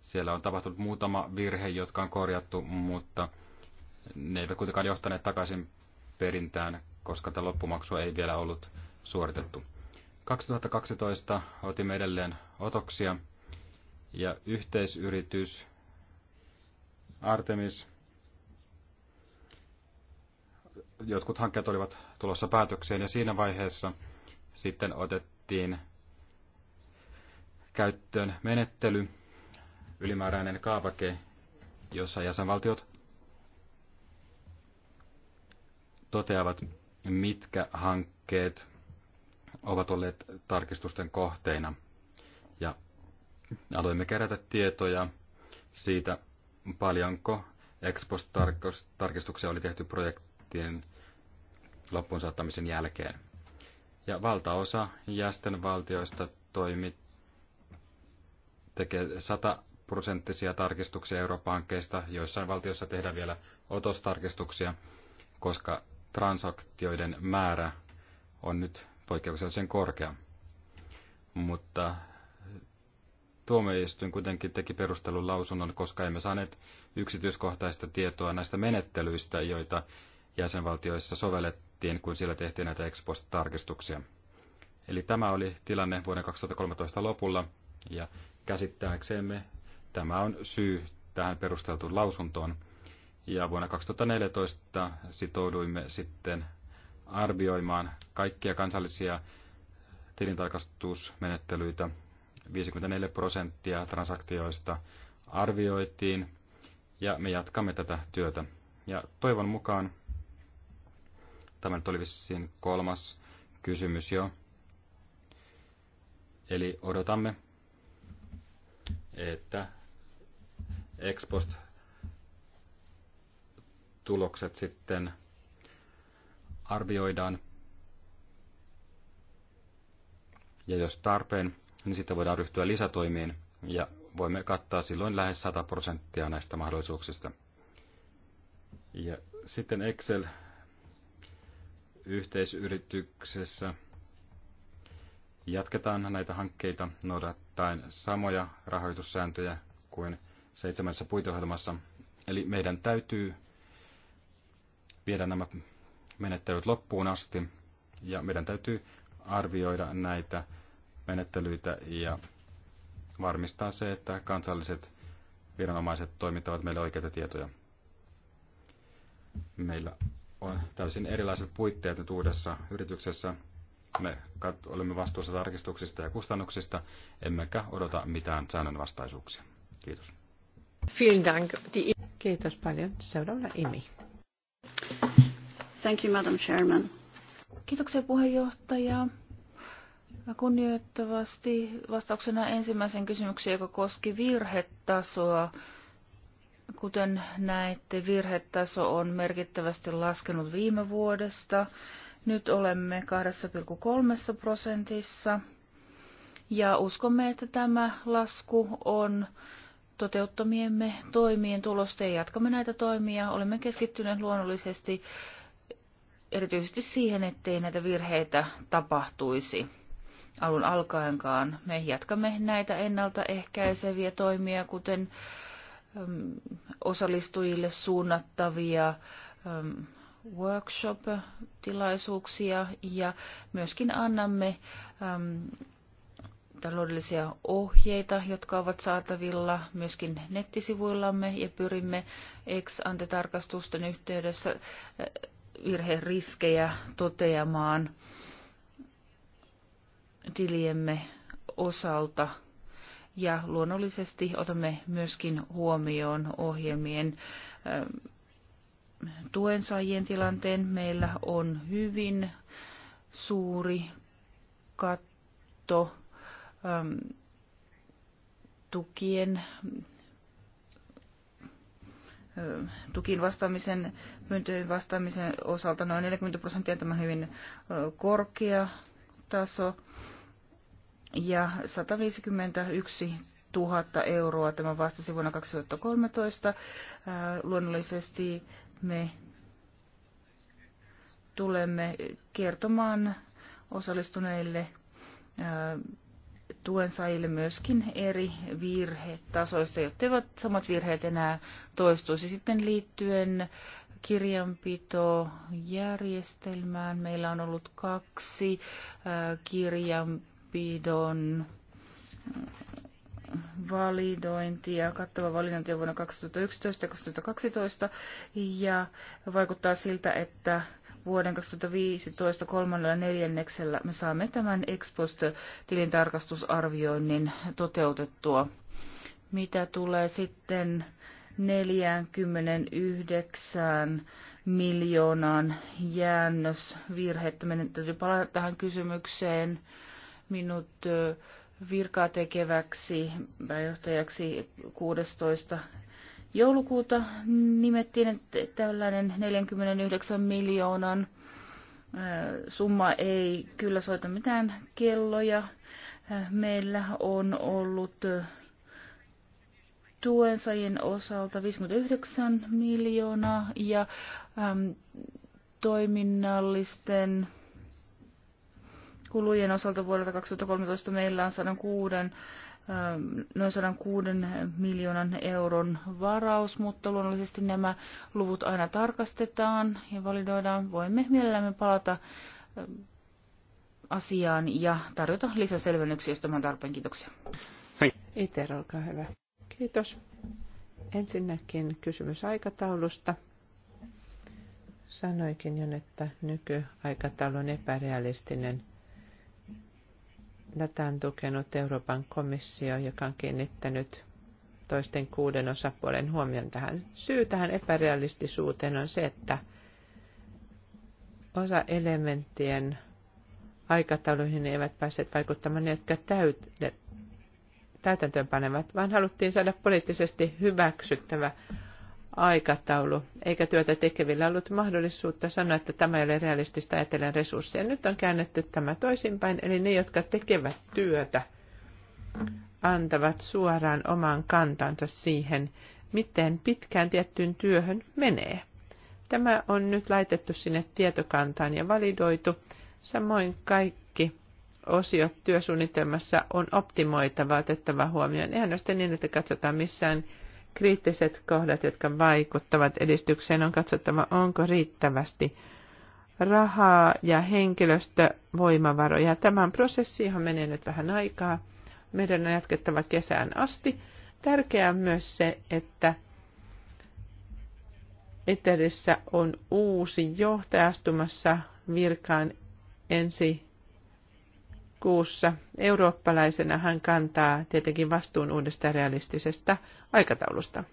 Siellä on tapahtunut muutama virhe, jotka on korjattu, mutta ne eivät kuitenkaan johtaneet takaisin perintään koska tätä loppumaksua ei vielä ollut suoritettu. 2012 otimme edelleen otoksia ja yhteisyritys Artemis. Jotkut hankkeet olivat tulossa päätökseen ja siinä vaiheessa sitten otettiin käyttöön menettely, ylimääräinen kaavake, jossa jäsenvaltiot toteavat, mitkä hankkeet ovat olleet tarkistusten kohteina. Ja aloimme kerätä tietoja siitä, paljonko Expos-tarkistuksia oli tehty projektien loppuun saattamisen jälkeen. Ja valtaosa jäsenvaltioista toimi tekee 100 prosenttisia tarkistuksia Euroopan hankkeista, joissain valtioissa tehdään vielä otostarkistuksia, koska transaktioiden määrä on nyt poikkeuksellisen korkea. Mutta tuomioistuin kuitenkin teki perustelun lausunnon, koska emme saaneet yksityiskohtaista tietoa näistä menettelyistä, joita jäsenvaltioissa sovellettiin, kun siellä tehtiin näitä ex tarkistuksia Eli tämä oli tilanne vuoden 2013 lopulla, ja käsittääksemme tämä on syy tähän perusteltuun lausuntoon, ja vuonna 2014 sitouduimme sitten arvioimaan kaikkia kansallisia tilintarkastusmenettelyitä. 54 prosenttia transaktioista arvioitiin ja me jatkamme tätä työtä. Ja toivon mukaan, tämä nyt oli vissiin kolmas kysymys jo, eli odotamme, että Expost tulokset sitten arvioidaan. Ja jos tarpeen, niin sitten voidaan ryhtyä lisätoimiin ja voimme kattaa silloin lähes 100 prosenttia näistä mahdollisuuksista. Ja sitten Excel yhteisyrityksessä jatketaan näitä hankkeita noudattaen samoja rahoitussääntöjä kuin seitsemässä puiteohjelmassa. Eli meidän täytyy viedä nämä menettelyt loppuun asti ja meidän täytyy arvioida näitä menettelyitä ja varmistaa se, että kansalliset viranomaiset toimittavat meille oikeita tietoja. Meillä on täysin erilaiset puitteet nyt uudessa yrityksessä. Me olemme vastuussa tarkistuksista ja kustannuksista, emmekä odota mitään säännönvastaisuuksia. Kiitos. Vielen Dank. Kiitos paljon. Seuraava Imi. Thank you, Madam Chairman. Kiitoksia puheenjohtaja. Kunnioittavasti vastauksena ensimmäisen kysymykseen, joka koski virhetasoa. Kuten näette, virhetaso on merkittävästi laskenut viime vuodesta. Nyt olemme 2,3 prosentissa ja uskomme, että tämä lasku on toteuttamiemme toimien tulosta ja jatkamme näitä toimia. Olemme keskittyneet luonnollisesti erityisesti siihen, ettei näitä virheitä tapahtuisi alun alkaenkaan. Me jatkamme näitä ennaltaehkäiseviä toimia, kuten osallistujille suunnattavia workshop-tilaisuuksia ja myöskin annamme taloudellisia ohjeita, jotka ovat saatavilla myöskin nettisivuillamme ja pyrimme ex-antetarkastusten yhteydessä virheriskejä toteamaan tiliemme osalta. Ja luonnollisesti otamme myöskin huomioon ohjelmien ähm, tuensaajien tilanteen. Meillä on hyvin suuri katto ähm, tukien tukiin vastaamisen, pyyntöjen vastaamisen osalta noin 40 prosenttia tämä hyvin korkea taso. Ja 151 000 euroa tämä vastasi vuonna 2013. Luonnollisesti me tulemme kertomaan osallistuneille tuen saajille myöskin eri virhetasoista, eivät samat virheet enää toistuisi. Sitten liittyen kirjanpitojärjestelmään meillä on ollut kaksi äh, kirjanpidon äh, validointia, kattava validointi vuonna 2011 ja 2012, ja vaikuttaa siltä, että vuoden 2015 kolmannella neljänneksellä me saamme tämän Expost-tilintarkastusarvioinnin toteutettua. Mitä tulee sitten 49 miljoonan jäännösvirhettä. Meidän täytyy palata tähän kysymykseen. Minut virkaa tekeväksi pääjohtajaksi 16 joulukuuta nimettiin, että tällainen 49 miljoonan summa ei kyllä soita mitään kelloja. Meillä on ollut tuensajien osalta 59 miljoonaa ja toiminnallisten kulujen osalta vuodelta 2013 meillä on 106 noin 106 miljoonan euron varaus, mutta luonnollisesti nämä luvut aina tarkastetaan ja validoidaan. Voimme mielellämme palata asiaan ja tarjota lisäselvennyksiä, jos tämän tarpeen. Kiitoksia. Iter, olkaa hyvä. Kiitos. Ensinnäkin kysymys aikataulusta. Sanoinkin jo, että nykyaikataulu on epärealistinen Tätä on tukenut Euroopan komissio, joka on kiinnittänyt toisten kuuden osapuolen huomion tähän. Syy tähän epärealistisuuteen on se, että osa elementtien aikatauluihin eivät päässeet vaikuttamaan ne, jotka täytäntöön täytäntöönpanevat, vaan haluttiin saada poliittisesti hyväksyttävä aikataulu, eikä työtä tekevillä ollut mahdollisuutta sanoa, että tämä ei ole realistista ajatellen resursseja. Nyt on käännetty tämä toisinpäin, eli ne, jotka tekevät työtä, antavat suoraan oman kantansa siihen, miten pitkään tiettyyn työhön menee. Tämä on nyt laitettu sinne tietokantaan ja validoitu. Samoin kaikki osiot työsuunnitelmassa on optimoitava, otettava huomioon. Ei ainoastaan niin, että katsotaan missään kriittiset kohdat, jotka vaikuttavat edistykseen, on katsottava, onko riittävästi rahaa ja henkilöstövoimavaroja. Tämän prosessi, on menee nyt vähän aikaa, meidän on jatkettava kesään asti. Tärkeää on myös se, että Eterissä on uusi johtaja astumassa virkaan ensi syyskuussa. Eurooppalaisena hän kantaa tietenkin vastuun uudesta realistisesta aikataulusta.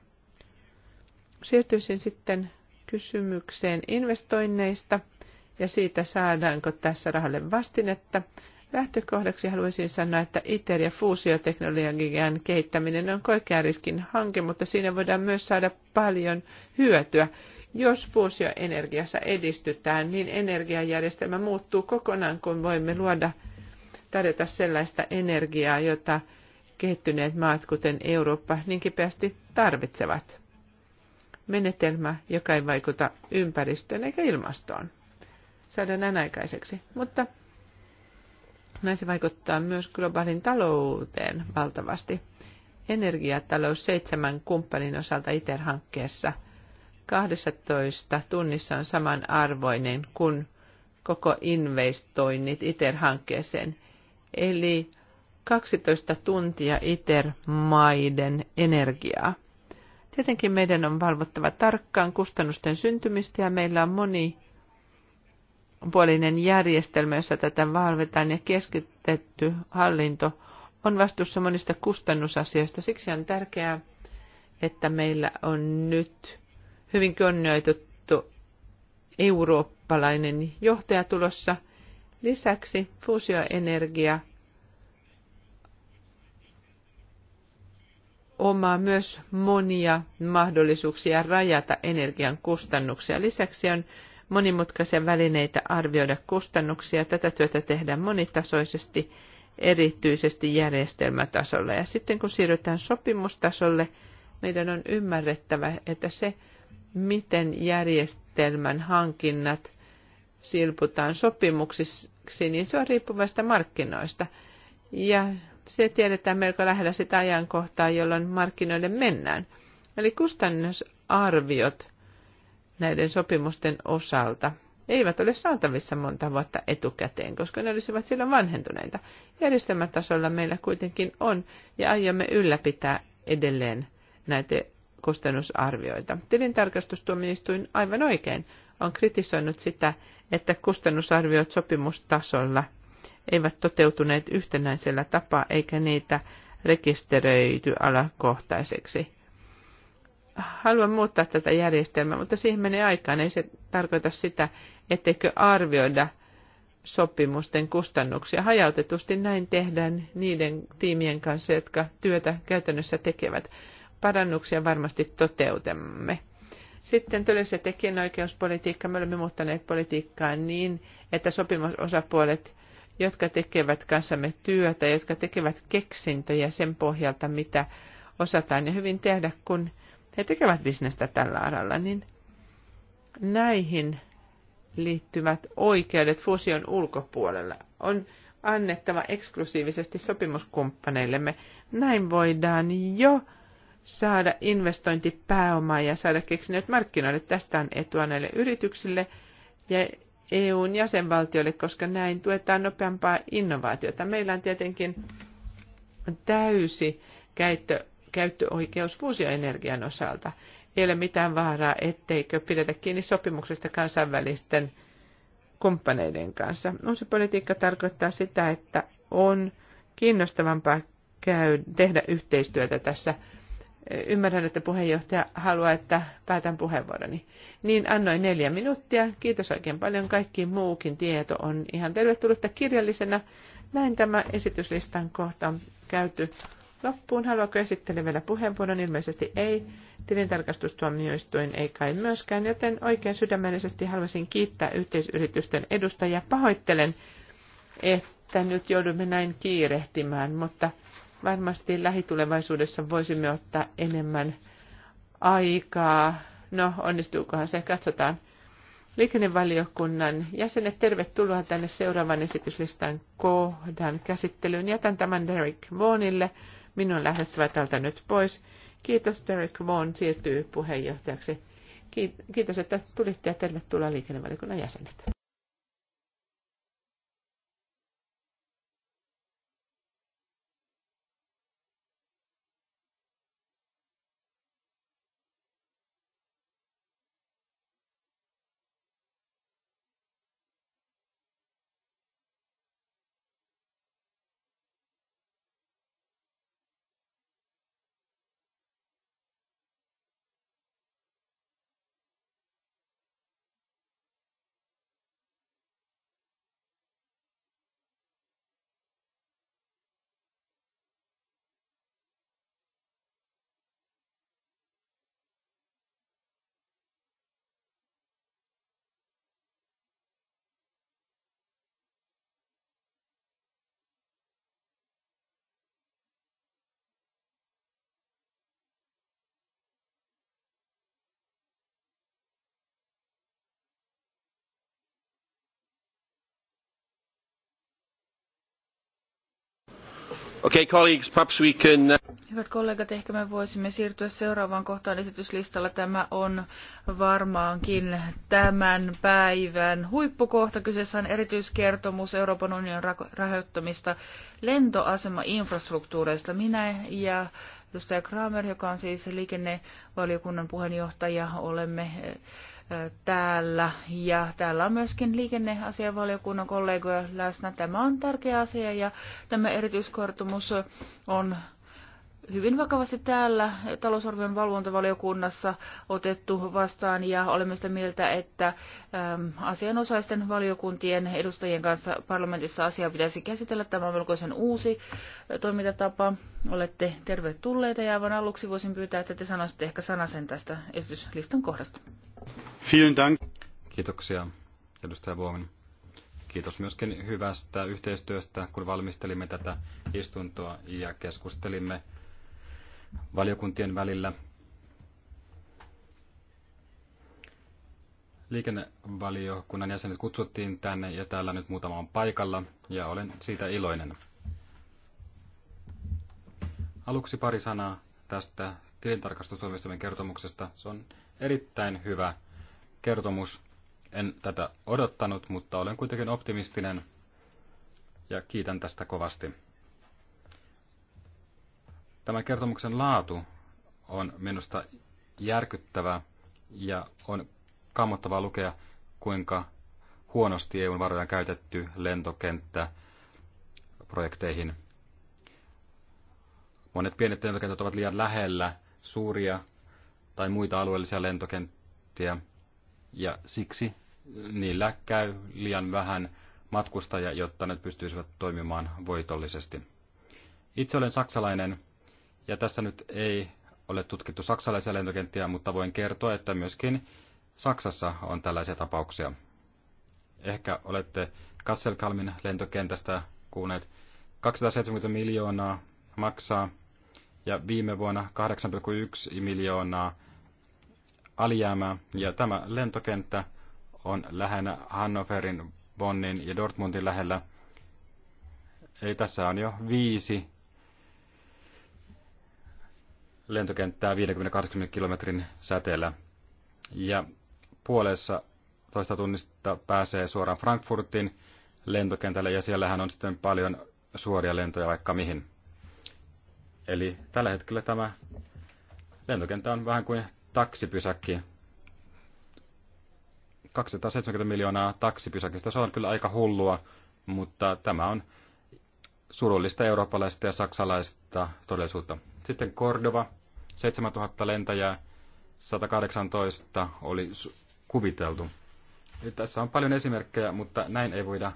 Siirtyisin sitten kysymykseen investoinneista ja siitä saadaanko tässä rahalle vastinetta. Lähtökohdaksi haluaisin sanoa, että ITER- ja fuusioteknologian kehittäminen on korkean riskin hanke, mutta siinä voidaan myös saada paljon hyötyä. Jos fuusioenergiassa edistytään, niin energiajärjestelmä muuttuu kokonaan, kun voimme luoda tarjota sellaista energiaa, jota kehittyneet maat, kuten Eurooppa, niin kipeästi tarvitsevat. Menetelmä, joka ei vaikuta ympäristöön eikä ilmastoon. Saadaan näin aikaiseksi. Mutta näin se vaikuttaa myös globaalin talouteen valtavasti. Energiatalous seitsemän kumppanin osalta ITER-hankkeessa 12 tunnissa on samanarvoinen kuin koko investoinnit ITER-hankkeeseen – eli 12 tuntia ITER-maiden energiaa. Tietenkin meidän on valvottava tarkkaan kustannusten syntymistä ja meillä on moni puolinen järjestelmä, jossa tätä valvetaan ja keskitetty hallinto on vastuussa monista kustannusasioista. Siksi on tärkeää, että meillä on nyt hyvin kunnioitettu eurooppalainen johtaja tulossa – Lisäksi fuusioenergia omaa myös monia mahdollisuuksia rajata energian kustannuksia. Lisäksi on monimutkaisia välineitä arvioida kustannuksia. Tätä työtä tehdään monitasoisesti, erityisesti järjestelmätasolla. Ja sitten kun siirrytään sopimustasolle, meidän on ymmärrettävä, että se, miten järjestelmän hankinnat silputaan sopimuksiksi, niin se on riippuvasta markkinoista. Ja se tiedetään melko lähellä sitä ajankohtaa, jolloin markkinoille mennään. Eli kustannusarviot näiden sopimusten osalta eivät ole saatavissa monta vuotta etukäteen, koska ne olisivat silloin vanhentuneita. Järjestelmätasolla meillä kuitenkin on, ja aiomme ylläpitää edelleen näitä kustannusarvioita. Tilintarkastustuomioistuin aivan oikein on kritisoinut sitä, että kustannusarviot sopimustasolla eivät toteutuneet yhtenäisellä tapaa eikä niitä rekisteröity alakohtaiseksi. Haluan muuttaa tätä järjestelmää, mutta siihen menee aikaan. Ei se tarkoita sitä, etteikö arvioida sopimusten kustannuksia. Hajautetusti näin tehdään niiden tiimien kanssa, jotka työtä käytännössä tekevät. Parannuksia varmasti toteutamme. Sitten työllisyys- ja tekijänoikeuspolitiikka. Me olemme muuttaneet politiikkaa niin, että sopimusosapuolet, jotka tekevät kanssamme työtä, jotka tekevät keksintöjä sen pohjalta, mitä osataan ja hyvin tehdä, kun he tekevät bisnestä tällä aralla, niin näihin liittyvät oikeudet fusion ulkopuolella on annettava eksklusiivisesti sopimuskumppaneillemme. Näin voidaan jo saada investointipääomaa ja saada keksineet markkinoille. Tästä on etua näille yrityksille ja EUn jäsenvaltioille, koska näin tuetaan nopeampaa innovaatiota. Meillä on tietenkin täysi käyttö, käyttöoikeus fuusioenergian osalta. Ei ole mitään vaaraa, etteikö pidetä kiinni sopimuksesta kansainvälisten kumppaneiden kanssa. Uusi politiikka tarkoittaa sitä, että on kiinnostavampaa käy, tehdä yhteistyötä tässä Ymmärrän, että puheenjohtaja haluaa, että päätän puheenvuoroni. Niin annoin neljä minuuttia. Kiitos oikein paljon. Kaikki muukin tieto on ihan tervetullutta kirjallisena. Näin tämä esityslistan kohta on käyty loppuun. Haluatko esittele vielä puheenvuoron? Ilmeisesti ei. Tilintarkastustuomioistuin ei kai myöskään, joten oikein sydämellisesti haluaisin kiittää yhteisyritysten edustajia. Pahoittelen, että nyt joudumme näin kiirehtimään, mutta varmasti lähitulevaisuudessa voisimme ottaa enemmän aikaa. No, onnistuukohan se, katsotaan. Liikennevaliokunnan jäsenet, tervetuloa tänne seuraavan esityslistan kohdan käsittelyyn. Jätän tämän Derek Vaughanille. Minun on lähdettävä täältä nyt pois. Kiitos Derek Vaughan siirtyy puheenjohtajaksi. Kiitos, että tulitte ja tervetuloa liikennevaliokunnan jäsenet. Uh, Hyvät kollegat, ehkä me voisimme siirtyä seuraavaan kohtaan esityslistalla. Tämä on varmaankin tämän päivän huippukohta. Kyseessä on erityiskertomus Euroopan unionin rahoittamista lentoasemainfrastruktuureista. Minä ja edustaja Kramer, joka on siis liikennevaliokunnan puheenjohtaja, olemme eh, täällä ja täällä on myöskin liikenneasianvaliokunnan kollegoja läsnä. Tämä on tärkeä asia ja tämä erityiskortumus on hyvin vakavasti täällä talousarvion valvontavaliokunnassa otettu vastaan ja olemme sitä mieltä, että asianosaisten valiokuntien edustajien kanssa parlamentissa asiaa pitäisi käsitellä. Tämä on melkoisen uusi toimintatapa. Olette tervetulleita ja aivan aluksi voisin pyytää, että te sanoisitte ehkä sanasen tästä esityslistan kohdasta. dank. Kiitoksia, edustaja Vuomin. Kiitos myöskin hyvästä yhteistyöstä, kun valmistelimme tätä istuntoa ja keskustelimme valiokuntien välillä. Liikennevaliokunnan jäsenet kutsuttiin tänne ja täällä nyt muutama on paikalla ja olen siitä iloinen. Aluksi pari sanaa tästä tilintarkastustoimistomien kertomuksesta. Se on erittäin hyvä kertomus. En tätä odottanut, mutta olen kuitenkin optimistinen ja kiitän tästä kovasti. Tämän kertomuksen laatu on minusta järkyttävä ja on kammottavaa lukea, kuinka huonosti EUn varoja on käytetty lentokenttäprojekteihin. Monet pienet lentokentät ovat liian lähellä suuria tai muita alueellisia lentokenttiä, ja siksi niillä käy liian vähän matkustajia, jotta ne pystyisivät toimimaan voitollisesti. Itse olen saksalainen ja tässä nyt ei ole tutkittu saksalaisia lentokenttiä, mutta voin kertoa, että myöskin Saksassa on tällaisia tapauksia. Ehkä olette Kasselkalmin lentokentästä kuuneet 270 miljoonaa maksaa ja viime vuonna 8,1 miljoonaa alijäämää. Ja tämä lentokenttä on lähinnä Hannoverin, Bonnin ja Dortmundin lähellä. Ei tässä on jo viisi lentokenttää 50-80 kilometrin säteellä. Ja puolessa toista tunnista pääsee suoraan Frankfurtin lentokentälle ja siellähän on sitten paljon suoria lentoja vaikka mihin. Eli tällä hetkellä tämä lentokenttä on vähän kuin taksipysäkki. 270 miljoonaa taksipysäkistä, se on kyllä aika hullua, mutta tämä on surullista eurooppalaista ja saksalaista todellisuutta. Sitten Cordova, 7000 lentäjää, 118 oli kuviteltu. Eli tässä on paljon esimerkkejä, mutta näin ei voida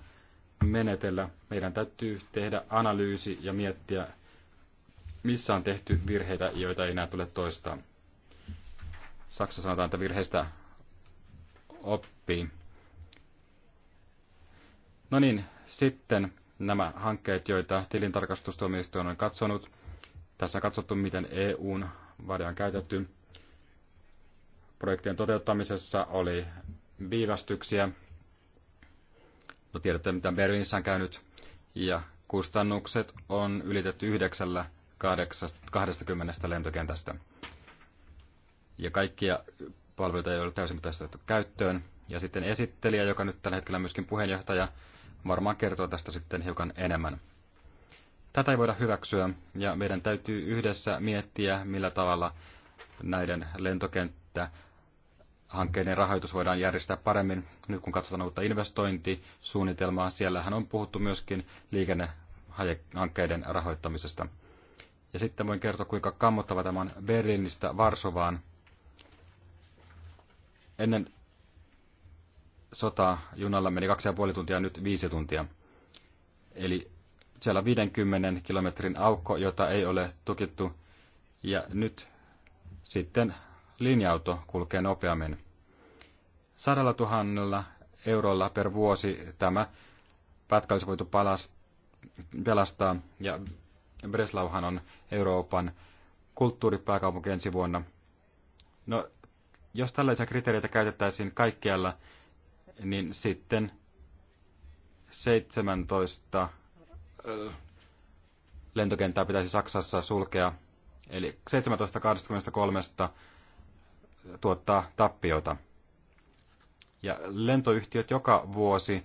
menetellä. Meidän täytyy tehdä analyysi ja miettiä, missä on tehty virheitä, joita ei enää tule toistaa. Saksa sanotaan, että virheistä oppii. No niin, sitten nämä hankkeet, joita tilintarkastustuomioistuin on katsonut. Tässä on katsottu, miten EUn varoja on käytetty. Projektien toteuttamisessa oli viivästyksiä. No tiedätte, mitä Berliinissä on käynyt. Ja kustannukset on ylitetty yhdeksällä 20 lentokentästä. Ja kaikkia palveluita ei ole täysin otettu käyttöön. Ja sitten esittelijä, joka nyt tällä hetkellä myöskin puheenjohtaja, varmaan kertoo tästä sitten hiukan enemmän. Tätä ei voida hyväksyä ja meidän täytyy yhdessä miettiä, millä tavalla näiden lentokenttähankkeiden rahoitus voidaan järjestää paremmin. Nyt kun katsotaan uutta investointisuunnitelmaa, siellähän on puhuttu myöskin liikennehankkeiden rahoittamisesta. Ja sitten voin kertoa, kuinka kammottava tämä on Berliinistä Varsovaan. Ennen sotaa junalla meni kaksi tuntia, nyt 5 tuntia. Eli siellä on 50 kilometrin aukko, jota ei ole tukittu, ja nyt sitten linja-auto kulkee nopeammin. Sadalla tuhannella eurolla per vuosi tämä pätkä olisi voitu pelastaa, ja Breslauhan on Euroopan kulttuuripääkaupunki ensi vuonna. No, jos tällaisia kriteereitä käytettäisiin kaikkialla, niin sitten 17 lentokenttää pitäisi Saksassa sulkea. Eli 17.23 tuottaa tappiota. Ja lentoyhtiöt joka vuosi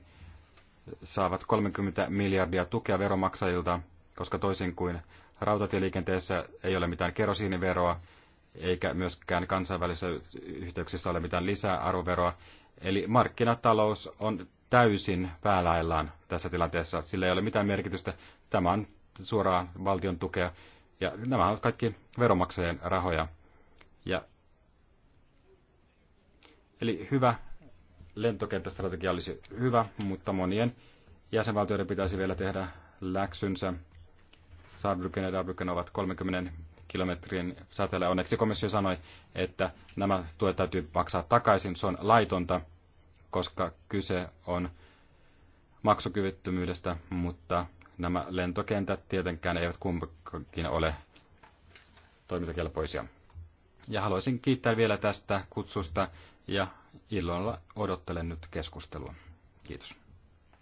saavat 30 miljardia tukea veromaksajilta, koska toisin kuin rautatieliikenteessä ei ole mitään kerosiiniveroa, eikä myöskään kansainvälisissä yhteyksissä ole mitään lisää arvoveroa. Eli markkinatalous on täysin päälaillaan tässä tilanteessa. Sillä ei ole mitään merkitystä. Tämä on suoraan valtion tukea. Ja nämä ovat kaikki veromaksajien rahoja. Ja Eli hyvä lentokenttästrategia olisi hyvä, mutta monien jäsenvaltioiden pitäisi vielä tehdä läksynsä. Saarbrücken ja Darbrücken ovat 30 kilometrin säteellä. Onneksi komissio sanoi, että nämä tuet täytyy maksaa takaisin. Se on laitonta koska kyse on maksukyvyttömyydestä, mutta nämä lentokentät tietenkään eivät kumpikin ole toimintakelpoisia. Ja haluaisin kiittää vielä tästä kutsusta ja illalla odottelen nyt keskustelua. Kiitos.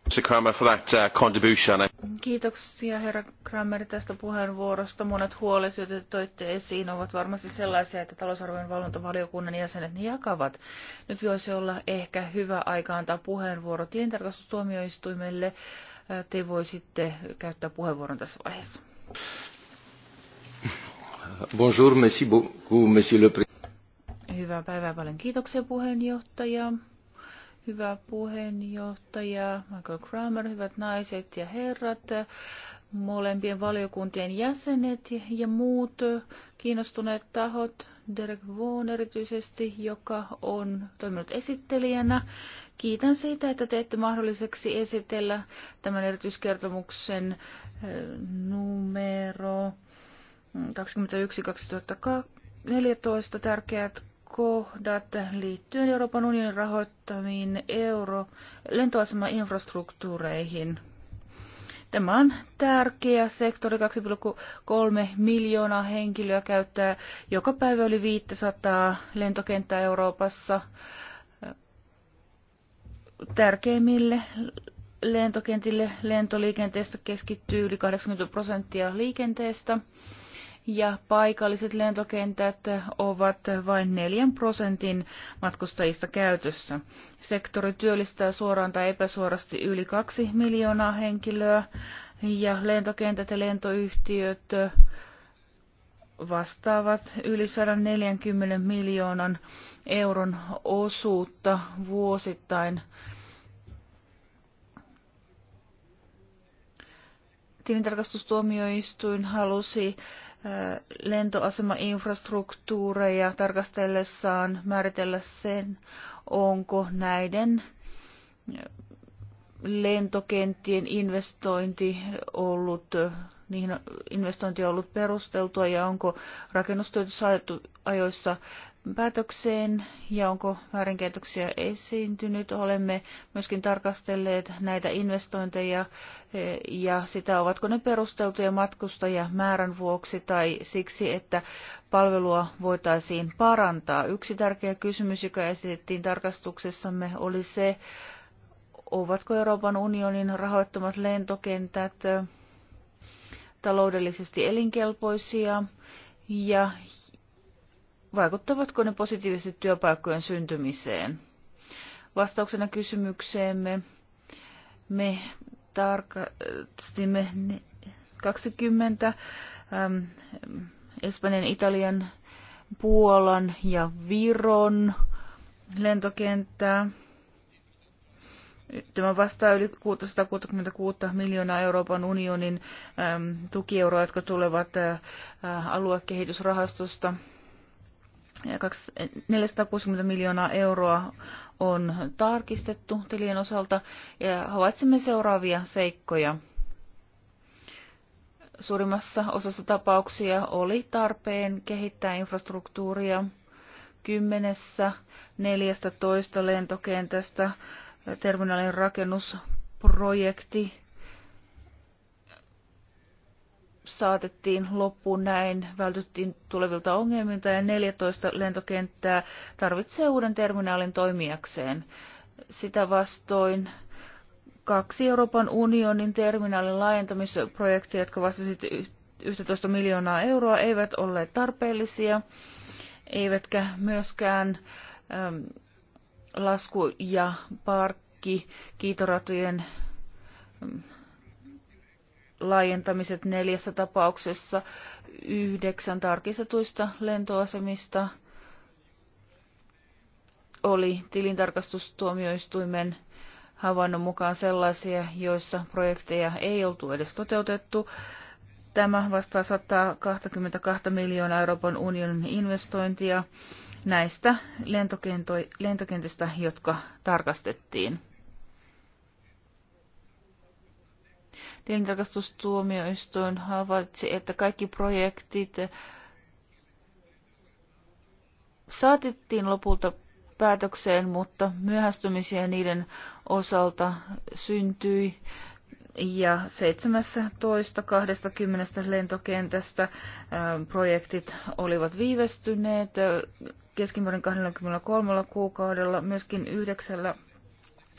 Uh, kiitoksia herra Kramer tästä puheenvuorosta. Monet huolet, joita toitte esiin, ovat varmasti sellaisia, että talousarvojen valvontavaliokunnan jäsenet ne jakavat. Nyt voisi olla ehkä hyvä aika antaa puheenvuoro tilintarkastustuomioistuimelle. Äh, te voisitte käyttää puheenvuoron tässä vaiheessa. Bonjour, merci beaucoup, monsieur le Hyvää päivää, paljon kiitoksia puheenjohtaja hyvä puheenjohtaja Michael Kramer, hyvät naiset ja herrat, molempien valiokuntien jäsenet ja muut kiinnostuneet tahot, Derek Vaughan erityisesti, joka on toiminut esittelijänä. Kiitän siitä, että teette mahdolliseksi esitellä tämän erityiskertomuksen eh, numero 21 2014 tärkeät kohdat liittyen Euroopan unionin rahoittamiin euro lentoasemainfrastruktuureihin. Tämä on tärkeä sektori, 2,3 miljoonaa henkilöä käyttää joka päivä yli 500 lentokenttää Euroopassa tärkeimmille lentokentille lentoliikenteestä keskittyy yli 80 prosenttia liikenteestä ja paikalliset lentokentät ovat vain 4 prosentin matkustajista käytössä. Sektori työllistää suoraan tai epäsuorasti yli 2 miljoonaa henkilöä ja lentokentät ja lentoyhtiöt vastaavat yli 140 miljoonan euron osuutta vuosittain. Tilintarkastustuomioistuin halusi lentoasemainfrastruktuureja tarkastellessaan määritellä sen, onko näiden lentokenttien investointi ollut niihin investointi on ollut perusteltua ja onko rakennustyöt saatu ajoissa päätökseen ja onko väärinkäytöksiä esiintynyt. Olemme myöskin tarkastelleet näitä investointeja e, ja sitä, ovatko ne perusteltuja määrän vuoksi tai siksi, että palvelua voitaisiin parantaa. Yksi tärkeä kysymys, joka esitettiin tarkastuksessamme, oli se, ovatko Euroopan unionin rahoittamat lentokentät e, taloudellisesti elinkelpoisia ja vaikuttavatko ne positiivisesti työpaikkojen syntymiseen? Vastauksena kysymykseemme me tarkastimme 20 ähm, Espanjan, Italian, Puolan ja Viron lentokenttää. Tämä vastaa yli 666 miljoonaa Euroopan unionin äm, tukieuroa, jotka tulevat ä, aluekehitysrahastosta. 460 miljoonaa euroa on tarkistettu tilien osalta ja havaitsemme seuraavia seikkoja. Suurimmassa osassa tapauksia oli tarpeen kehittää infrastruktuuria kymmenessä 14 lentokentästä terminaalin rakennusprojekti saatettiin loppuun näin, vältyttiin tulevilta ongelmilta ja 14 lentokenttää tarvitsee uuden terminaalin toimijakseen. Sitä vastoin kaksi Euroopan unionin terminaalin laajentamisprojektia, jotka vastasivat 11 miljoonaa euroa, eivät olleet tarpeellisia, eivätkä myöskään äm, lasku- ja parkki kiitoratojen laajentamiset neljässä tapauksessa yhdeksän tarkistetuista lentoasemista oli tilintarkastustuomioistuimen havainnon mukaan sellaisia, joissa projekteja ei oltu edes toteutettu. Tämä vastaa 122 miljoonaa Euroopan unionin investointia näistä lentokentistä, jotka tarkastettiin. Tilintarkastustuomioistuin havaitsi, että kaikki projektit saatettiin lopulta päätökseen, mutta myöhästymisiä niiden osalta syntyi ja 17.20 lentokentästä projektit olivat viivästyneet keskimäärin 23 kuukaudella. Myöskin yhdeksällä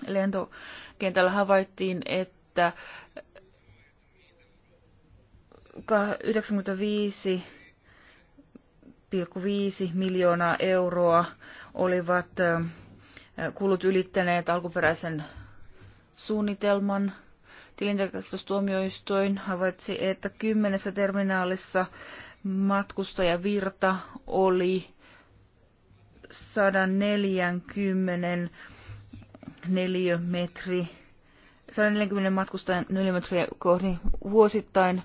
lentokentällä havaittiin, että 95,5 miljoonaa euroa olivat kulut ylittäneet alkuperäisen suunnitelman. Tilintarkastustuomioistuin havaitsi, että kymmenessä terminaalissa matkustajavirta oli 140 metri 140 matkustajan neliömetriä kohti vuosittain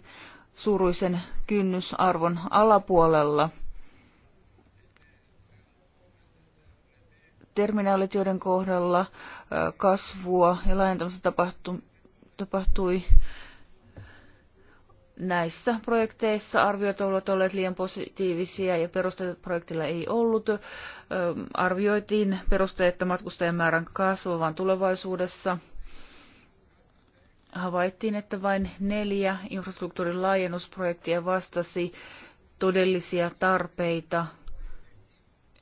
suuruisen kynnysarvon alapuolella. Terminaalit, joiden kohdalla kasvua ja laajentamista tapahtui, näissä projekteissa arviot ovat olleet liian positiivisia ja perusteet projektilla ei ollut. Arvioitiin perusteetta matkustajamäärän kasvavan tulevaisuudessa – havaittiin, että vain neljä infrastruktuurin laajennusprojektia vastasi todellisia tarpeita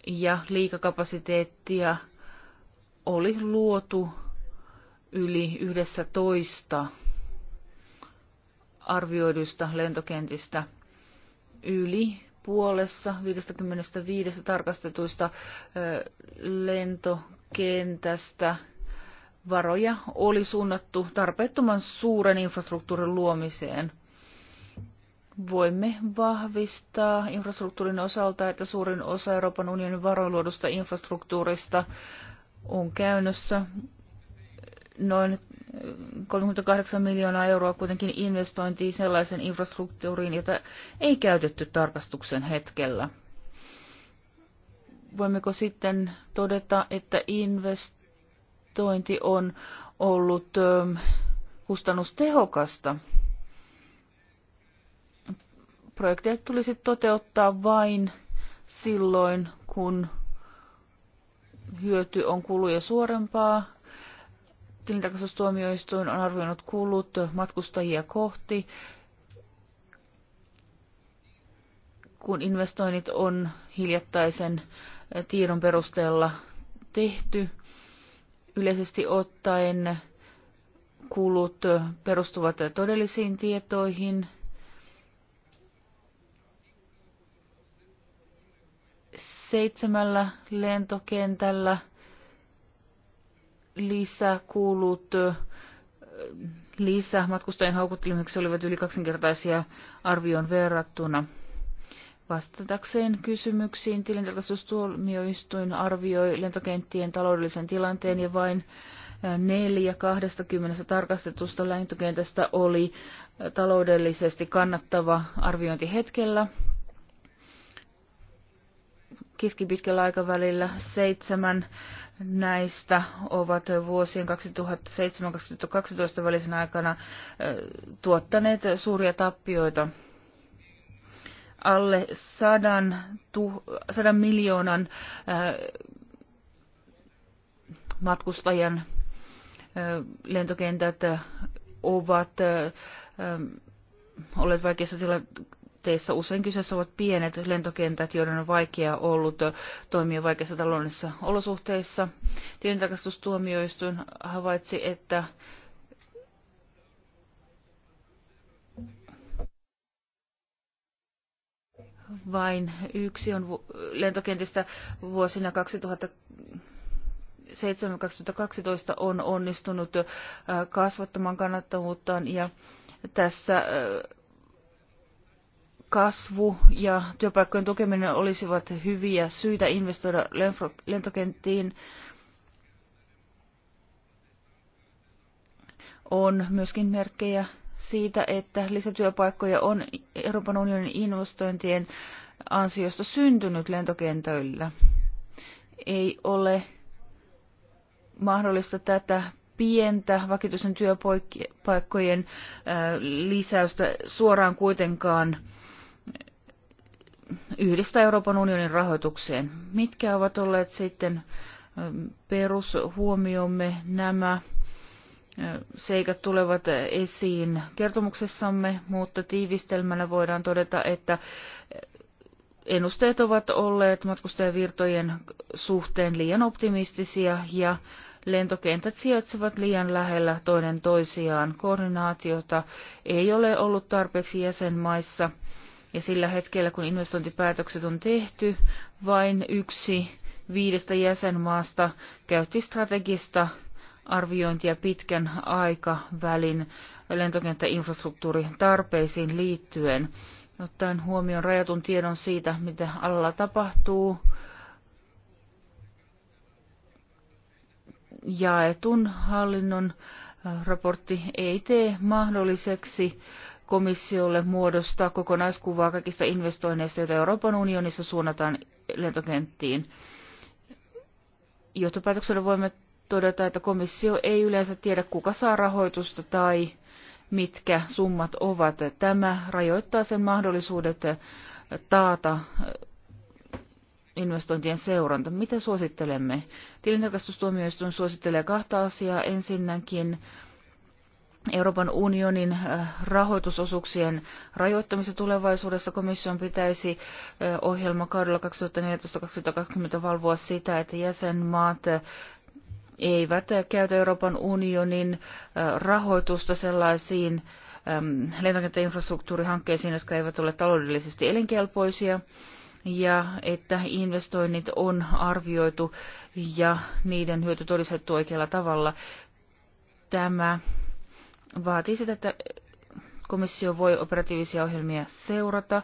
ja liikakapasiteettia oli luotu yli yhdessä toista arvioiduista lentokentistä yli puolessa 55 tarkastetuista lentokentästä varoja oli suunnattu tarpeettoman suuren infrastruktuurin luomiseen. Voimme vahvistaa infrastruktuurin osalta, että suurin osa Euroopan unionin varoiluodusta infrastruktuurista on käynnössä Noin 38 miljoonaa euroa kuitenkin investointiin sellaisen infrastruktuuriin, jota ei käytetty tarkastuksen hetkellä. Voimmeko sitten todeta, että invest auditointi on ollut ähm, kustannustehokasta. Projekteja tulisi toteuttaa vain silloin, kun hyöty on kuluja suorempaa. Tilintarkastustuomioistuin on arvioinut kulut matkustajia kohti, kun investoinnit on hiljattaisen tiedon perusteella tehty – Yleisesti ottaen kulut perustuvat todellisiin tietoihin. Seitsemällä lentokentällä lisäkulut lisää matkustajien houkuttelemiseksi olivat yli kaksinkertaisia arvioon verrattuna. Vastatakseen kysymyksiin tilintarkastustuomioistuin arvioi lentokenttien taloudellisen tilanteen ja vain neljä 20 tarkastetusta lentokentästä oli taloudellisesti kannattava arviointihetkellä. Keskipitkällä aikavälillä seitsemän näistä ovat vuosien 2007-2012 välisen aikana tuottaneet suuria tappioita alle sadan, tu, sadan miljoonan ää, matkustajan ää, lentokentät ovat ää, olleet vaikeassa tilanteessa. Usein kyseessä ovat pienet lentokentät, joiden on vaikea ollut toimia vaikeissa taloudellisissa olosuhteissa. Tilintarkastustuomioistuin havaitsi, että vain yksi on lentokentistä vuosina 2007-2012 on onnistunut kasvattamaan kannattavuuttaan ja tässä kasvu ja työpaikkojen tukeminen olisivat hyviä syitä investoida lentokenttiin. On myöskin merkkejä siitä, että lisätyöpaikkoja on Euroopan unionin investointien ansiosta syntynyt lentokentöillä. Ei ole mahdollista tätä pientä vakituisen työpaikkojen lisäystä suoraan kuitenkaan yhdistää Euroopan unionin rahoitukseen. Mitkä ovat olleet sitten perushuomiomme nämä seikat tulevat esiin kertomuksessamme, mutta tiivistelmänä voidaan todeta, että ennusteet ovat olleet matkustajavirtojen suhteen liian optimistisia ja lentokentät sijaitsevat liian lähellä toinen toisiaan. Koordinaatiota ei ole ollut tarpeeksi jäsenmaissa ja sillä hetkellä, kun investointipäätökset on tehty, vain yksi viidestä jäsenmaasta käytti strategista arviointia pitkän aikavälin lentokenttäinfrastruktuuritarpeisiin liittyen. Ottaen huomioon rajatun tiedon siitä, mitä alalla tapahtuu, jaetun hallinnon äh, raportti ei tee mahdolliseksi komissiolle muodostaa kokonaiskuvaa kaikista investoinneista, joita Euroopan unionissa suunnataan lentokenttiin. Johtopäätöksellä voimme todeta, että komissio ei yleensä tiedä, kuka saa rahoitusta tai mitkä summat ovat. Tämä rajoittaa sen mahdollisuudet taata investointien seuranta. Mitä suosittelemme? Tilintarkastustuomioistuin suosittelee kahta asiaa. Ensinnäkin Euroopan unionin äh, rahoitusosuuksien rajoittamisen tulevaisuudessa komission pitäisi äh, ohjelmakaudella 2014-2020 valvoa sitä, että jäsenmaat äh, eivät käytä Euroopan unionin rahoitusta sellaisiin lentokenttäinfrastruktuurihankkeisiin, jotka eivät ole taloudellisesti elinkelpoisia ja että investoinnit on arvioitu ja niiden hyöty todistettu oikealla tavalla. Tämä vaatii sitä, että komissio voi operatiivisia ohjelmia seurata.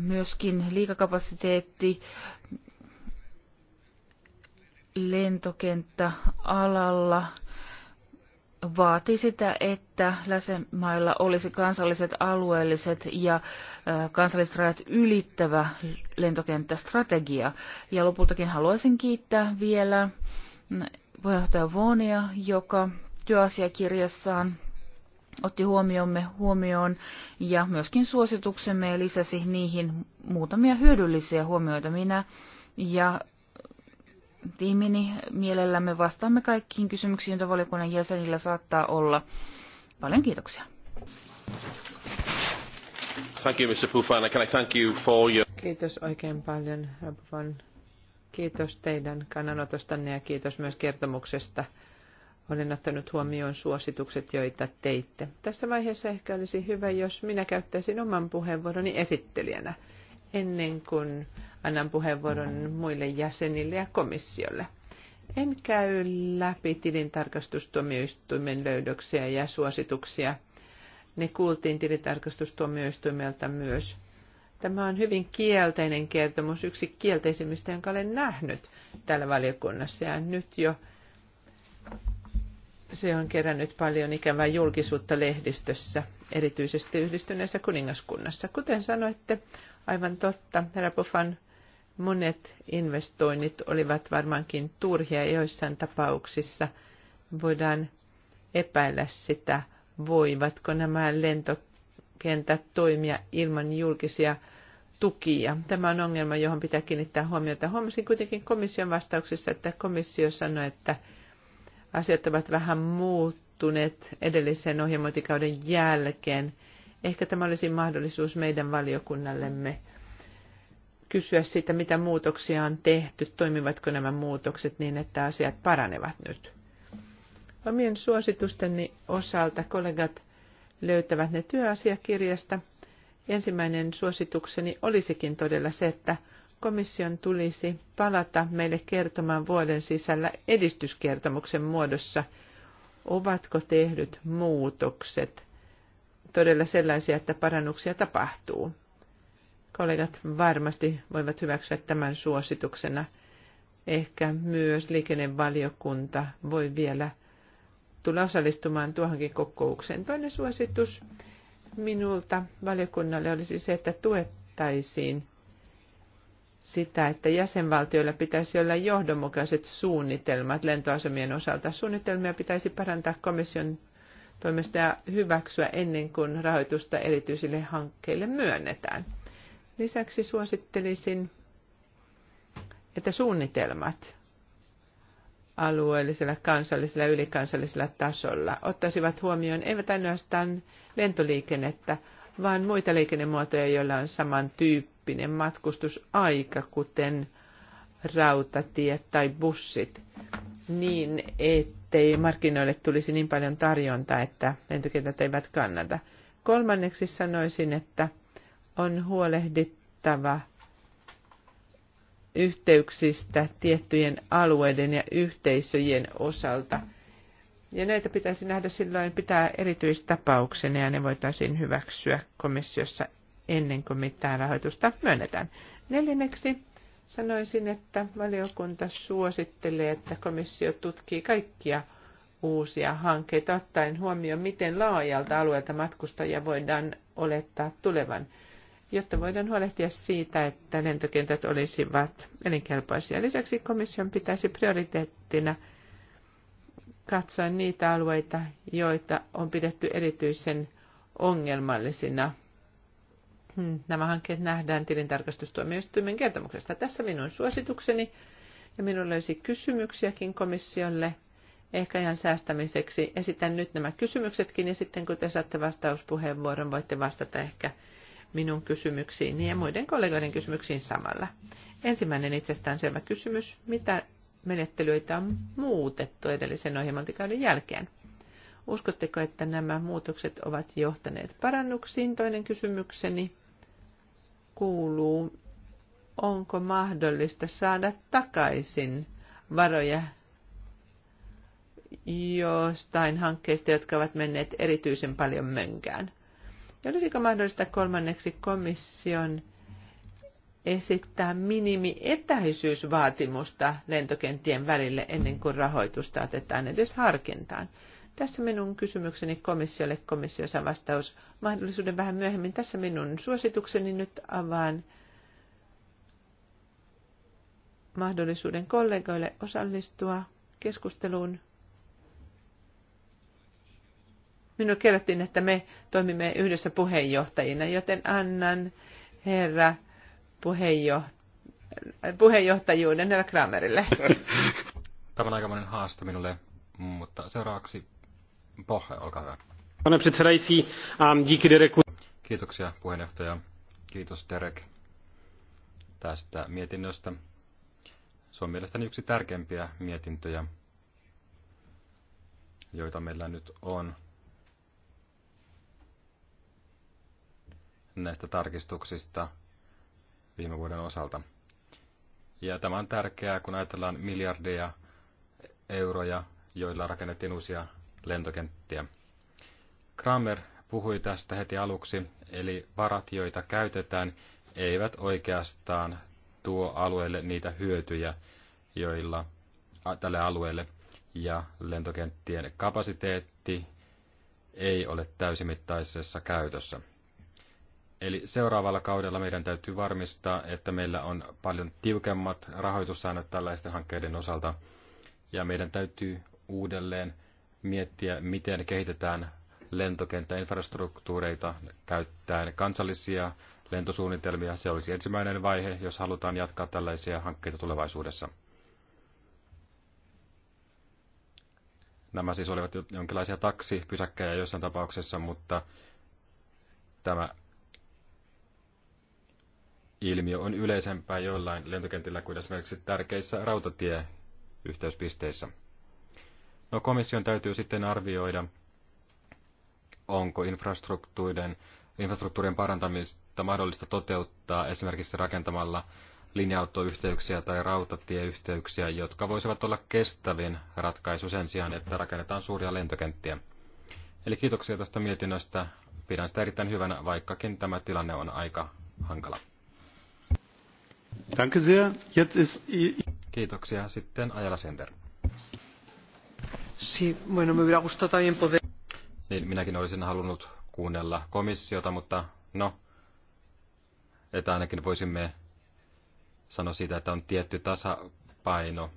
Myöskin liikakapasiteetti lentokenttäalalla vaati sitä, että läsenmailla olisi kansalliset, alueelliset ja kansalliset rajat ylittävä lentokenttästrategia. Ja lopultakin haluaisin kiittää vielä mm, puheenjohtaja Vonia, joka työasiakirjassaan otti huomiomme huomioon ja myöskin suosituksemme ja lisäsi niihin muutamia hyödyllisiä huomioita. Minä ja tiimini mielellämme vastaamme kaikkiin kysymyksiin, joita valiokunnan jäsenillä saattaa olla. Paljon kiitoksia. Thank you, Mr. Pufana. Can I thank you for your... Kiitos oikein paljon, Rabban. Kiitos teidän kannanotostanne ja kiitos myös kertomuksesta. Olen ottanut huomioon suositukset, joita teitte. Tässä vaiheessa ehkä olisi hyvä, jos minä käyttäisin oman puheenvuoroni esittelijänä ennen kuin annan puheenvuoron muille jäsenille ja komissiolle. En käy läpi tilintarkastustuomioistuimen löydöksiä ja suosituksia. Ne kuultiin tilintarkastustuomioistuimelta myös. Tämä on hyvin kielteinen kertomus, yksi kielteisimmistä, jonka olen nähnyt täällä valiokunnassa. Ja nyt jo se on kerännyt paljon ikävää julkisuutta lehdistössä, erityisesti yhdistyneessä kuningaskunnassa. Kuten sanoitte, aivan totta, herra Buffan Monet investoinnit olivat varmaankin turhia joissain tapauksissa. Voidaan epäillä sitä, voivatko nämä lentokentät toimia ilman julkisia tukia. Tämä on ongelma, johon pitää kiinnittää huomiota. Huomasin kuitenkin komission vastauksessa, että komissio sanoi, että asiat ovat vähän muuttuneet edellisen ohjelmointikauden jälkeen. Ehkä tämä olisi mahdollisuus meidän valiokunnallemme kysyä siitä, mitä muutoksia on tehty, toimivatko nämä muutokset niin, että asiat paranevat nyt. Omien suositusteni osalta kollegat löytävät ne työasiakirjasta. Ensimmäinen suositukseni olisikin todella se, että komission tulisi palata meille kertomaan vuoden sisällä edistyskertomuksen muodossa, ovatko tehdyt muutokset todella sellaisia, että parannuksia tapahtuu kollegat varmasti voivat hyväksyä tämän suosituksena. Ehkä myös liikennevaliokunta voi vielä tulla osallistumaan tuohonkin kokoukseen. Toinen suositus minulta valiokunnalle olisi se, että tuettaisiin sitä, että jäsenvaltioilla pitäisi olla johdonmukaiset suunnitelmat lentoasemien osalta. Suunnitelmia pitäisi parantaa komission toimesta ja hyväksyä ennen kuin rahoitusta erityisille hankkeille myönnetään. Lisäksi suosittelisin, että suunnitelmat alueellisella, kansallisella ja ylikansallisella tasolla ottaisivat huomioon eivät ainoastaan lentoliikennettä, vaan muita liikennemuotoja, joilla on samantyyppinen matkustusaika, kuten rautatiet tai bussit, niin ettei markkinoille tulisi niin paljon tarjontaa, että lentokentät eivät kannata. Kolmanneksi sanoisin, että – on huolehdittava yhteyksistä tiettyjen alueiden ja yhteisöjen osalta. Ja näitä pitäisi nähdä silloin pitää erityistapauksena ja ne voitaisiin hyväksyä komissiossa ennen kuin mitään rahoitusta myönnetään. Neljänneksi sanoisin, että valiokunta suosittelee, että komissio tutkii kaikkia uusia hankkeita ottaen huomioon, miten laajalta alueelta matkustajia voidaan olettaa tulevan jotta voidaan huolehtia siitä, että lentokentät olisivat elinkelpoisia. Lisäksi komission pitäisi prioriteettina katsoa niitä alueita, joita on pidetty erityisen ongelmallisina. Hmm, nämä hankkeet nähdään tilintarkastustuomioistuimen kertomuksesta. Tässä minun suositukseni ja minulla olisi kysymyksiäkin komissiolle ehkä ihan säästämiseksi. Esitän nyt nämä kysymyksetkin ja sitten kun te saatte vastauspuheenvuoron, voitte vastata ehkä minun kysymyksiin ja muiden kollegoiden kysymyksiin samalla. Ensimmäinen itsestäänselvä kysymys, mitä menettelyitä on muutettu edellisen ohjelmointikauden jälkeen? Uskotteko, että nämä muutokset ovat johtaneet parannuksiin? Toinen kysymykseni kuuluu, onko mahdollista saada takaisin varoja jostain hankkeista, jotka ovat menneet erityisen paljon mönkään? Ja olisiko mahdollista kolmanneksi komission esittää minimietäisyysvaatimusta lentokenttien välille ennen kuin rahoitusta otetaan edes harkintaan? Tässä minun kysymykseni komissiolle. Komissio saa vastaus mahdollisuuden vähän myöhemmin. Tässä minun suositukseni nyt avaan mahdollisuuden kollegoille osallistua keskusteluun Minun kerrottiin, että me toimimme yhdessä puheenjohtajina, joten annan herra puheenjohtaj- puheenjohtajuuden herra Kramerille. Tämä on aikamoinen haaste minulle, mutta seuraavaksi Pohe, olkaa hyvä. Kiitoksia puheenjohtaja. Kiitos Derek tästä mietinnöstä. Se on mielestäni yksi tärkeimpiä mietintöjä, joita meillä nyt on näistä tarkistuksista viime vuoden osalta. Ja tämä on tärkeää, kun ajatellaan miljardeja euroja, joilla rakennettiin uusia lentokenttiä. Kramer puhui tästä heti aluksi, eli varat, joita käytetään, eivät oikeastaan tuo alueelle niitä hyötyjä, joilla tälle alueelle ja lentokenttien kapasiteetti ei ole täysimittaisessa käytössä. Eli seuraavalla kaudella meidän täytyy varmistaa, että meillä on paljon tiukemmat rahoitussäännöt tällaisten hankkeiden osalta. Ja meidän täytyy uudelleen miettiä, miten kehitetään lentokenttäinfrastruktuureita käyttäen kansallisia lentosuunnitelmia. Se olisi ensimmäinen vaihe, jos halutaan jatkaa tällaisia hankkeita tulevaisuudessa. Nämä siis olivat jonkinlaisia taksipysäkkejä jossain tapauksessa, mutta tämä ilmiö on yleisempää joillain lentokentillä kuin esimerkiksi tärkeissä rautatieyhteyspisteissä. No komission täytyy sitten arvioida, onko infrastruktuurien infrastruktuurien parantamista mahdollista toteuttaa esimerkiksi rakentamalla linja-autoyhteyksiä tai rautatieyhteyksiä, jotka voisivat olla kestävin ratkaisu sen sijaan, että rakennetaan suuria lentokenttiä. Eli kiitoksia tästä mietinnöstä. Pidän sitä erittäin hyvänä, vaikkakin tämä tilanne on aika hankala. Danke sehr. Jetzt ist... Kiitoksia. Sitten Ajala Sender. Sí, bueno, me también poder... Niin, minäkin olisin halunnut kuunnella komissiota, mutta no, että ainakin voisimme sanoa siitä, että on tietty tasapaino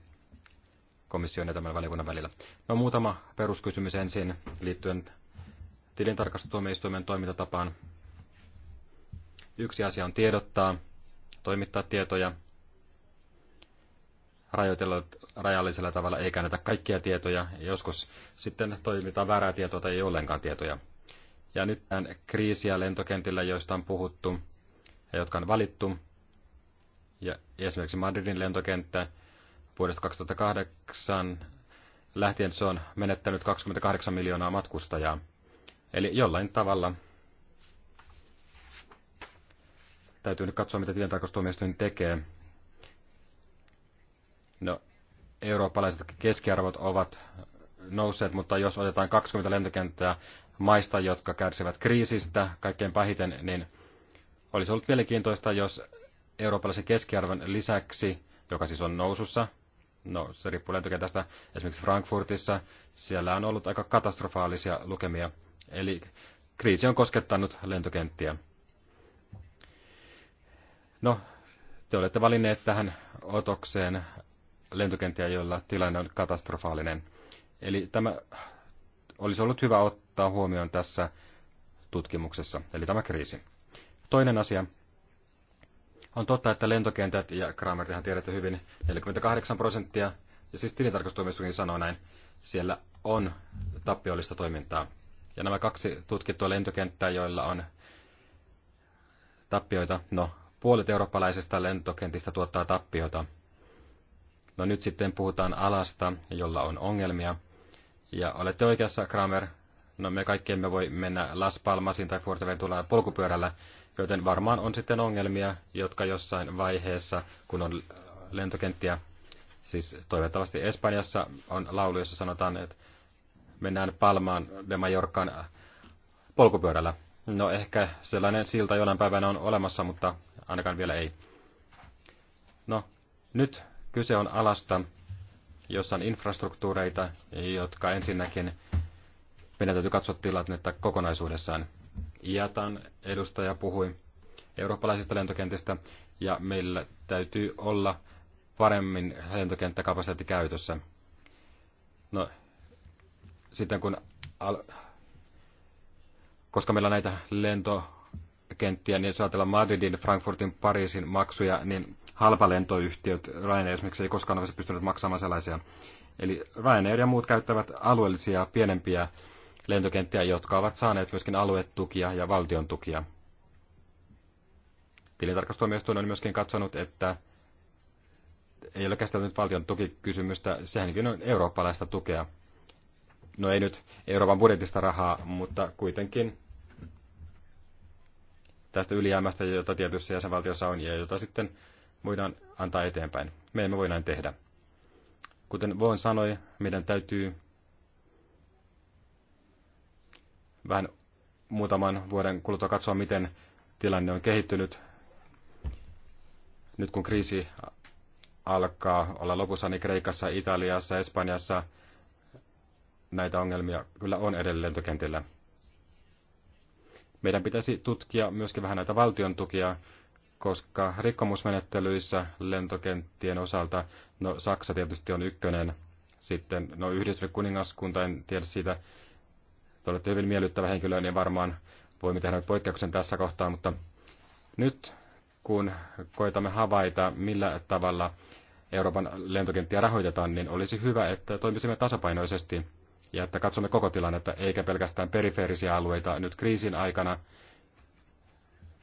komission ja tämän valiokunnan välillä. No muutama peruskysymys ensin liittyen tilintarkastustuomioistuimen toimintatapaan. Yksi asia on tiedottaa toimittaa tietoja rajoitella rajallisella tavalla, eikä näitä kaikkia tietoja. Joskus sitten toimitaan väärää tietoa tai ei ollenkaan tietoja. Ja nyt tämän kriisiä lentokentillä, joista on puhuttu ja jotka on valittu. Ja esimerkiksi Madridin lentokenttä vuodesta 2008 lähtien se on menettänyt 28 miljoonaa matkustajaa. Eli jollain tavalla Täytyy nyt katsoa, mitä nyt tekee. No, eurooppalaiset keskiarvot ovat nousseet, mutta jos otetaan 20 lentokenttää maista, jotka kärsivät kriisistä kaikkein pahiten, niin olisi ollut mielenkiintoista, jos eurooppalaisen keskiarvon lisäksi, joka siis on nousussa, no se riippuu lentokentästä, esimerkiksi Frankfurtissa, siellä on ollut aika katastrofaalisia lukemia, eli kriisi on koskettanut lentokenttiä. No, te olette valinneet tähän otokseen lentokenttiä, joilla tilanne on katastrofaalinen. Eli tämä olisi ollut hyvä ottaa huomioon tässä tutkimuksessa, eli tämä kriisi. Toinen asia. On totta, että lentokentät, ja Kramer tehän tiedätte hyvin, 48 prosenttia, ja siis tilintarkastustoimistokin sanoo näin, siellä on tappiollista toimintaa. Ja nämä kaksi tutkittua lentokenttää, joilla on tappioita, no puolet eurooppalaisista lentokentistä tuottaa tappiota. No nyt sitten puhutaan alasta, jolla on ongelmia. Ja olette oikeassa, Kramer. No me kaikki emme voi mennä Las Palmasin tai Fuerteventulaan polkupyörällä, joten varmaan on sitten ongelmia, jotka jossain vaiheessa, kun on lentokenttiä, siis toivottavasti Espanjassa on laulu, jossa sanotaan, että mennään Palmaan de Mallorcaan polkupyörällä. No ehkä sellainen silta jonain päivänä on olemassa, mutta ainakaan vielä ei. No, nyt kyse on alasta, jossa on infrastruktuureita, jotka ensinnäkin meidän täytyy katsoa tilannetta kokonaisuudessaan. IATAn edustaja puhui eurooppalaisista lentokentistä, ja meillä täytyy olla paremmin lentokenttäkapasiteetti käytössä. No, sitten kun al- koska meillä on näitä lento kenttiä, niin jos ajatellaan Madridin, Frankfurtin, Pariisin maksuja, niin lentoyhtiöt, Ryanair esimerkiksi ei koskaan olisi pystynyt maksamaan sellaisia. Eli Ryanair ja muut käyttävät alueellisia pienempiä lentokenttiä, jotka ovat saaneet myöskin aluetukia ja valtion tukia. Tilintarkastuomioistuin on myöskin katsonut, että ei ole käsitelty valtion tukikysymystä, sehänkin on eurooppalaista tukea. No ei nyt Euroopan budjetista rahaa, mutta kuitenkin tästä ylijäämästä, jota tietyissä jäsenvaltiossa on ja jota sitten voidaan antaa eteenpäin. Me emme voi näin tehdä. Kuten voin sanoi, meidän täytyy vähän muutaman vuoden kuluttua katsoa, miten tilanne on kehittynyt. Nyt kun kriisi alkaa olla lopussa, niin Kreikassa, Italiassa, Espanjassa näitä ongelmia kyllä on edelleen lentokentillä. Meidän pitäisi tutkia myöskin vähän näitä valtion tukia, koska rikkomusmenettelyissä lentokenttien osalta, no Saksa tietysti on ykkönen, sitten no yhdistynyt kuningaskunta, en tiedä siitä, te olette hyvin miellyttävä henkilö, niin varmaan voimme tehdä nyt poikkeuksen tässä kohtaa, mutta nyt kun koitamme havaita, millä tavalla Euroopan lentokenttiä rahoitetaan, niin olisi hyvä, että toimisimme tasapainoisesti ja että katsomme koko tilannetta, eikä pelkästään perifeerisiä alueita nyt kriisin aikana.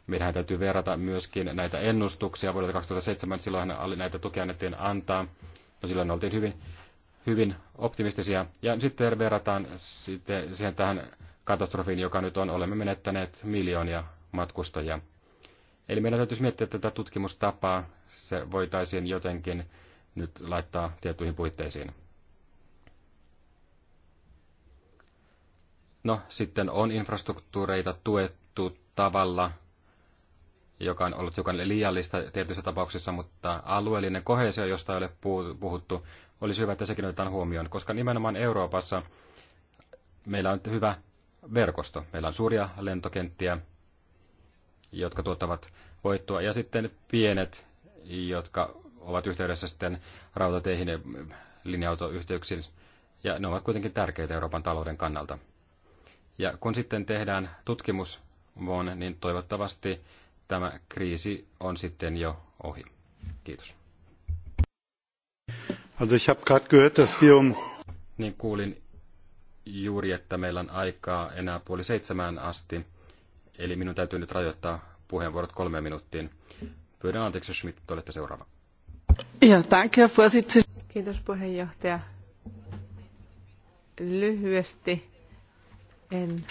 Meidän täytyy verrata myöskin näitä ennustuksia vuodelta 2007, silloin näitä tukia annettiin antaa. No silloin oltiin hyvin, hyvin optimistisia. Ja sitten verrataan sitten siihen tähän katastrofiin, joka nyt on. Olemme menettäneet miljoonia matkustajia. Eli meidän täytyisi miettiä tätä tutkimustapaa. Se voitaisiin jotenkin nyt laittaa tiettyihin puitteisiin. No, sitten on infrastruktuureita tuettu tavalla, joka on ollut hiukan liiallista tietyissä tapauksissa, mutta alueellinen kohesio, josta ei ole puhuttu, olisi hyvä, että sekin otetaan huomioon, koska nimenomaan Euroopassa meillä on hyvä verkosto. Meillä on suuria lentokenttiä, jotka tuottavat voittoa, ja sitten pienet, jotka ovat yhteydessä sitten rautateihin ja linja-autoyhteyksiin, ja ne ovat kuitenkin tärkeitä Euroopan talouden kannalta. Ja kun sitten tehdään tutkimus, niin toivottavasti tämä kriisi on sitten jo ohi. Kiitos. Also ich gerade gehört, dass wir um niin kuulin juuri, että meillä on aikaa enää puoli seitsemään asti, eli minun täytyy nyt rajoittaa puheenvuorot kolme minuuttiin. Pyydän anteeksi, Schmidt, te olette seuraava. Ja, danke, Kiitos puheenjohtaja. Lyhyesti en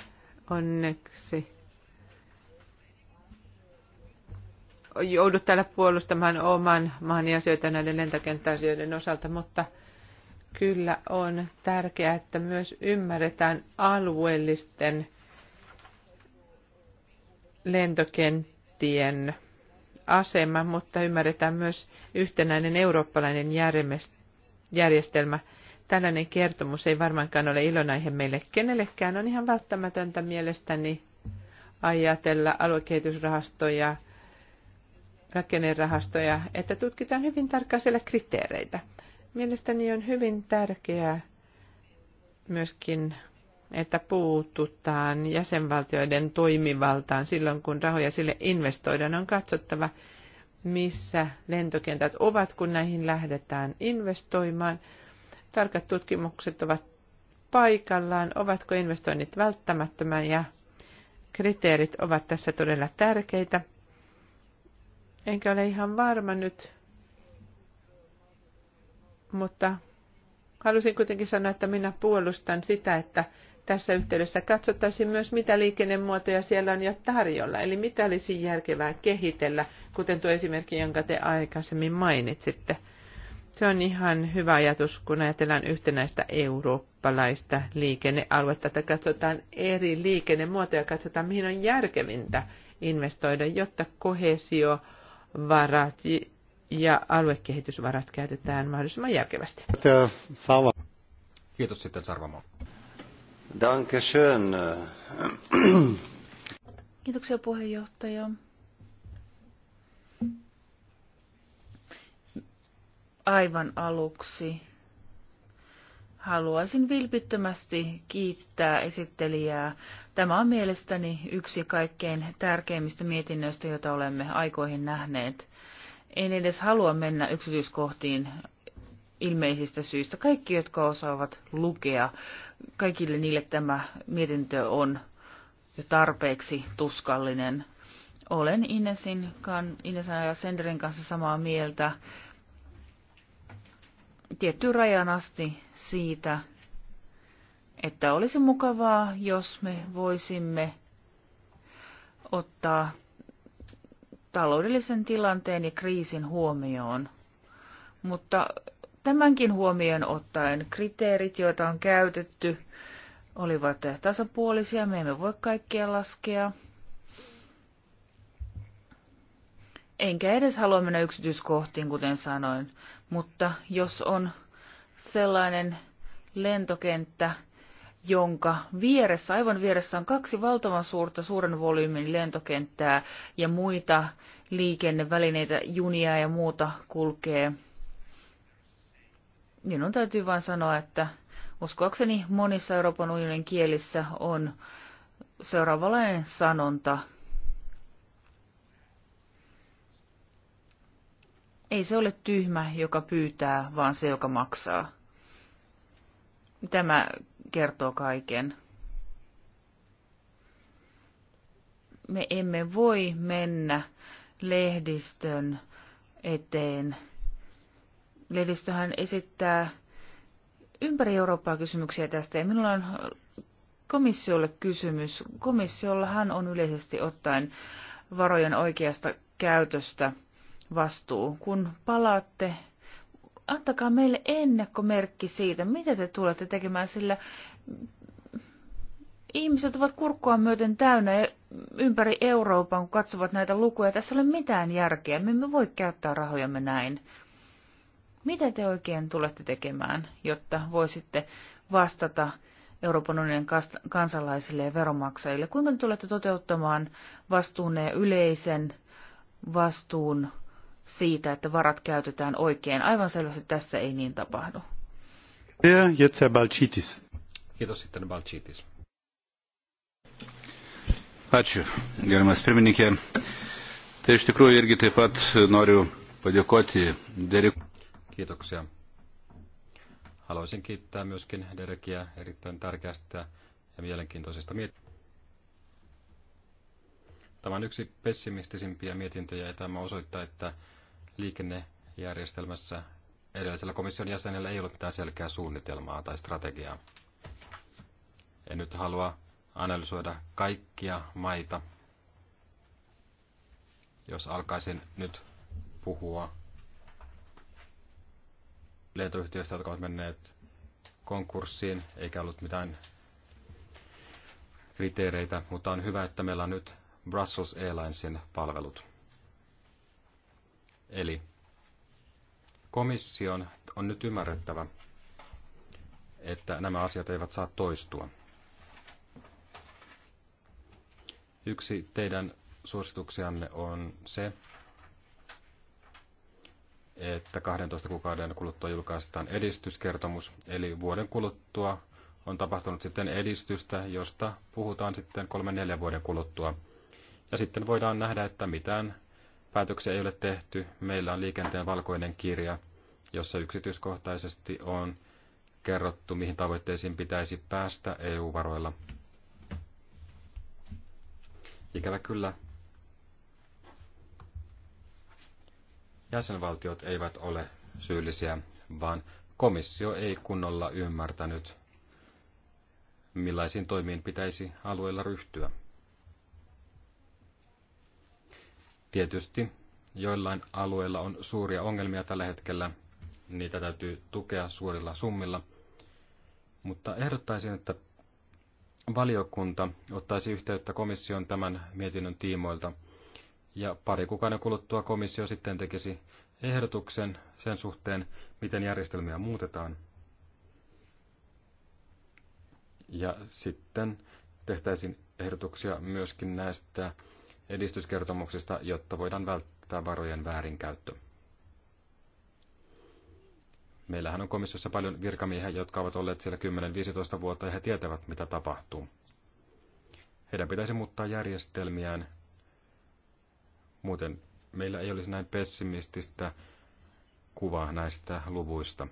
onneksi joudu täällä puolustamaan oman maani asioita näiden lentokenttäasioiden osalta, mutta kyllä on tärkeää, että myös ymmärretään alueellisten lentokenttien asema, mutta ymmärretään myös yhtenäinen eurooppalainen järjestelmä – tällainen kertomus ei varmaankaan ole ilonaihe meille kenellekään. On ihan välttämätöntä mielestäni ajatella aluekehitysrahastoja, rakennerahastoja, että tutkitaan hyvin tarkkaan siellä kriteereitä. Mielestäni on hyvin tärkeää myöskin, että puututaan jäsenvaltioiden toimivaltaan silloin, kun rahoja sille investoidaan. On katsottava, missä lentokentät ovat, kun näihin lähdetään investoimaan – tarkat tutkimukset ovat paikallaan, ovatko investoinnit välttämättömän ja kriteerit ovat tässä todella tärkeitä. Enkä ole ihan varma nyt, mutta halusin kuitenkin sanoa, että minä puolustan sitä, että tässä yhteydessä katsottaisiin myös, mitä liikennemuotoja siellä on jo tarjolla, eli mitä olisi järkevää kehitellä, kuten tuo esimerkki, jonka te aikaisemmin mainitsitte. Se on ihan hyvä ajatus, kun ajatellaan yhtenäistä eurooppalaista liikennealuetta, että katsotaan eri liikennemuotoja, katsotaan mihin on järkevintä investoida, jotta kohesiovarat ja aluekehitysvarat käytetään mahdollisimman järkevästi. Kiitos sitten Sarvamo. Danke schön. Kiitoksia puheenjohtaja. Aivan aluksi haluaisin vilpittömästi kiittää esittelijää. Tämä on mielestäni yksi kaikkein tärkeimmistä mietinnöistä, joita olemme aikoihin nähneet. En edes halua mennä yksityiskohtiin ilmeisistä syistä. Kaikki, jotka osaavat lukea, kaikille niille tämä mietintö on jo tarpeeksi tuskallinen. Olen Inesin kan, Inesan ja Senderin kanssa samaa mieltä tiettyyn rajan asti siitä, että olisi mukavaa, jos me voisimme ottaa taloudellisen tilanteen ja kriisin huomioon. Mutta tämänkin huomioon ottaen kriteerit, joita on käytetty, olivat tasapuolisia. Me emme voi kaikkia laskea. Enkä edes halua mennä yksityiskohtiin, kuten sanoin mutta jos on sellainen lentokenttä, jonka vieressä, aivan vieressä on kaksi valtavan suurta suuren volyymin lentokenttää ja muita liikennevälineitä, junia ja muuta kulkee. Minun täytyy vain sanoa, että uskoakseni monissa Euroopan unionin kielissä on seuraavanlainen sanonta – Ei se ole tyhmä, joka pyytää, vaan se, joka maksaa. Tämä kertoo kaiken. Me emme voi mennä lehdistön eteen. Lehdistöhän esittää ympäri Eurooppaa kysymyksiä tästä ja minulla on komissiolle kysymys. hän on yleisesti ottaen varojen oikeasta käytöstä vastuu. Kun palaatte, antakaa meille ennakkomerkki siitä, mitä te tulette tekemään, sillä ihmiset ovat kurkkoa myöten täynnä ympäri Euroopan, kun katsovat näitä lukuja. Tässä ei ole mitään järkeä. Me emme voi käyttää rahojamme näin. Mitä te oikein tulette tekemään, jotta voisitte vastata Euroopan unionin kansalaisille ja veromaksajille? Kuinka te tulette toteuttamaan vastuunne ja yleisen vastuun siitä, että varat käytetään oikein. Aivan selvästi tässä ei niin tapahdu. Kiitos sitten Balchitis. Ačiū, gerimas pirmininkė. Tai iš tikrųjų irgi taip pat noriu padėkoti Derek. Kiitoksia. Haluaisin kiittää myöskin Derekia erittäin tärkeästä ja mielenkiintoisesta mietinnöstä. Tämä on yksi pessimistisimpiä mietintöjä ja tämä osoittaa, että liikennejärjestelmässä edellisellä komission jäsenellä ei ollut mitään selkeää suunnitelmaa tai strategiaa. En nyt halua analysoida kaikkia maita. Jos alkaisin nyt puhua lentoyhtiöistä, jotka ovat menneet konkurssiin, eikä ollut mitään kriteereitä, mutta on hyvä, että meillä on nyt Brussels Airlinesin palvelut. Eli komission on nyt ymmärrettävä, että nämä asiat eivät saa toistua. Yksi teidän suosituksianne on se, että 12 kuukauden kuluttua julkaistaan edistyskertomus, eli vuoden kuluttua on tapahtunut sitten edistystä, josta puhutaan sitten 3-4 vuoden kuluttua. Ja sitten voidaan nähdä, että mitään päätöksiä ei ole tehty. Meillä on liikenteen valkoinen kirja, jossa yksityiskohtaisesti on kerrottu, mihin tavoitteisiin pitäisi päästä EU-varoilla. Ikävä kyllä. Jäsenvaltiot eivät ole syyllisiä, vaan komissio ei kunnolla ymmärtänyt, millaisiin toimiin pitäisi alueella ryhtyä. Tietysti joillain alueilla on suuria ongelmia tällä hetkellä, niitä täytyy tukea suurilla summilla, mutta ehdottaisin, että valiokunta ottaisi yhteyttä komission tämän mietinnön tiimoilta, ja pari kuukauden kuluttua komissio sitten tekisi ehdotuksen sen suhteen, miten järjestelmiä muutetaan. Ja sitten tehtäisiin ehdotuksia myöskin näistä edistyskertomuksista, jotta voidaan välttää varojen väärinkäyttö. Meillähän on komissiossa paljon virkamiehiä, jotka ovat olleet siellä 10-15 vuotta ja he tietävät, mitä tapahtuu. Heidän pitäisi muuttaa järjestelmiään. Muuten meillä ei olisi näin pessimististä kuvaa näistä luvuista.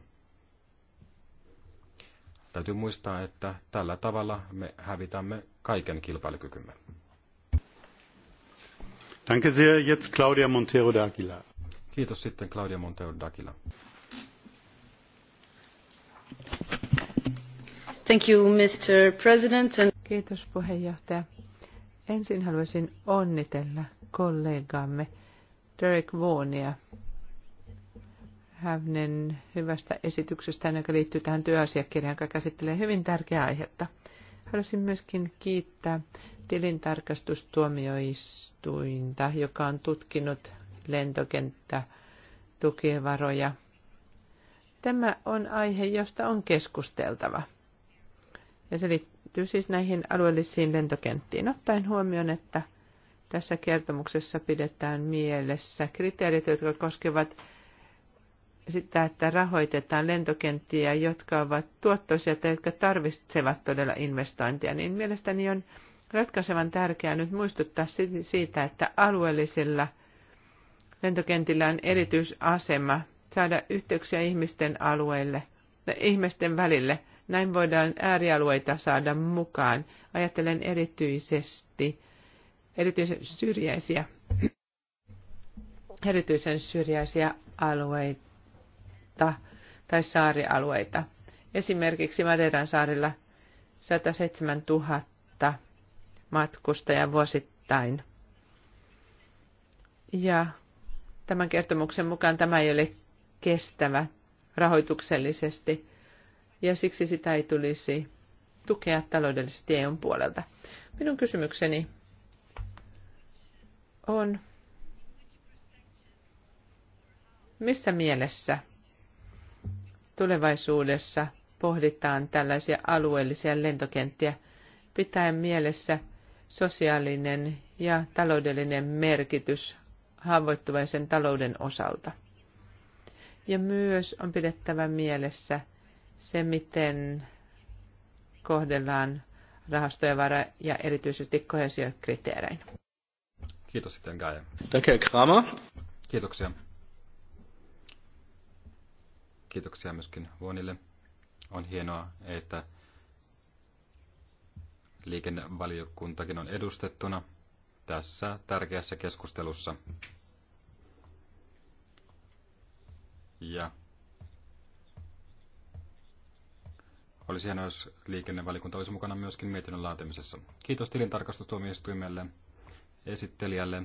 Täytyy muistaa, että tällä tavalla me hävitämme kaiken kilpailukykymme. Danke sehr. Jetzt Claudia Montero Dagila. Kiitos sitten Claudia Montero Dagila. Thank you, Mr. President. And... Kiitos puheenjohtaja. Ensin haluaisin onnitella kollegaamme Derek Vaughania hänen hyvästä esityksestä, joka liittyy tähän työasiakirjaan, joka käsittelee hyvin tärkeää aihetta – Haluaisin myöskin kiittää tilintarkastustuomioistuinta, joka on tutkinut lentokenttä tukivaroja. Tämä on aihe, josta on keskusteltava. Ja se liittyy siis näihin alueellisiin lentokenttiin, ottaen huomioon, että tässä kertomuksessa pidetään mielessä kriteerit, jotka koskevat sitä, että rahoitetaan lentokenttiä, jotka ovat tuottoisia tai jotka tarvitsevat todella investointia, niin mielestäni on ratkaisevan tärkeää nyt muistuttaa siitä, että alueellisilla lentokentillä on erityisasema saada yhteyksiä ihmisten alueille, ihmisten välille. Näin voidaan äärialueita saada mukaan. Ajattelen erityisesti erityisen syrjäisiä, erityisen syrjäisiä alueita saarta tai saarialueita. Esimerkiksi Madeiran saarilla 107 000 matkustajaa vuosittain. Ja tämän kertomuksen mukaan tämä ei ole kestävä rahoituksellisesti, ja siksi sitä ei tulisi tukea taloudellisesti EUn puolelta. Minun kysymykseni on, missä mielessä tulevaisuudessa pohditaan tällaisia alueellisia lentokenttiä, pitäen mielessä sosiaalinen ja taloudellinen merkitys haavoittuvaisen talouden osalta. Ja myös on pidettävä mielessä se, miten kohdellaan rahastoja vara- ja erityisesti kohesiokriteerein. Kiitos sitten Gaia. Danke, Kramer. Kiitoksia. Kiitoksia myöskin Vuonille. On hienoa, että liikennevaliokuntakin on edustettuna tässä tärkeässä keskustelussa. Ja olisi hienoa, jos liikennevaliokunta olisi mukana myöskin mietinnön laatimisessa. Kiitos tilintarkastustuomioistuimelle, esittelijälle.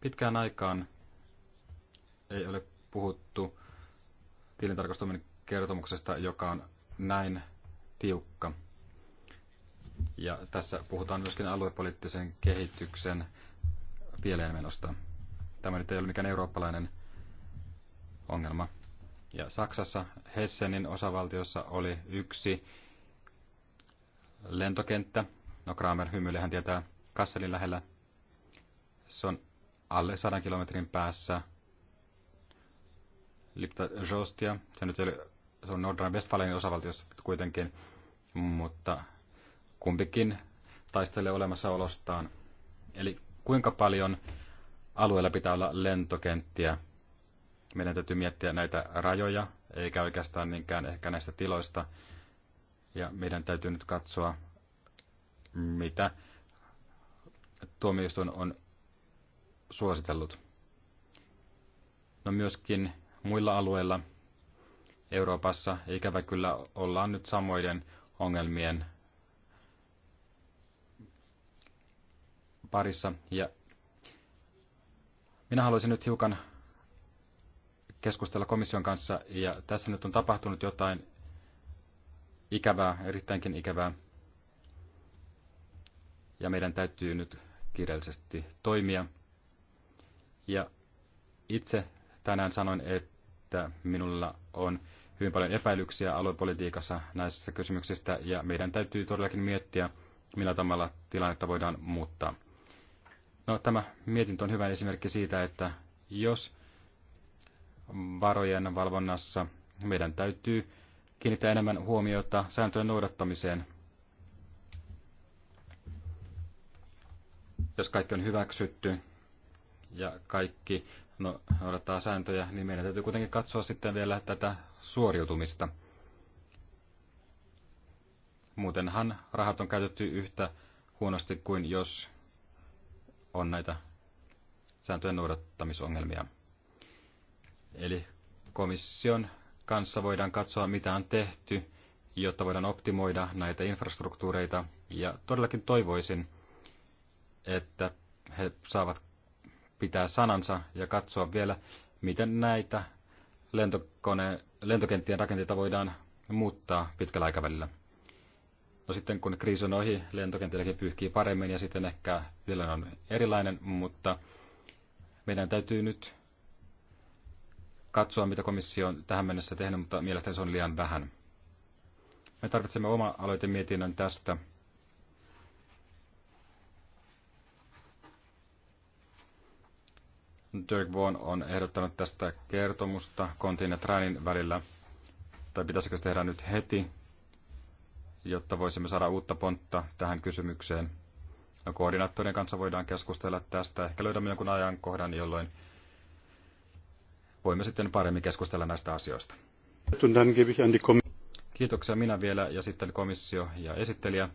Pitkään aikaan ei ole puhuttu Tilintarkastuminen kertomuksesta, joka on näin tiukka. Ja tässä puhutaan myöskin aluepoliittisen kehityksen pieleenmenosta. Tämä nyt ei ole mikään eurooppalainen ongelma. Ja Saksassa Hessenin osavaltiossa oli yksi lentokenttä. No Kramer hymyilee, hän tietää Kasselin lähellä. Se on alle 100 kilometrin päässä Liptajostia. Se nyt oli, se on Nordrhein Westfalenin osavaltiossa kuitenkin, mutta kumpikin taistelee olemassaolostaan. Eli kuinka paljon alueella pitää olla lentokenttiä? Meidän täytyy miettiä näitä rajoja, eikä oikeastaan niinkään ehkä näistä tiloista. Ja meidän täytyy nyt katsoa, mitä tuomioistuin on suositellut. No myöskin muilla alueilla Euroopassa. Ikävä kyllä ollaan nyt samoiden ongelmien parissa. Ja minä haluaisin nyt hiukan keskustella komission kanssa, ja tässä nyt on tapahtunut jotain ikävää, erittäinkin ikävää. Ja meidän täytyy nyt kiireellisesti toimia. Ja itse tänään sanoin, että että minulla on hyvin paljon epäilyksiä aluepolitiikassa näissä kysymyksistä ja meidän täytyy todellakin miettiä, millä tavalla tilannetta voidaan muuttaa. No, tämä mietintö on hyvä esimerkki siitä, että jos varojen valvonnassa meidän täytyy kiinnittää enemmän huomiota sääntöjen noudattamiseen, jos kaikki on hyväksytty ja kaikki no, noudattaa sääntöjä, niin meidän täytyy kuitenkin katsoa sitten vielä tätä suoriutumista. Muutenhan rahat on käytetty yhtä huonosti kuin jos on näitä sääntöjen noudattamisongelmia. Eli komission kanssa voidaan katsoa, mitä on tehty, jotta voidaan optimoida näitä infrastruktuureita. Ja todellakin toivoisin, että he saavat pitää sanansa ja katsoa vielä, miten näitä lentokone, lentokenttien rakenteita voidaan muuttaa pitkällä aikavälillä. No sitten kun kriisi on ohi, lentokentilläkin pyyhkii paremmin ja sitten ehkä tilanne on erilainen, mutta meidän täytyy nyt katsoa, mitä komissio on tähän mennessä tehnyt, mutta mielestäni se on liian vähän. Me tarvitsemme oma aloitemietinnön tästä Dirk Vaughan on ehdottanut tästä kertomusta Kontin ja Tränin välillä. Tai pitäisikö se tehdä nyt heti, jotta voisimme saada uutta pontta tähän kysymykseen? No, koordinaattorien kanssa voidaan keskustella tästä. Ehkä löydämme jonkun ajankohdan, jolloin voimme sitten paremmin keskustella näistä asioista. Kiitoksia minä vielä ja sitten komissio ja esittelijä.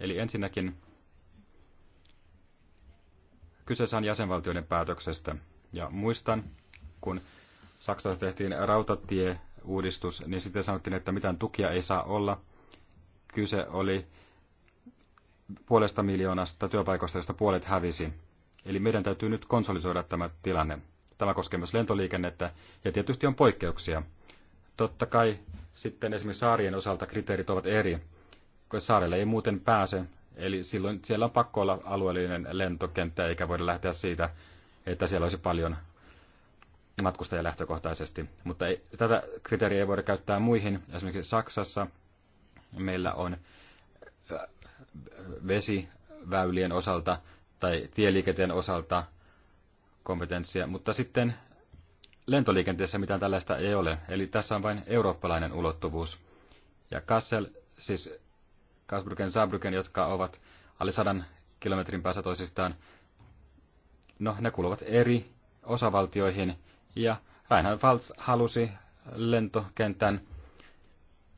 Eli ensinnäkin Kyseessä on jäsenvaltioiden päätöksestä. Ja muistan, kun Saksassa tehtiin rautatieuudistus, niin sitten sanottiin, että mitään tukia ei saa olla. Kyse oli puolesta miljoonasta työpaikasta, josta puolet hävisi. Eli meidän täytyy nyt konsolisoida tämä tilanne. Tämä koskee myös lentoliikennettä ja tietysti on poikkeuksia. Totta kai sitten esimerkiksi saarien osalta kriteerit ovat eri, koska saarelle ei muuten pääse, Eli silloin siellä on pakko olla alueellinen lentokenttä, eikä voida lähteä siitä, että siellä olisi paljon matkustajia lähtökohtaisesti. Mutta ei, tätä kriteeriä ei voida käyttää muihin. Esimerkiksi Saksassa meillä on äh, vesiväylien osalta tai tieliikenteen osalta kompetenssia, mutta sitten lentoliikenteessä mitään tällaista ei ole. Eli tässä on vain eurooppalainen ulottuvuus. Ja Kassel siis Kasbruken ja Saabruken, jotka ovat alle sadan kilometrin päässä toisistaan. No, ne kuuluvat eri osavaltioihin ja Reinhard Falz halusi lentokentän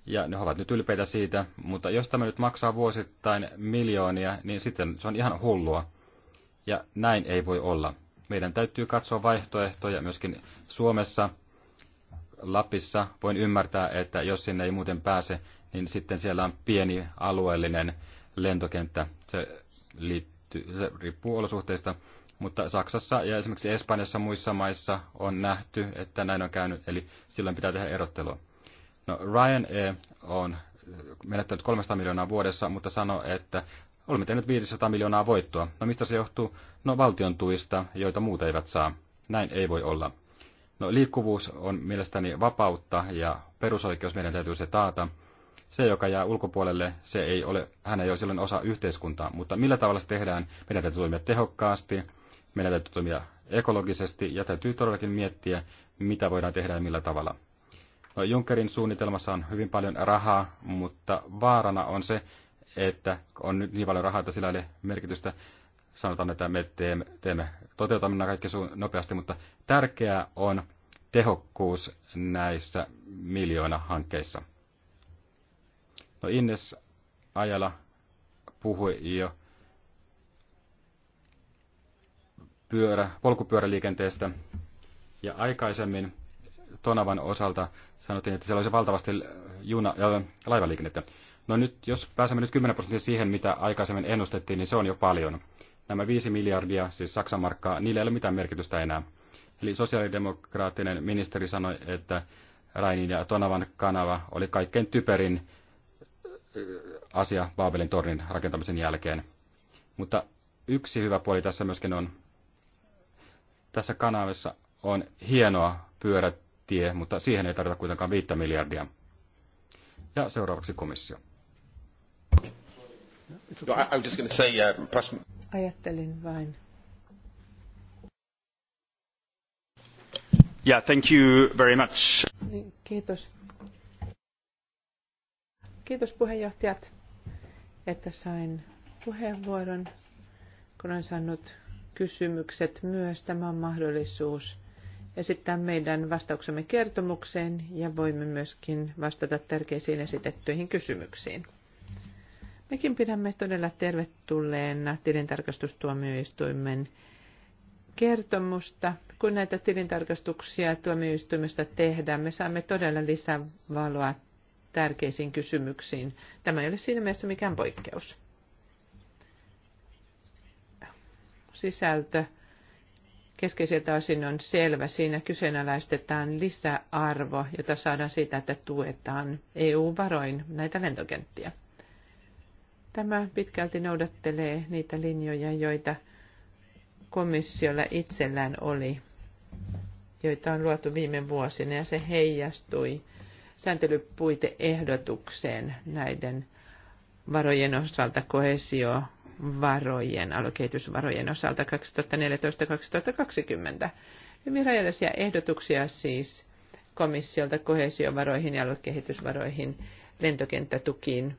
ja ne ovat nyt ylpeitä siitä, mutta jos tämä nyt maksaa vuosittain miljoonia, niin sitten se on ihan hullua. Ja näin ei voi olla. Meidän täytyy katsoa vaihtoehtoja myöskin Suomessa, Lapissa. Voin ymmärtää, että jos sinne ei muuten pääse, niin sitten siellä on pieni alueellinen lentokenttä. Se, liittyy, se riippuu olosuhteista, mutta Saksassa ja esimerkiksi Espanjassa muissa maissa on nähty, että näin on käynyt, eli silloin pitää tehdä erottelua. No E. on menettänyt 300 miljoonaa vuodessa, mutta sanoo, että olemme tehneet 500 miljoonaa voittoa. No mistä se johtuu? No valtion tuista, joita muut eivät saa. Näin ei voi olla. No liikkuvuus on mielestäni vapautta ja perusoikeus meidän täytyy se taata. Se, joka jää ulkopuolelle, se ei ole, hän ei ole silloin osa yhteiskuntaa. Mutta millä tavalla se tehdään? Meidän täytyy toimia tehokkaasti, meidän täytyy toimia ekologisesti ja täytyy todellakin miettiä, mitä voidaan tehdä ja millä tavalla. No, Junckerin suunnitelmassa on hyvin paljon rahaa, mutta vaarana on se, että on nyt niin paljon rahaa, että sillä ei ole merkitystä. Sanotaan, että me teemme, teemme toteutaminen kaikki suun nopeasti, mutta tärkeää on tehokkuus näissä miljoona hankkeissa. No Ines Ajala puhui jo pyörä, polkupyöräliikenteestä ja aikaisemmin Tonavan osalta sanottiin, että siellä olisi valtavasti juna, ja laivaliikennettä. No nyt, jos pääsemme nyt 10 prosenttia siihen, mitä aikaisemmin ennustettiin, niin se on jo paljon. Nämä 5 miljardia, siis Saksan markkaa, niillä ei ole mitään merkitystä enää. Eli sosiaalidemokraattinen ministeri sanoi, että Rainin ja Tonavan kanava oli kaikkein typerin asia Baabelin tornin rakentamisen jälkeen. Mutta yksi hyvä puoli tässä myöskin on, tässä kanavassa on hienoa pyörätie, mutta siihen ei tarvita kuitenkaan 5 miljardia. Ja seuraavaksi komissio. No, I, I just say, uh, perhaps... Ajattelin vain. Yeah, thank you very much. Niin, kiitos Kiitos puheenjohtajat, että sain puheenvuoron, kun olen saanut kysymykset myös. Tämä on mahdollisuus esittää meidän vastauksemme kertomukseen ja voimme myöskin vastata tärkeisiin esitettyihin kysymyksiin. Mekin pidämme todella tervetulleena tilintarkastustuomioistuimen kertomusta. Kun näitä tilintarkastuksia tuomioistuimesta tehdään, me saamme todella lisävaloa tärkeisiin kysymyksiin. Tämä ei ole siinä mielessä mikään poikkeus. Sisältö keskeisiltä osin on selvä. Siinä kyseenalaistetaan lisäarvo, jota saadaan siitä, että tuetaan EU-varoin näitä lentokenttiä. Tämä pitkälti noudattelee niitä linjoja, joita komissiolla itsellään oli, joita on luotu viime vuosina, ja se heijastui sääntelypuiteehdotukseen näiden varojen osalta, kohesiovarojen, alokehitysvarojen osalta 2014-2020. Hyvin rajallisia ehdotuksia siis komissiolta kohesiovaroihin ja aluekehitysvaroihin, lentokenttätukiin,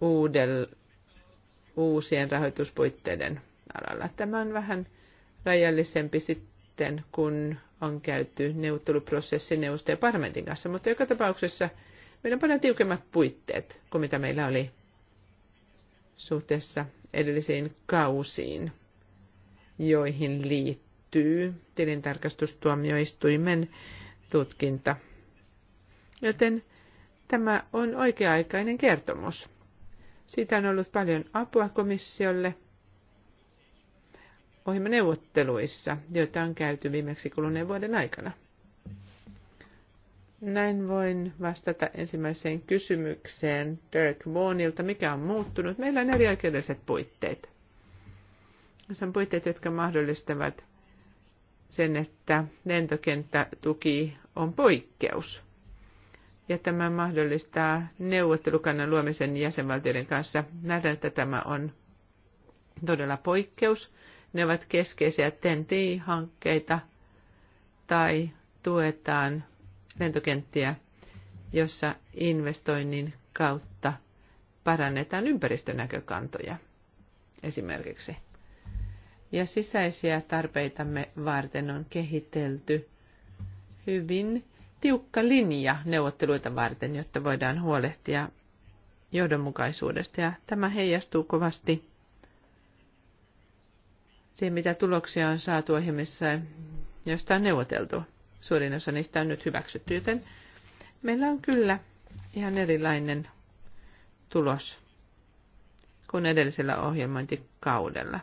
uudel, uusien rahoituspuitteiden alalla. Tämä on vähän rajallisempi sitten, kun on käyty neuvotteluprosessi neuvosto ja parlamentin kanssa, mutta joka tapauksessa meillä on paljon tiukemmat puitteet kuin mitä meillä oli suhteessa edellisiin kausiin, joihin liittyy tilintarkastustuomioistuimen tutkinta. Joten tämä on oikea-aikainen kertomus. Siitä on ollut paljon apua komissiolle ohjelmaneuvotteluissa, joita on käyty viimeksi kuluneen vuoden aikana. Näin voin vastata ensimmäiseen kysymykseen Dirk Vaughanilta, mikä on muuttunut. Meillä on eri oikeudelliset puitteet. Se on puitteet, jotka mahdollistavat sen, että lentokenttätuki on poikkeus. Ja tämä mahdollistaa neuvottelukannan luomisen jäsenvaltioiden kanssa. Nähdään, että tämä on todella poikkeus. Ne ovat keskeisiä TEN-T-hankkeita tai tuetaan lentokenttiä, jossa investoinnin kautta parannetaan ympäristönäkökantoja esimerkiksi. Ja sisäisiä tarpeitamme varten on kehitelty hyvin tiukka linja neuvotteluita varten, jotta voidaan huolehtia johdonmukaisuudesta. Ja tämä heijastuu kovasti siihen, mitä tuloksia on saatu ohjelmissa, joista on neuvoteltu. Suurin osa niistä on nyt hyväksytty, joten meillä on kyllä ihan erilainen tulos kuin edellisellä ohjelmointikaudella.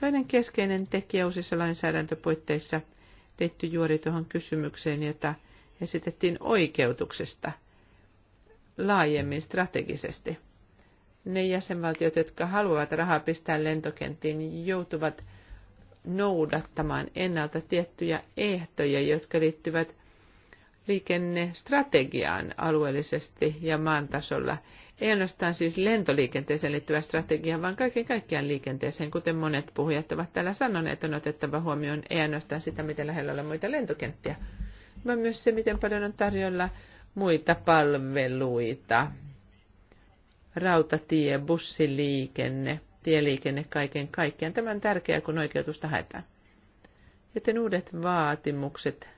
Toinen keskeinen tekijä uusissa lainsäädäntöpuitteissa liittyy juuri tuohon kysymykseen, jota esitettiin oikeutuksesta laajemmin strategisesti – ne jäsenvaltiot, jotka haluavat rahaa pistää lentokenttiin, joutuvat noudattamaan ennalta tiettyjä ehtoja, jotka liittyvät liikennestrategiaan alueellisesti ja maan tasolla. Ei ainoastaan siis lentoliikenteeseen liittyvä strategia, vaan kaiken kaikkiaan liikenteeseen, kuten monet puhujat ovat täällä sanoneet, on otettava huomioon ei ainoastaan sitä, miten lähellä on muita lentokenttiä, vaan myös se, miten paljon on tarjolla muita palveluita rautatie, bussiliikenne, tieliikenne kaiken kaikkiaan. Tämä on tärkeää, kun oikeutusta haetaan. Joten uudet vaatimukset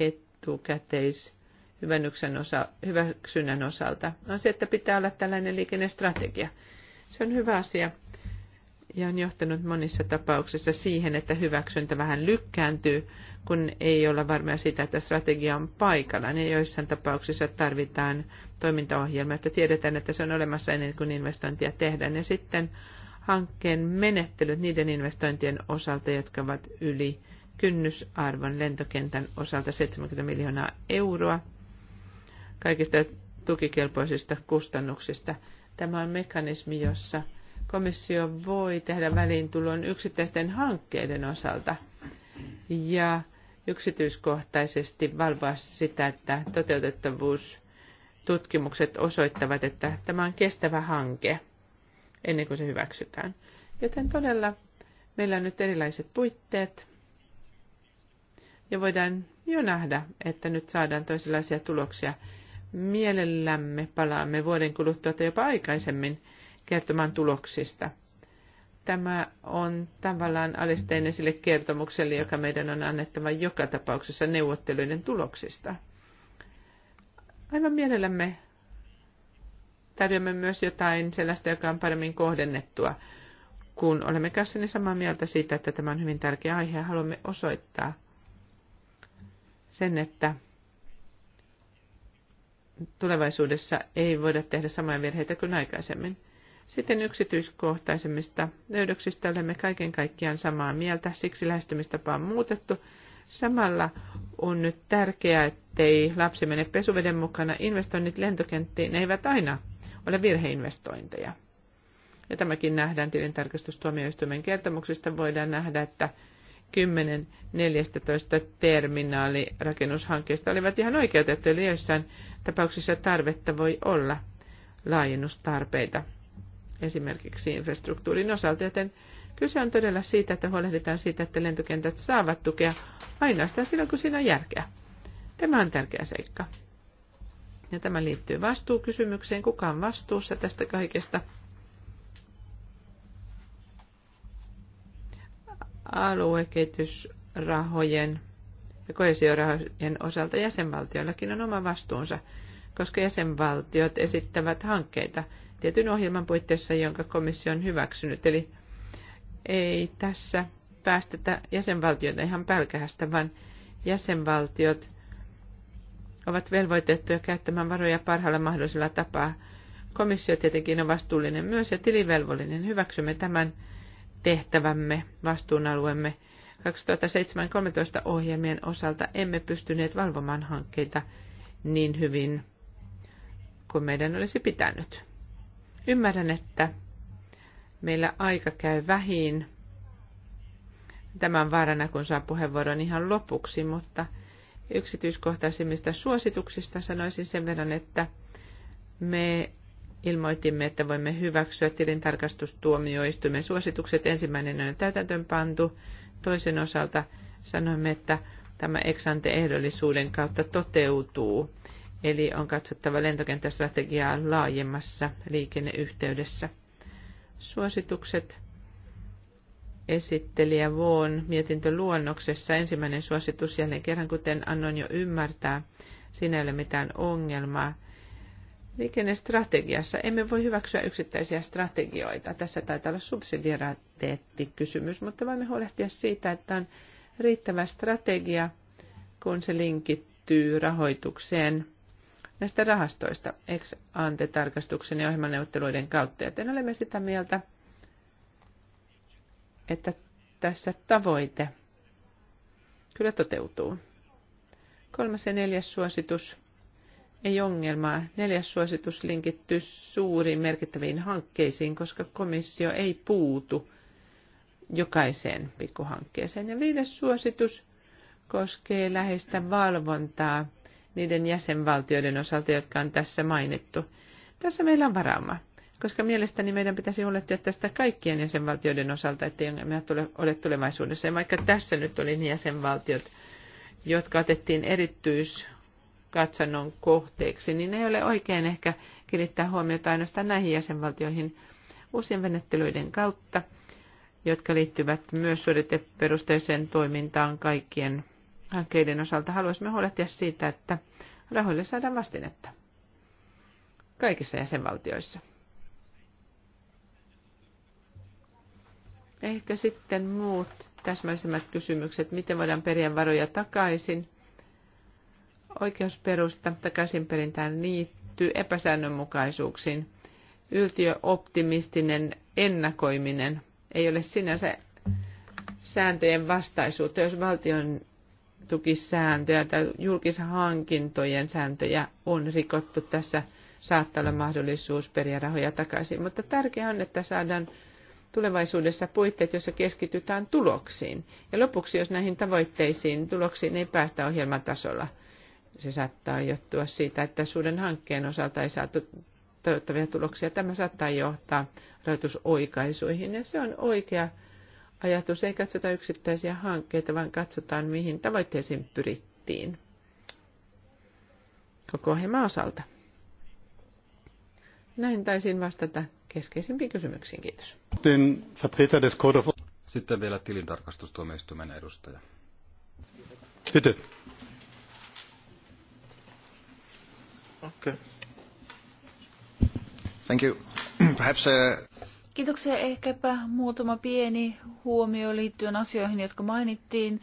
etukäteis osa, hyväksynnän osalta on se, että pitää olla tällainen liikennestrategia. Se on hyvä asia ja on johtanut monissa tapauksissa siihen, että hyväksyntä vähän lykkääntyy, kun ei olla varmaa siitä, että strategia on paikalla, niin joissain tapauksissa tarvitaan toimintaohjelma, että tiedetään, että se on olemassa ennen kuin investointia tehdään. Ja sitten hankkeen menettelyt niiden investointien osalta, jotka ovat yli kynnysarvon lentokentän osalta 70 miljoonaa euroa kaikista tukikelpoisista kustannuksista. Tämä on mekanismi, jossa komissio voi tehdä väliintulon yksittäisten hankkeiden osalta ja yksityiskohtaisesti valvoa sitä, että toteutettavuus tutkimukset osoittavat, että tämä on kestävä hanke ennen kuin se hyväksytään. Joten todella meillä on nyt erilaiset puitteet ja voidaan jo nähdä, että nyt saadaan toisenlaisia tuloksia. Mielellämme palaamme vuoden kuluttua tai jopa aikaisemmin kertomaan tuloksista. Tämä on tavallaan alisteinen sille kertomukselle, joka meidän on annettava joka tapauksessa neuvotteluiden tuloksista. Aivan mielellämme tarjoamme myös jotain sellaista, joka on paremmin kohdennettua, kun olemme kanssani samaa mieltä siitä, että tämä on hyvin tärkeä aihe ja haluamme osoittaa sen, että tulevaisuudessa ei voida tehdä samoja virheitä kuin aikaisemmin. Sitten yksityiskohtaisemmista löydöksistä olemme kaiken kaikkiaan samaa mieltä, siksi lähestymistapa on muutettu. Samalla on nyt tärkeää, ettei lapsi mene pesuveden mukana. Investoinnit lentokenttiin eivät aina ole virheinvestointeja. Ja tämäkin nähdään tilintarkastustuomioistuimen kertomuksesta. Voidaan nähdä, että 10-14 terminaalirakennushankkeista olivat ihan oikeutettuja, eli joissain tapauksissa tarvetta voi olla laajennustarpeita esimerkiksi infrastruktuurin osalta, joten kyse on todella siitä, että huolehditaan siitä, että lentokentät saavat tukea ainoastaan silloin, kun siinä on järkeä. Tämä on tärkeä seikka. Ja tämä liittyy vastuukysymykseen. Kuka on vastuussa tästä kaikesta? Aluekehitysrahojen ja koesiorahojen osalta jäsenvaltioillakin on oma vastuunsa, koska jäsenvaltiot esittävät hankkeita – tietyn ohjelman puitteissa, jonka komissio on hyväksynyt. Eli ei tässä päästetä jäsenvaltioita ihan pälkähästä, vaan jäsenvaltiot ovat velvoitettuja käyttämään varoja parhaalla mahdollisella tapaa. Komissio tietenkin on vastuullinen myös ja tilivelvollinen. Hyväksymme tämän tehtävämme, vastuunalueemme. 2007-2013 ohjelmien osalta emme pystyneet valvomaan hankkeita niin hyvin kuin meidän olisi pitänyt. Ymmärrän, että meillä aika käy vähin tämän vaarana, kun saa puheenvuoron ihan lopuksi, mutta yksityiskohtaisimmista suosituksista sanoisin sen verran, että me ilmoitimme, että voimme hyväksyä tilintarkastustuomioistuimen suositukset. Ensimmäinen on täytäntöön pantu. Toisen osalta sanoimme, että tämä eksante ehdollisuuden kautta toteutuu Eli on katsottava lentokenttästrategiaa laajemmassa liikenneyhteydessä. Suositukset esittelijä Vuon mietintöluonnoksessa ensimmäinen suositus jälleen kerran, kuten annoin jo ymmärtää, siinä ei ole mitään ongelmaa. Liikennestrategiassa emme voi hyväksyä yksittäisiä strategioita. Tässä taitaa olla subsidiariteettikysymys, mutta voimme huolehtia siitä, että on riittävä strategia, kun se linkittyy rahoitukseen näistä rahastoista ex ante tarkastuksen ja ohjelmaneuvotteluiden kautta, joten olemme sitä mieltä, että tässä tavoite kyllä toteutuu. Kolmas ja neljäs suositus ei ongelmaa. Neljäs suositus linkittyy suuriin merkittäviin hankkeisiin, koska komissio ei puutu jokaiseen pikkuhankkeeseen. Ja viides suositus koskee läheistä valvontaa niiden jäsenvaltioiden osalta, jotka on tässä mainittu. Tässä meillä on varauma, koska mielestäni meidän pitäisi huolehtia tästä kaikkien jäsenvaltioiden osalta, ettei ongelmia tule, ole tulevaisuudessa. Ja vaikka tässä nyt oli ne jäsenvaltiot, jotka otettiin erityiskatsannon kohteeksi, niin ei ole oikein ehkä kiinnittää huomiota ainoastaan näihin jäsenvaltioihin uusien venettelyiden kautta, jotka liittyvät myös suoriteperusteiseen toimintaan kaikkien hankkeiden osalta haluaisimme huolehtia siitä, että rahoille saadaan vastinetta kaikissa jäsenvaltioissa. Ehkä sitten muut täsmällisemmät kysymykset, miten voidaan periä varoja takaisin. Oikeusperusta takaisinperintään liittyy epäsäännönmukaisuuksiin. Yltiöoptimistinen ennakoiminen ei ole sinänsä sääntöjen vastaisuutta, jos valtion tukisääntöjä tai hankintojen sääntöjä on rikottu. Tässä saattaa olla mahdollisuus periä rahoja takaisin, mutta tärkeää on, että saadaan tulevaisuudessa puitteet, joissa keskitytään tuloksiin. Ja lopuksi, jos näihin tavoitteisiin tuloksiin ei päästä ohjelmatasolla, se saattaa johtua siitä, että suuren hankkeen osalta ei saatu toivottavia tuloksia. Tämä saattaa johtaa rahoitusoikaisuihin ja se on oikea ajatus. Ei katsota yksittäisiä hankkeita, vaan katsotaan, mihin tavoitteisiin pyrittiin koko ohjelman osalta. Näin taisin vastata keskeisimpiin kysymyksiin. Kiitos. Sitten vielä tilintarkastustuomioistuimen edustaja. Bitte. Okay. Thank you. Perhaps, uh... Kiitoksia. Ehkäpä muutama pieni huomio liittyen asioihin, jotka mainittiin.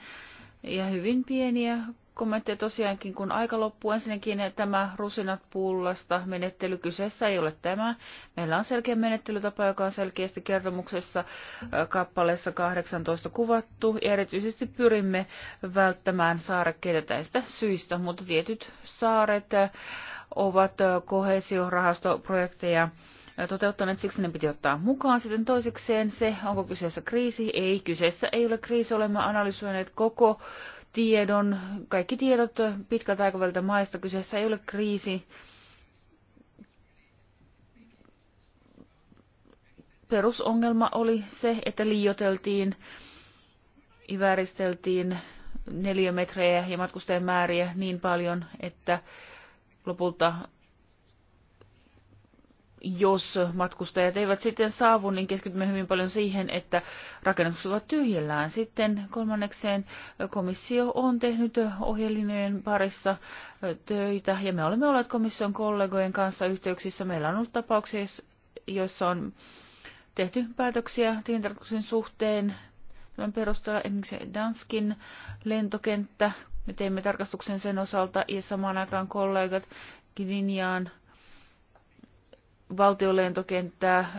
Ja hyvin pieniä kommentteja tosiaankin, kun aika loppuu. Ensinnäkin tämä rusinat pullasta menettely kyseessä ei ole tämä. Meillä on selkeä menettelytapa, joka on selkeästi kertomuksessa äh, kappaleessa 18 kuvattu. Ja erityisesti pyrimme välttämään saarekkeita tästä syistä, mutta tietyt saaret äh, ovat äh, kohesiorahastoprojekteja projekteja toteuttaneet, siksi ne piti ottaa mukaan. Sitten toisekseen se, onko kyseessä kriisi. Ei, kyseessä ei ole kriisi. Olemme analysoineet koko tiedon, kaikki tiedot pitkältä aikaväliltä maista. Kyseessä ei ole kriisi. Perusongelma oli se, että liioteltiin, ivääristeltiin neliömetrejä ja matkustajamääriä niin paljon, että lopulta jos matkustajat eivät sitten saavu, niin keskitymme hyvin paljon siihen, että rakennukset ovat tyhjellään. Sitten kolmannekseen komissio on tehnyt ohjelmien parissa töitä ja me olemme olleet komission kollegojen kanssa yhteyksissä. Meillä on ollut tapauksia, joissa on tehty päätöksiä tilintarkastuksen suhteen. Tämän perusteella esimerkiksi Danskin lentokenttä. Me teimme tarkastuksen sen osalta ja samaan aikaan kollegat Kininjaan valtiolentokenttää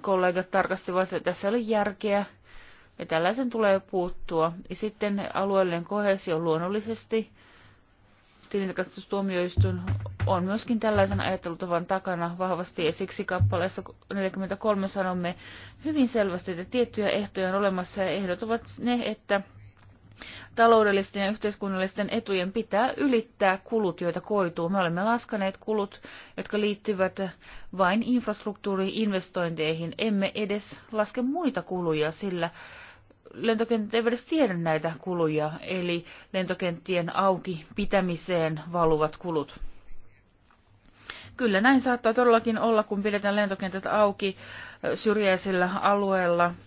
kollegat tarkastivat, että tässä oli järkeä ja tällaisen tulee puuttua. Ja sitten alueellinen kohesio luonnollisesti, tilintakastustuomioistuin on myöskin tällaisen ajattelutavan takana vahvasti ja siksi kappaleessa 43 sanomme hyvin selvästi, että tiettyjä ehtoja on olemassa ja ehdot ovat ne, että Taloudellisten ja yhteiskunnallisten etujen pitää ylittää kulut, joita koituu. Me olemme laskaneet kulut, jotka liittyvät vain infrastruktuuriinvestointeihin. Emme edes laske muita kuluja, sillä lentokentät eivät edes tiedä näitä kuluja, eli lentokenttien auki pitämiseen valuvat kulut. Kyllä näin saattaa todellakin olla, kun pidetään lentokentät auki syrjäisellä alueella –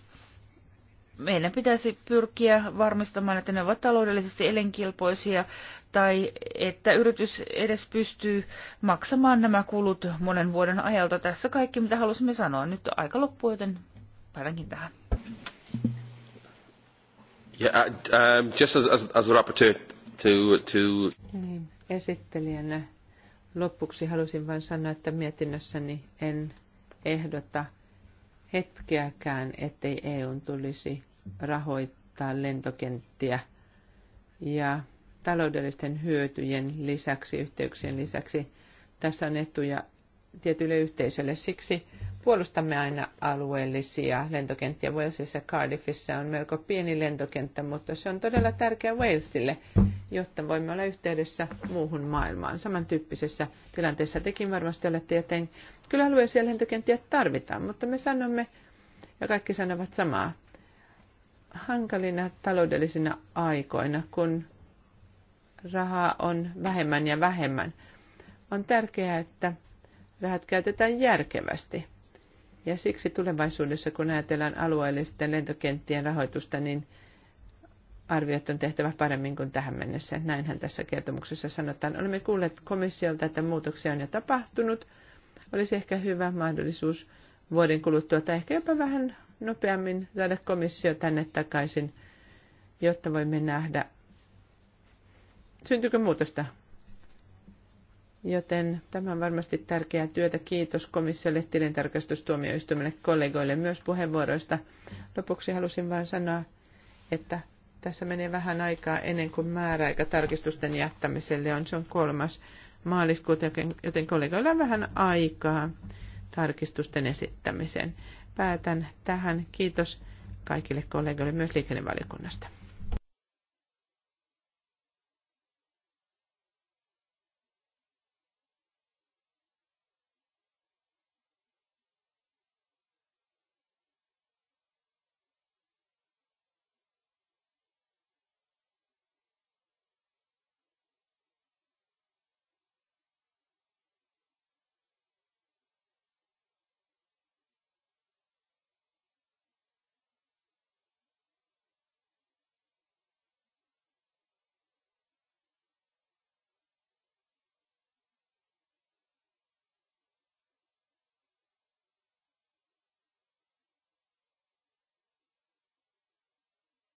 meidän pitäisi pyrkiä varmistamaan, että ne ovat taloudellisesti elinkelpoisia tai että yritys edes pystyy maksamaan nämä kulut monen vuoden ajalta. Tässä kaikki, mitä halusimme sanoa. Nyt on aika loppu, joten päätänkin tähän. Yeah, um, just as, as, as a rapporteur to, to... Niin, esittelijänä lopuksi halusin vain sanoa, että mietinnössäni en ehdota hetkeäkään, ettei EUn tulisi rahoittaa lentokenttiä ja taloudellisten hyötyjen lisäksi, yhteyksien lisäksi, tässä on etuja tietyille yhteisöille. Siksi puolustamme aina alueellisia lentokenttiä. Walesissa Cardiffissa on melko pieni lentokenttä, mutta se on todella tärkeä Walesille, jotta voimme olla yhteydessä muuhun maailmaan. Samantyyppisessä tilanteessa tekin varmasti olette, joten kyllä alueellisia lentokenttiä tarvitaan, mutta me sanomme, ja kaikki sanovat samaa, hankalina taloudellisina aikoina, kun rahaa on vähemmän ja vähemmän, on tärkeää, että rahat käytetään järkevästi. Ja siksi tulevaisuudessa, kun ajatellaan alueellisten lentokenttien rahoitusta, niin arviot on tehtävä paremmin kuin tähän mennessä. Näinhän tässä kertomuksessa sanotaan. Olemme kuulleet komissiolta, että muutoksia on jo tapahtunut. Olisi ehkä hyvä mahdollisuus vuoden kuluttua tai ehkä jopa vähän nopeammin saada komissio tänne takaisin, jotta voimme nähdä, syntyykö muutosta. Joten tämä on varmasti tärkeää työtä. Kiitos komissiolle, tilintarkastustuomioistuimelle, kollegoille myös puheenvuoroista. Lopuksi halusin vain sanoa, että tässä menee vähän aikaa ennen kuin määräaika tarkistusten jättämiselle on. Se on kolmas maaliskuuta, joten kollegoilla on vähän aikaa tarkistusten esittämiseen päätän tähän. Kiitos kaikille kollegoille myös liikennevaliokunnasta.